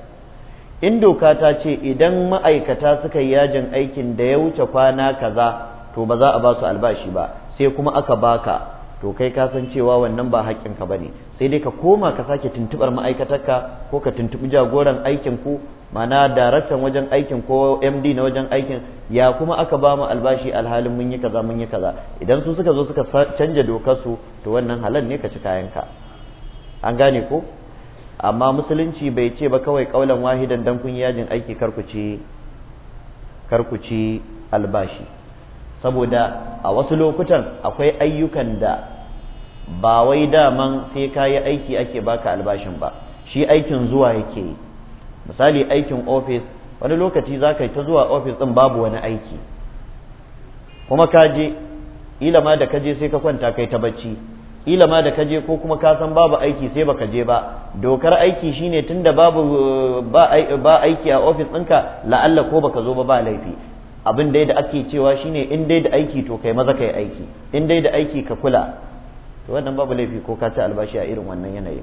in doka ta ce idan ma'aikata suka yi yajin aikin da ya wuce kwana kaza to ba za a ba su albashi ba sai kuma aka baka to kai ka san cewa wannan ba haƙƙinka ba ne sai dai ka koma ka sake tuntuɓar ma'aikatarka ko ka tuntuɓi jagoran aikin ku mana daraktan wajen aikin ko md na wajen aikin ya kuma aka ba mu albashi alhalin mun yi kaza mun yi kaza idan su suka zo suka canja dokar su to wannan halal ne ka ci kayanka an gane ko amma musulunci bai ce ba kawai kaulan wahidan dan kun yajin aiki karkuci karkuci albashi saboda a wasu lokutan akwai ayyukan da ba wai daman sai ka yi aiki ake baka albashin ba shi aikin zuwa yake yi misali aikin ofis wani lokaci za ka yi ta zuwa ofis din babu wani aiki kuma ka je ila da ka je sai ka kwanta kai ta bacci ila da ka je ko kuma ka san babu aiki sai baka je ba dokar aiki shine tunda babu ba aiki a ofis ɗinka la'alla ko baka zo ba ba laifi abin dai da ake cewa shine in dai da aiki to kai maza kai aiki in dai da aiki ka kula to wannan babu laifi ko ka ci albashi a irin wannan yanayin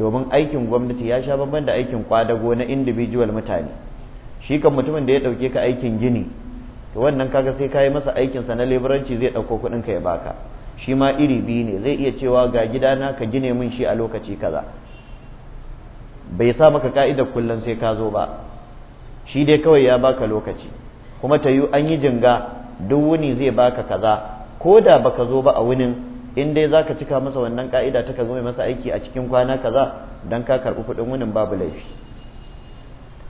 domin aikin gwamnati ya sha bamban da aikin kwadago na individual mutane shi kan mutumin da ya ɗauke ka aikin gini to wannan kaga sai ka yi masa aikin sa na leburanci zai ɗauko kuɗin ka ya baka shi ma iri biyu ne zai iya cewa ga gidana ka gine min shi a lokaci kaza bai sa maka ka'idar kullum sai ka zo ba shi dai kawai ya baka lokaci kuma ta yi an yi jinga duk wuni zai baka kaza ko da baka zo ba a wunin in dai zaka cika masa wannan ka'ida ta ka mai masa aiki a cikin kwana kaza dan ka karbi kudin wunin babu laifi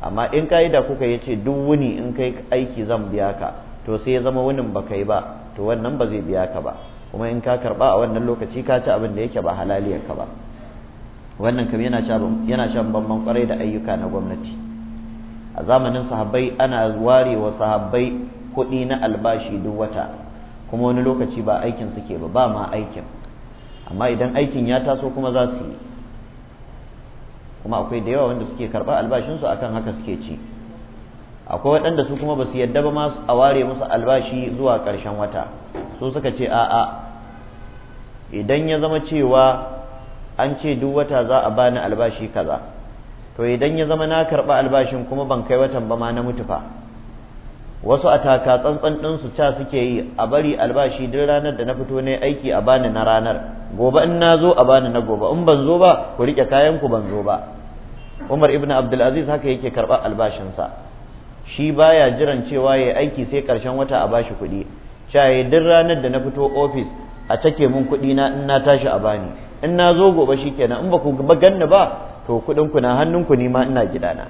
amma in ka'ida kuka yace duk wuni in kai aiki zan biya ka to sai ya zama wunin baka yi ba to wannan ba zai biya ka ba kuma in ka karba a wannan lokaci ka ci abin da yake ba halaliyar ka ba wannan kam yana yana shan bamban kwarai da ayyuka na gwamnati a zamanin sahabbai ana ware wa sahabbai kuɗi na albashi duk wata kuma wani lokaci ba aikin suke ba ba ma aikin amma idan aikin ya taso kuma za su yi kuma akwai da yawa wanda suke karɓa albashinsu akan haka suke ci akwai waɗanda su kuma ba su yadda ba masu a ware musu albashi zuwa ƙarshen wata su suka ce a'a idan ya zama cewa an ce duk wata za a bani albashi kaza to idan ya zama na karɓa albashin kuma ban kai watan ba ma na mutu fa wasu a taka tsantsan su ca suke yi a bari albashi duk ranar da na fito ne aiki a bani na ranar gobe in na zo a bani na gobe in ban zo ba ku riƙe kayan ku ban zo ba Umar ibn Abdulaziz haka yake karɓar albashinsa shi baya jiran cewa ya aiki sai ƙarshen wata a bashi kuɗi shaye duk ranar da na fito ofis a take mun kuɗi na in na tashi a bani in na zo gobe shi shikenan in ba ku ganni ba to kuɗin ku na hannun ku ma ina gidana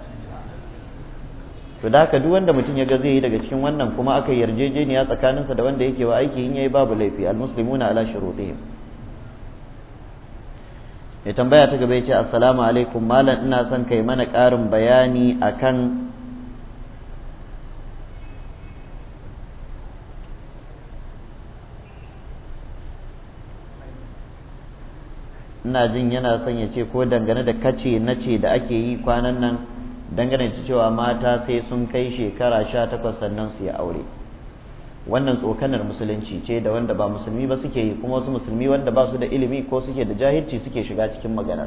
to da haka duk wanda mutum ya ga zai yi daga cikin wannan kuma aka yarjejeniya tsakaninsa da wanda yake wa aiki in yayi babu laifi almuslimuna ala shurutihim ya tambaya ta gaba yace ce assalamu alaikum malam ina son kai mana ƙarin bayani akan ina jin yana son ya ce ko dangane da kace na ce da ake yi kwanan nan dangane da cewa mata sai sun kai shekara sha takwas sannan su yi aure wannan tsokanar musulunci ce da wanda ba musulmi ba suke yi kuma wasu musulmi wanda ba su da ilimi ko suke da jahilci suke shiga cikin magana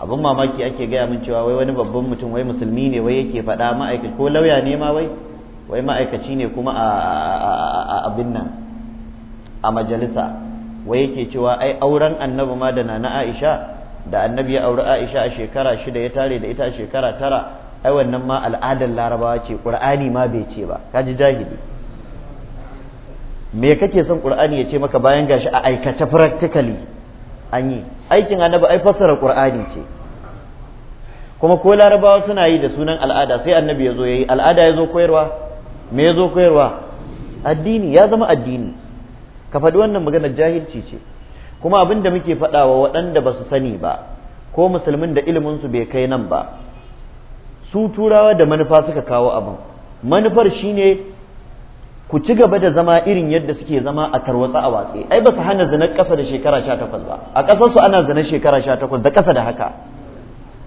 abin mamaki ake gaya min cewa wai wani babban mutum wai musulmi ne wai yake faɗa ma'aikaci ko lauya ne ma wai wai ma'aikaci ne kuma a abin nan a majalisa wai yake cewa ai auren annabi ma da nana Aisha da annabi ya auri Aisha a shekara shida ya tare da ita a shekara tara ai wannan ma al'adar larabawa ce qur'ani ma bai ce ba kaji jahili me kake son qur'ani ya ce maka bayan gashi a aikata practically an yi aikin annabi ai fassara qur'ani ce kuma ko larabawa suna yi da sunan al'ada sai annabi ya zo ya yi al'ada ya zo koyarwa me ya zo koyarwa addini ya zama addini ka faɗi wannan magana jahilci ce kuma abin da muke faɗa wa waɗanda ba su sani ba ko musulmin da ilimin bai kai nan ba su turawa da manufa suka kawo abin manufar shine ku ci gaba da zama irin yadda suke zama a tarwatsa a watsi ai ba su hana zinar ƙasa da shekara sha takwas ba a ƙasar su ana zinar shekara sha takwas da ƙasa da haka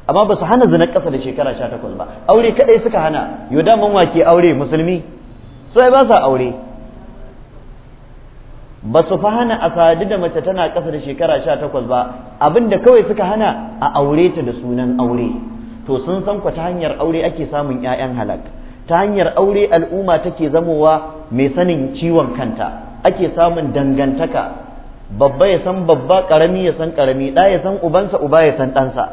amma ba su hana zinar ƙasa da shekara sha takwas ba aure kaɗai suka hana yau daman wake aure musulmi su ai ba sa aure ba su fa hana a sadu da mace tana ƙasa da shekara sha takwas ba abinda kawai suka hana a aure ta da sunan aure to sun san ku ta hanyar aure ake samun 'ya'yan halak ta hanyar aure al'umma take zamowa mai sanin ciwon kanta ake samun dangantaka babba ya san babba karami ya san ƙarami ɗa ya san ubansa uba ya san ɗansa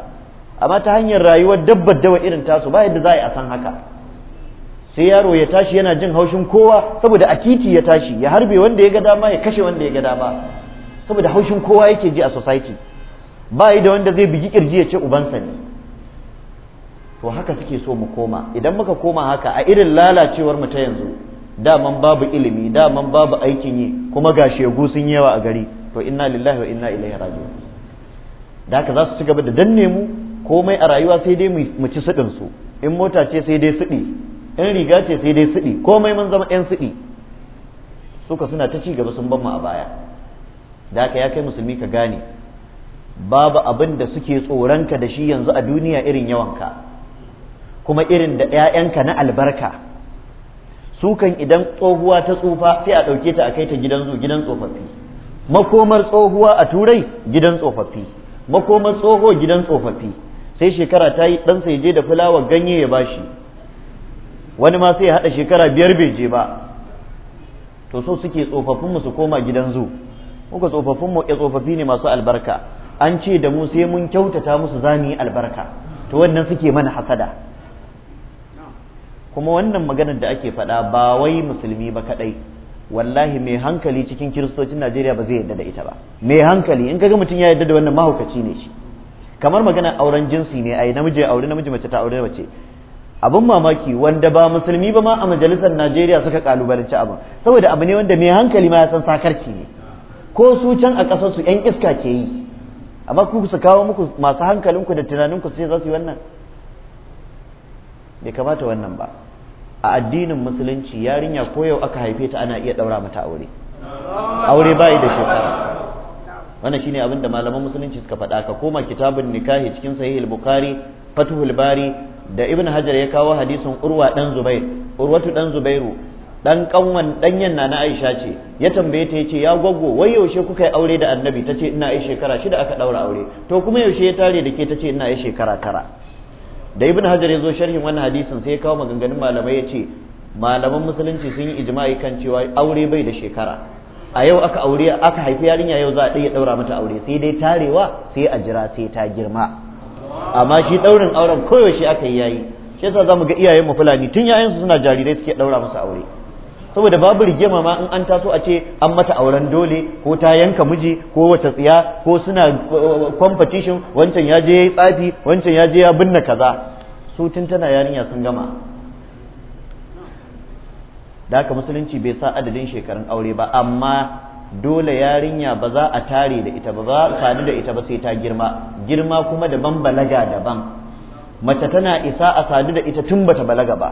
amma ta hanyar rayuwar dabbar dawa irin tasu ba yadda za a san haka sai yaro ya tashi yana jin haushin kowa saboda a titi ya tashi ya harbe wanda ya ga dama ya kashe wanda ya ga dama saboda haushin kowa yake ji a society ba yi da wanda zai bugi kirji ya ce ubansa ne to haka suke so mu koma idan muka koma haka a irin lalacewar mu ta yanzu daman babu ilimi daman babu aikin yi kuma ga shegu sun yawa a gari to inna lillahi wa inna ilaihi raji'un da haka za su ci gaba da danne mu komai a rayuwa sai dai mu ci suɗin su in mota ce sai dai suɗi in riga ce sai dai siɗi komai mun zama 'yan siɗi suka suna ta ci gaba sun ban mu a baya da haka ya kai musulmi ka gane babu abin da suke tsoronka da shi yanzu a duniya irin yawanka kuma irin da 'ya'yanka na albarka sukan idan tsohuwa ta tsufa sai a ɗauke ta a kai ta gidan gidan tsofaffi makomar tsohuwa a turai gidan tsofaffi makomar tsoho gidan tsofaffi sai shekara ta yi ɗansa ya je da fulawa ganye ya bashi wani ma sai ya haɗa shekara biyar bai je ba to so suke mu su koma gidan zu muka tsofaffin mu ya tsofaffi ne masu albarka an ce da mu sai mun kyautata musu za yi albarka to wannan suke mana hasada kuma wannan maganar da ake faɗa ba wai musulmi ba kaɗai wallahi mai hankali cikin kiristocin najeriya ba zai yarda da ita ba mai hankali in kaga mutum ya yarda da wannan mahaukaci ne shi kamar magana auren jinsi ne ai namiji ya aure namiji mace ta aure mace abin mamaki wanda ba musulmi ba ma a majalisar Najeriya suka kalubalanci abin saboda abu ne wanda mai hankali ma ya san sakarci ne ko su can a ƙasar su yan iska ke yi amma ku su kawo muku masu hankalinku da tunaninku sai za su yi wannan bai kamata wannan ba a addinin musulunci yarinya ko yau aka haife ta ana iya ɗaura mata aure aure yi da shekara wannan shine abin da malaman musulunci suka faɗa ka koma kitabun nikahi cikin sahih al-bukhari fathul bari da ibn hajar ya kawo hadisin urwa dan zubair urwatu dan zubairu dan kanwan danyen na na aisha ce ya tambaye ta yace ya gwaggo wai yaushe kuka yi aure da annabi tace ina ai shekara shida aka daura aure to kuma yaushe ya tare da ke tace ina ai shekara tara da ibn hajar ya zo sharhin wannan hadisin sai ya kawo maganganun malamai yace malaman musulunci sun yi ijma'i kan cewa aure bai da shekara a yau aka aure aka haifi yarinya yau za a iya ɗaura mata aure sai dai tarewa sai a jira sai ta girma amma shi ɗaurin auren koyaushe aka yi yayi shi yasa zamu ga iyayen mu fulani tun yayan su suna jarirai suke ɗaura musu aure saboda babu rigima ma in an taso a ce an mata auren dole ko ta yanka miji ko wata tsiya ko suna competition wancan ya je yayi tsafi wancan ya je ya binne kaza su tun tana yarinya sun gama da haka musulunci bai sa adadin shekarun aure ba amma dole yarinya ba za a tare da ita ba a sadu da ita ba sai ta girma girma kuma daban balaga daban mace tana isa a sadu da ita tun bata balaga ba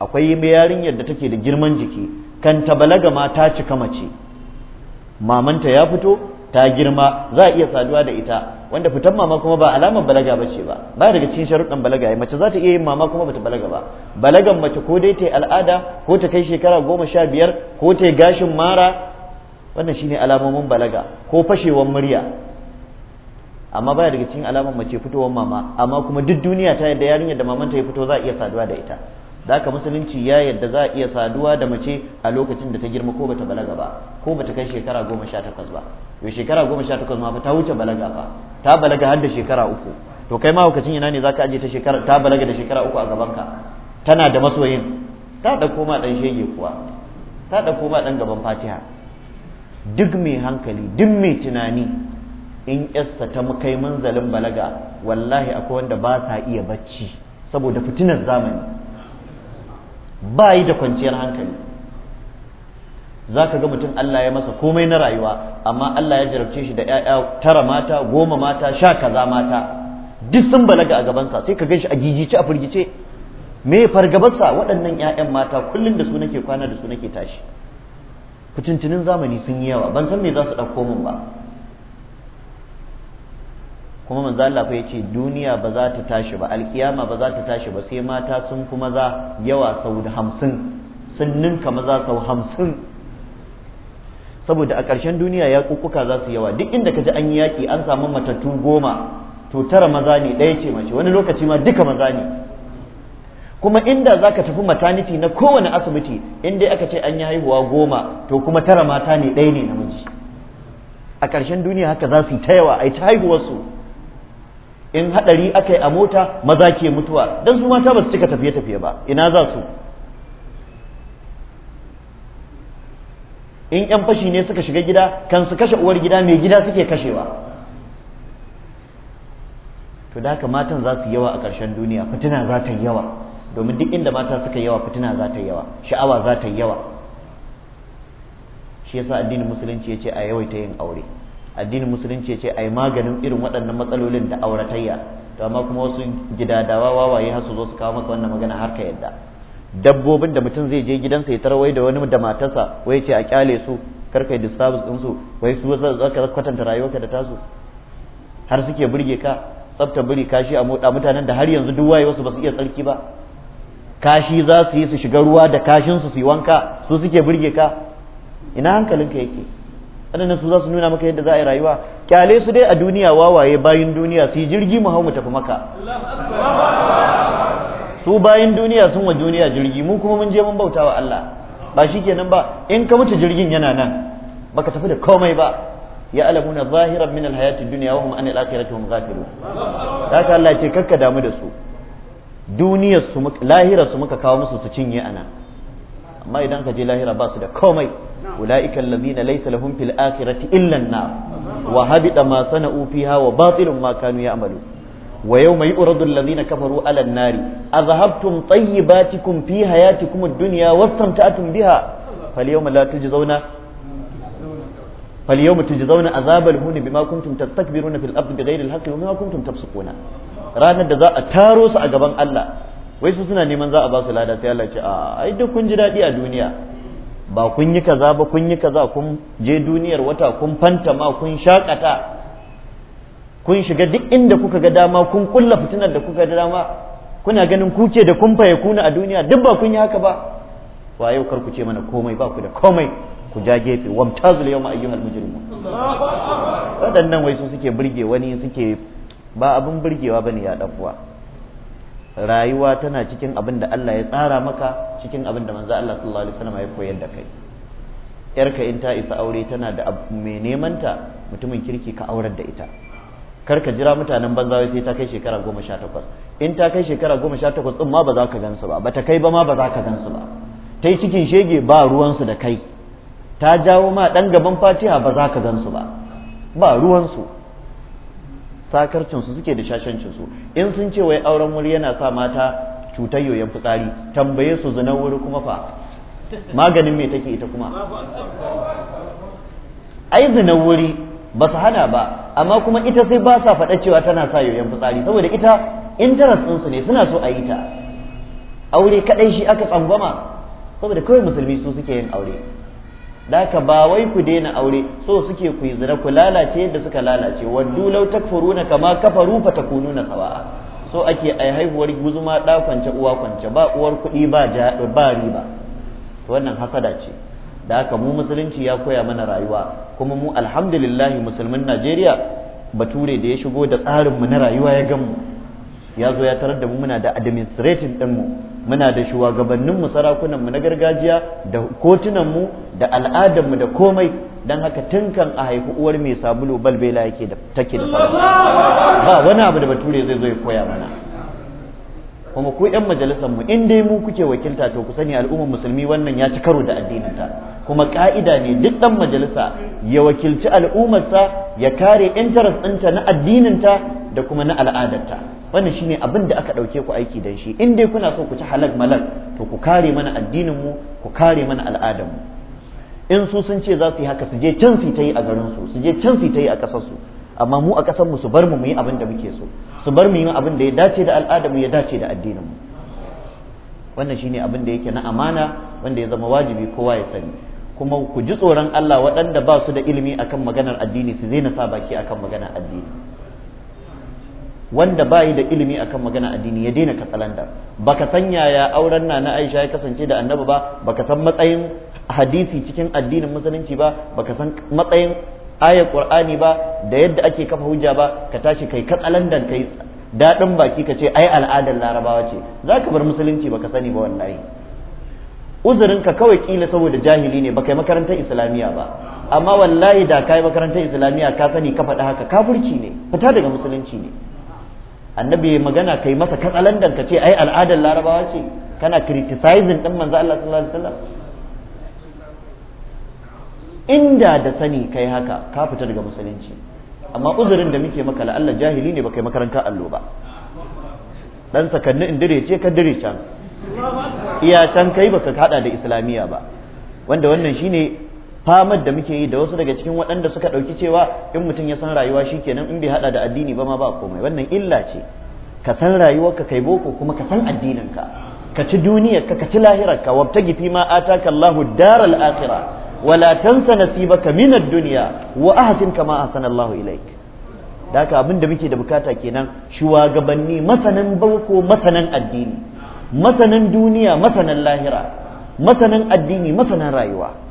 akwai yarinyar da take da girman jiki kan ta balaga ma ta cika mace mamanta ya fito ta girma za a iya saduwa da ita wanda fitan mama kuma ba alamar balaga ba ce ba ba daga cikin sharuɗan balaga mace za ta iya yin mama kuma ba ta balaga ba balagan mace ko dai ta yi al'ada ko ta kai shekara goma sha biyar ko ta yi gashin mara wannan shine alamomin balaga ko fashewar murya amma baya daga cikin alamar mace fitowar mama amma kuma duk duniya ta yadda yarinyar da mamanta ya fito za a iya saduwa da ita da haka musulunci ya yadda za a iya saduwa da mace a lokacin da ta girma ko bata balaga ba ko bata kai shekara goma sha takwas ba yau shekara goma sha takwas ma ta wuce balaga ba ta balaga har da shekara uku to kai ma lokacin ina ne zaka aje ta shekara ta balaga da shekara uku a gaban ka tana da masoyin ta da koma dan shege kuwa ta da koma dan gaban fatiha duk mai hankali duk mai tunani in 'yarsa ta kai manzalin balaga wallahi akwai wanda ba sa iya bacci saboda fitinar zamani ba yi da kwanciyar hankali za ka ga mutum Allah ya masa komai na rayuwa amma Allah ya jarabce shi da ‘ya'ya tara mata goma mata sha kaza mata duk sun balaga a gabansa sai ka gan shi a gijice a firgice me fargabarsa waɗannan ‘ya'yan mata kullum da su nake kwana da su nake tashi fitintinin zamani sun yi yawa ban san me za su ɗauko min ba kuma manzo Allah fa yace duniya ba za ta tashi ba alkiyama ba za ta tashi ba sai mata sun kuma maza yawa sau da hamsin sun ninka maza sau hamsin saboda a ƙarshen duniya ya kukuka za su yawa duk inda ka ji an yi yaƙi an samu matattu goma to tara maza ne ɗaya ce mace wani lokaci ma duka maza ne kuma inda za ka tafi mataniti na kowane asibiti inda aka ce an yi haihuwa goma to kuma tara mata ne ɗaya ne namiji a ƙarshen duniya haka za su yi ta yawa a yi ta haihuwarsu in hadari aka yi a mota maza ke mutuwa don su mata ba su cika tafiye-tafiye ba ina za su in yan fashi ne suka shiga gida kan su kashe uwar gida mai gida suke kashewa to da haka matan za su yawa a ƙarshen duniya fitina za ta yawa domin duk inda mata suka yawa fitina za ta yawa sha'awa za ta yawa shi yasa addinin musulunci ya ce a yawaita yin aure addinin musulunci ce ai maganin irin waɗannan matsalolin da auratayya to amma kuma wasu gidadawa wawaye har su zo su kawo maka wannan magana har ka yadda dabbobin da mutum zai je gidansa ya tarwai da wani da matarsa wai ce a kyale su kar kai disturbance din su wai su za ka kwatanta rayuwarka da tasu har suke burge ka tsafta buri kashi a moda mutanen da har yanzu duk waye wasu ba su iya tsarki ba kashi za su yi su shiga ruwa da kashin su su yi wanka su suke burge ka ina hankalinka yake waɗannan su za su nuna maka yadda za a yi rayuwa kyale su dai a duniya wawaye bayin duniya su yi jirgi mu hau mu tafi maka su bayin duniya sun wa duniya jirgi mu kuma mun je mun bauta wa Allah ba shi kenan ba in ka mutu jirgin yana nan baka tafi da komai ba ya alamuna zahiran min alhayati dunya wa hum an alakhirati hum ghafilun haka Allah ce kakka damu da su duniyar su lahira su muka kawo musu su cinye anan amma idan ka je lahira ba su da komai ulaika lazina laisa lahum fil akhirati illa an-nar wa habita ma sana'u fiha wa batilun ma kanu ya'malu wa yawma yu'radu allazina kafaru ala an-nar adhhabtum tayyibatikum fi hayatikum ad-dunya wastamta'tum biha fal falyawma la tujzauna فاليوم تجزون عذاب الهون بما fil تستكبرون في الأرض بغير الحق وما كنتم تفسقون ranar da za a taro su a gaban Allah wai su suna neman za a ba su lada sai Allah ce a ai duk kun ji daɗi a duniya ba kun yi kaza ba kun yi kaza kun je duniyar wata kun fanta ma kun shakata kun shiga duk inda kuka ga dama kun kulla fitinar da kuka ga dama kuna ganin kuke da kun faye kuna a duniya duk ba kun yi haka ba wa yau kar ku ce mana komai ba ku da komai ku ja gefe wamtazul yawma ayyuha almujrimun waɗannan wai su suke burge wani suke ba abin burgewa bane ya dan uwa rayuwa tana cikin abin da Allah ya tsara maka cikin abin da manzo Allah sallallahu alaihi wasallam ya koyar da kai yarka in ta isa aure tana da mai neman ta mutumin kirki ka aurar da ita kar ka jira mutanen banza sai ta kai shekara goma in ta kai shekara goma sha din ma ba za ka gansu ba ba ta kai ba ma ba za ka gansu ba ta cikin shege ba ruwansu da kai ta jawo ma ɗan gaban fatiha ba za ka gansu ba ba ruwansu su suke da shashancinsu in sun ce wai auren wuri yana sa mata cutar yoyon fitsari tambaye su zina wuri kuma fa maganin me take ita kuma ai zina wuri ba su hana ba amma kuma ita sai ba sa faɗa cewa tana sa yoyon fitsari saboda ita interest ɗinsu ne suna so a yi ta aure kaɗai shi aka tsangwama saboda kawai musulmi su suke yin aure daka ba wai ku daina aure so suke ku yi ku lalace yadda suka lalace waddu law takfuruna kama kafaru takununa sawa'a so ake ai haihuwar guzuma da kwance uwa kwance ba uwar kuɗi ba ja ba riba wannan hasada ce da haka mu musulunci ya koya mana rayuwa kuma mu alhamdulillah musulmin Najeriya bature da ya shigo da tsarin mu na rayuwa ya gamu ya zo ya tarar da mu muna da administrative din mu muna da shugabanninmu sarakunanmu na gargajiya da kotunanmu da al'adarmu da komai don haka tun kan a haifi uwar mai sabulu balbela yake da take da ba wani abu da bature zai zo ya koya mana kuma ku yan majalisar mu in dai mu kuke wakilta to ku sani al'ummar musulmi wannan ya ci karo da addininta. kuma ka'ida ne duk ɗan majalisa ya wakilci al'ummarsa ya kare interest ɗinta na addininta da kuma na al'adarta wannan shine abin da aka ɗauke ku aiki dan shi in dai kuna so ku ci halak malak to ku kare mana addinin mu ku kare mana al'adar mu in su sun ce za su yi haka su je can su ta yi a garin su su je can su ta yi a kasar su amma mu a kasar mu su bar mu mu yi abin da muke so su bar mu yi abin da ya dace da al'adar mu ya dace da addinin mu wannan shine abin da yake na amana wanda ya zama wajibi kowa ya sani kuma ku ji tsoron Allah waɗanda ba su da ilimi akan maganar addini su zai na sa baki akan maganar addini wanda bayi da ilimi akan magana addini ya daina katsalanda baka san yaya auren na na Aisha ya kasance da Annabi ba ba ka san matsayin hadisi cikin addinin musulunci ba baka san matsayin ayar Qur'ani ba da yadda ake kafa hujja ba ka tashi kai katsalandan kai daɗin baki ka ce ai al'adar larabawa ce zaka bar musulunci baka sani ba wallahi uzurin ka kawai kila saboda jahili ne baka yi makarantar islamiyya ba amma wallahi da kai makarantar islamiyya ka sani ka faɗi haka kafirci ne fita daga musulunci ne annabi ya magana kai masa katsalandan ka ce ai al'adar larabawa ce kana criticizing din manzo Allah sallallahu alaihi wasallam inda da sani kai haka ka fita daga musulunci amma uzurin da muke maka la'alla jahili ne baka yi allo ba dan sakanni in dire ce ka dire can iya can kai baka hada da islamiyya ba wanda wannan shine famar da muke yi da wasu daga cikin waɗanda suka ɗauki cewa in mutum ya san rayuwa shi kenan in bai haɗa da addini ba ma ba komai wannan illa ce ka san rayuwarka kai boko kuma ka san addininka ka ci duniyarka ka ci lahirarka wabtagi fi ma ataka Allahu daral akhirah wala tansa nasibaka min ad-dunya wa ahsin kama ahsana Allahu ilaik da haka abin da muke da bukata kenan shuwagabanni masanan boko masanan addini masanan duniya masanan lahira masanan addini masanan rayuwa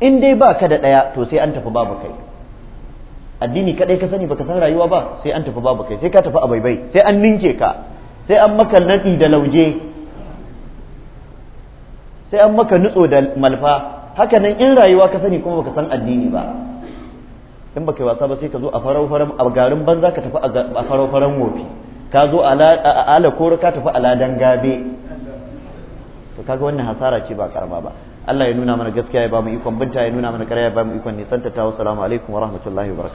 in dai ba ka da ɗaya to sai an tafi babu kai addini kaɗai ka sani baka san rayuwa ba sai an tafi babu kai sai ka tafi a baibai sai an ninke ka sai an maka natsi da lauje sai an maka nutso da malfa hakanan in rayuwa ka sani kuma baka san addini ba in baka yi wasa ba sai ka zo a farau faran a garin banza ka tafi a farau faran wofi ka zo a ala koro ka tafi a ladan gabe to kaga wannan hasara ce ba karama ba Allah ya nuna mana gaskiya ya ba mu ikon binta ya nuna mana ƙarya ya ba mu ikon nisanta ta wassalamu alaikum wa rahmatullahi wa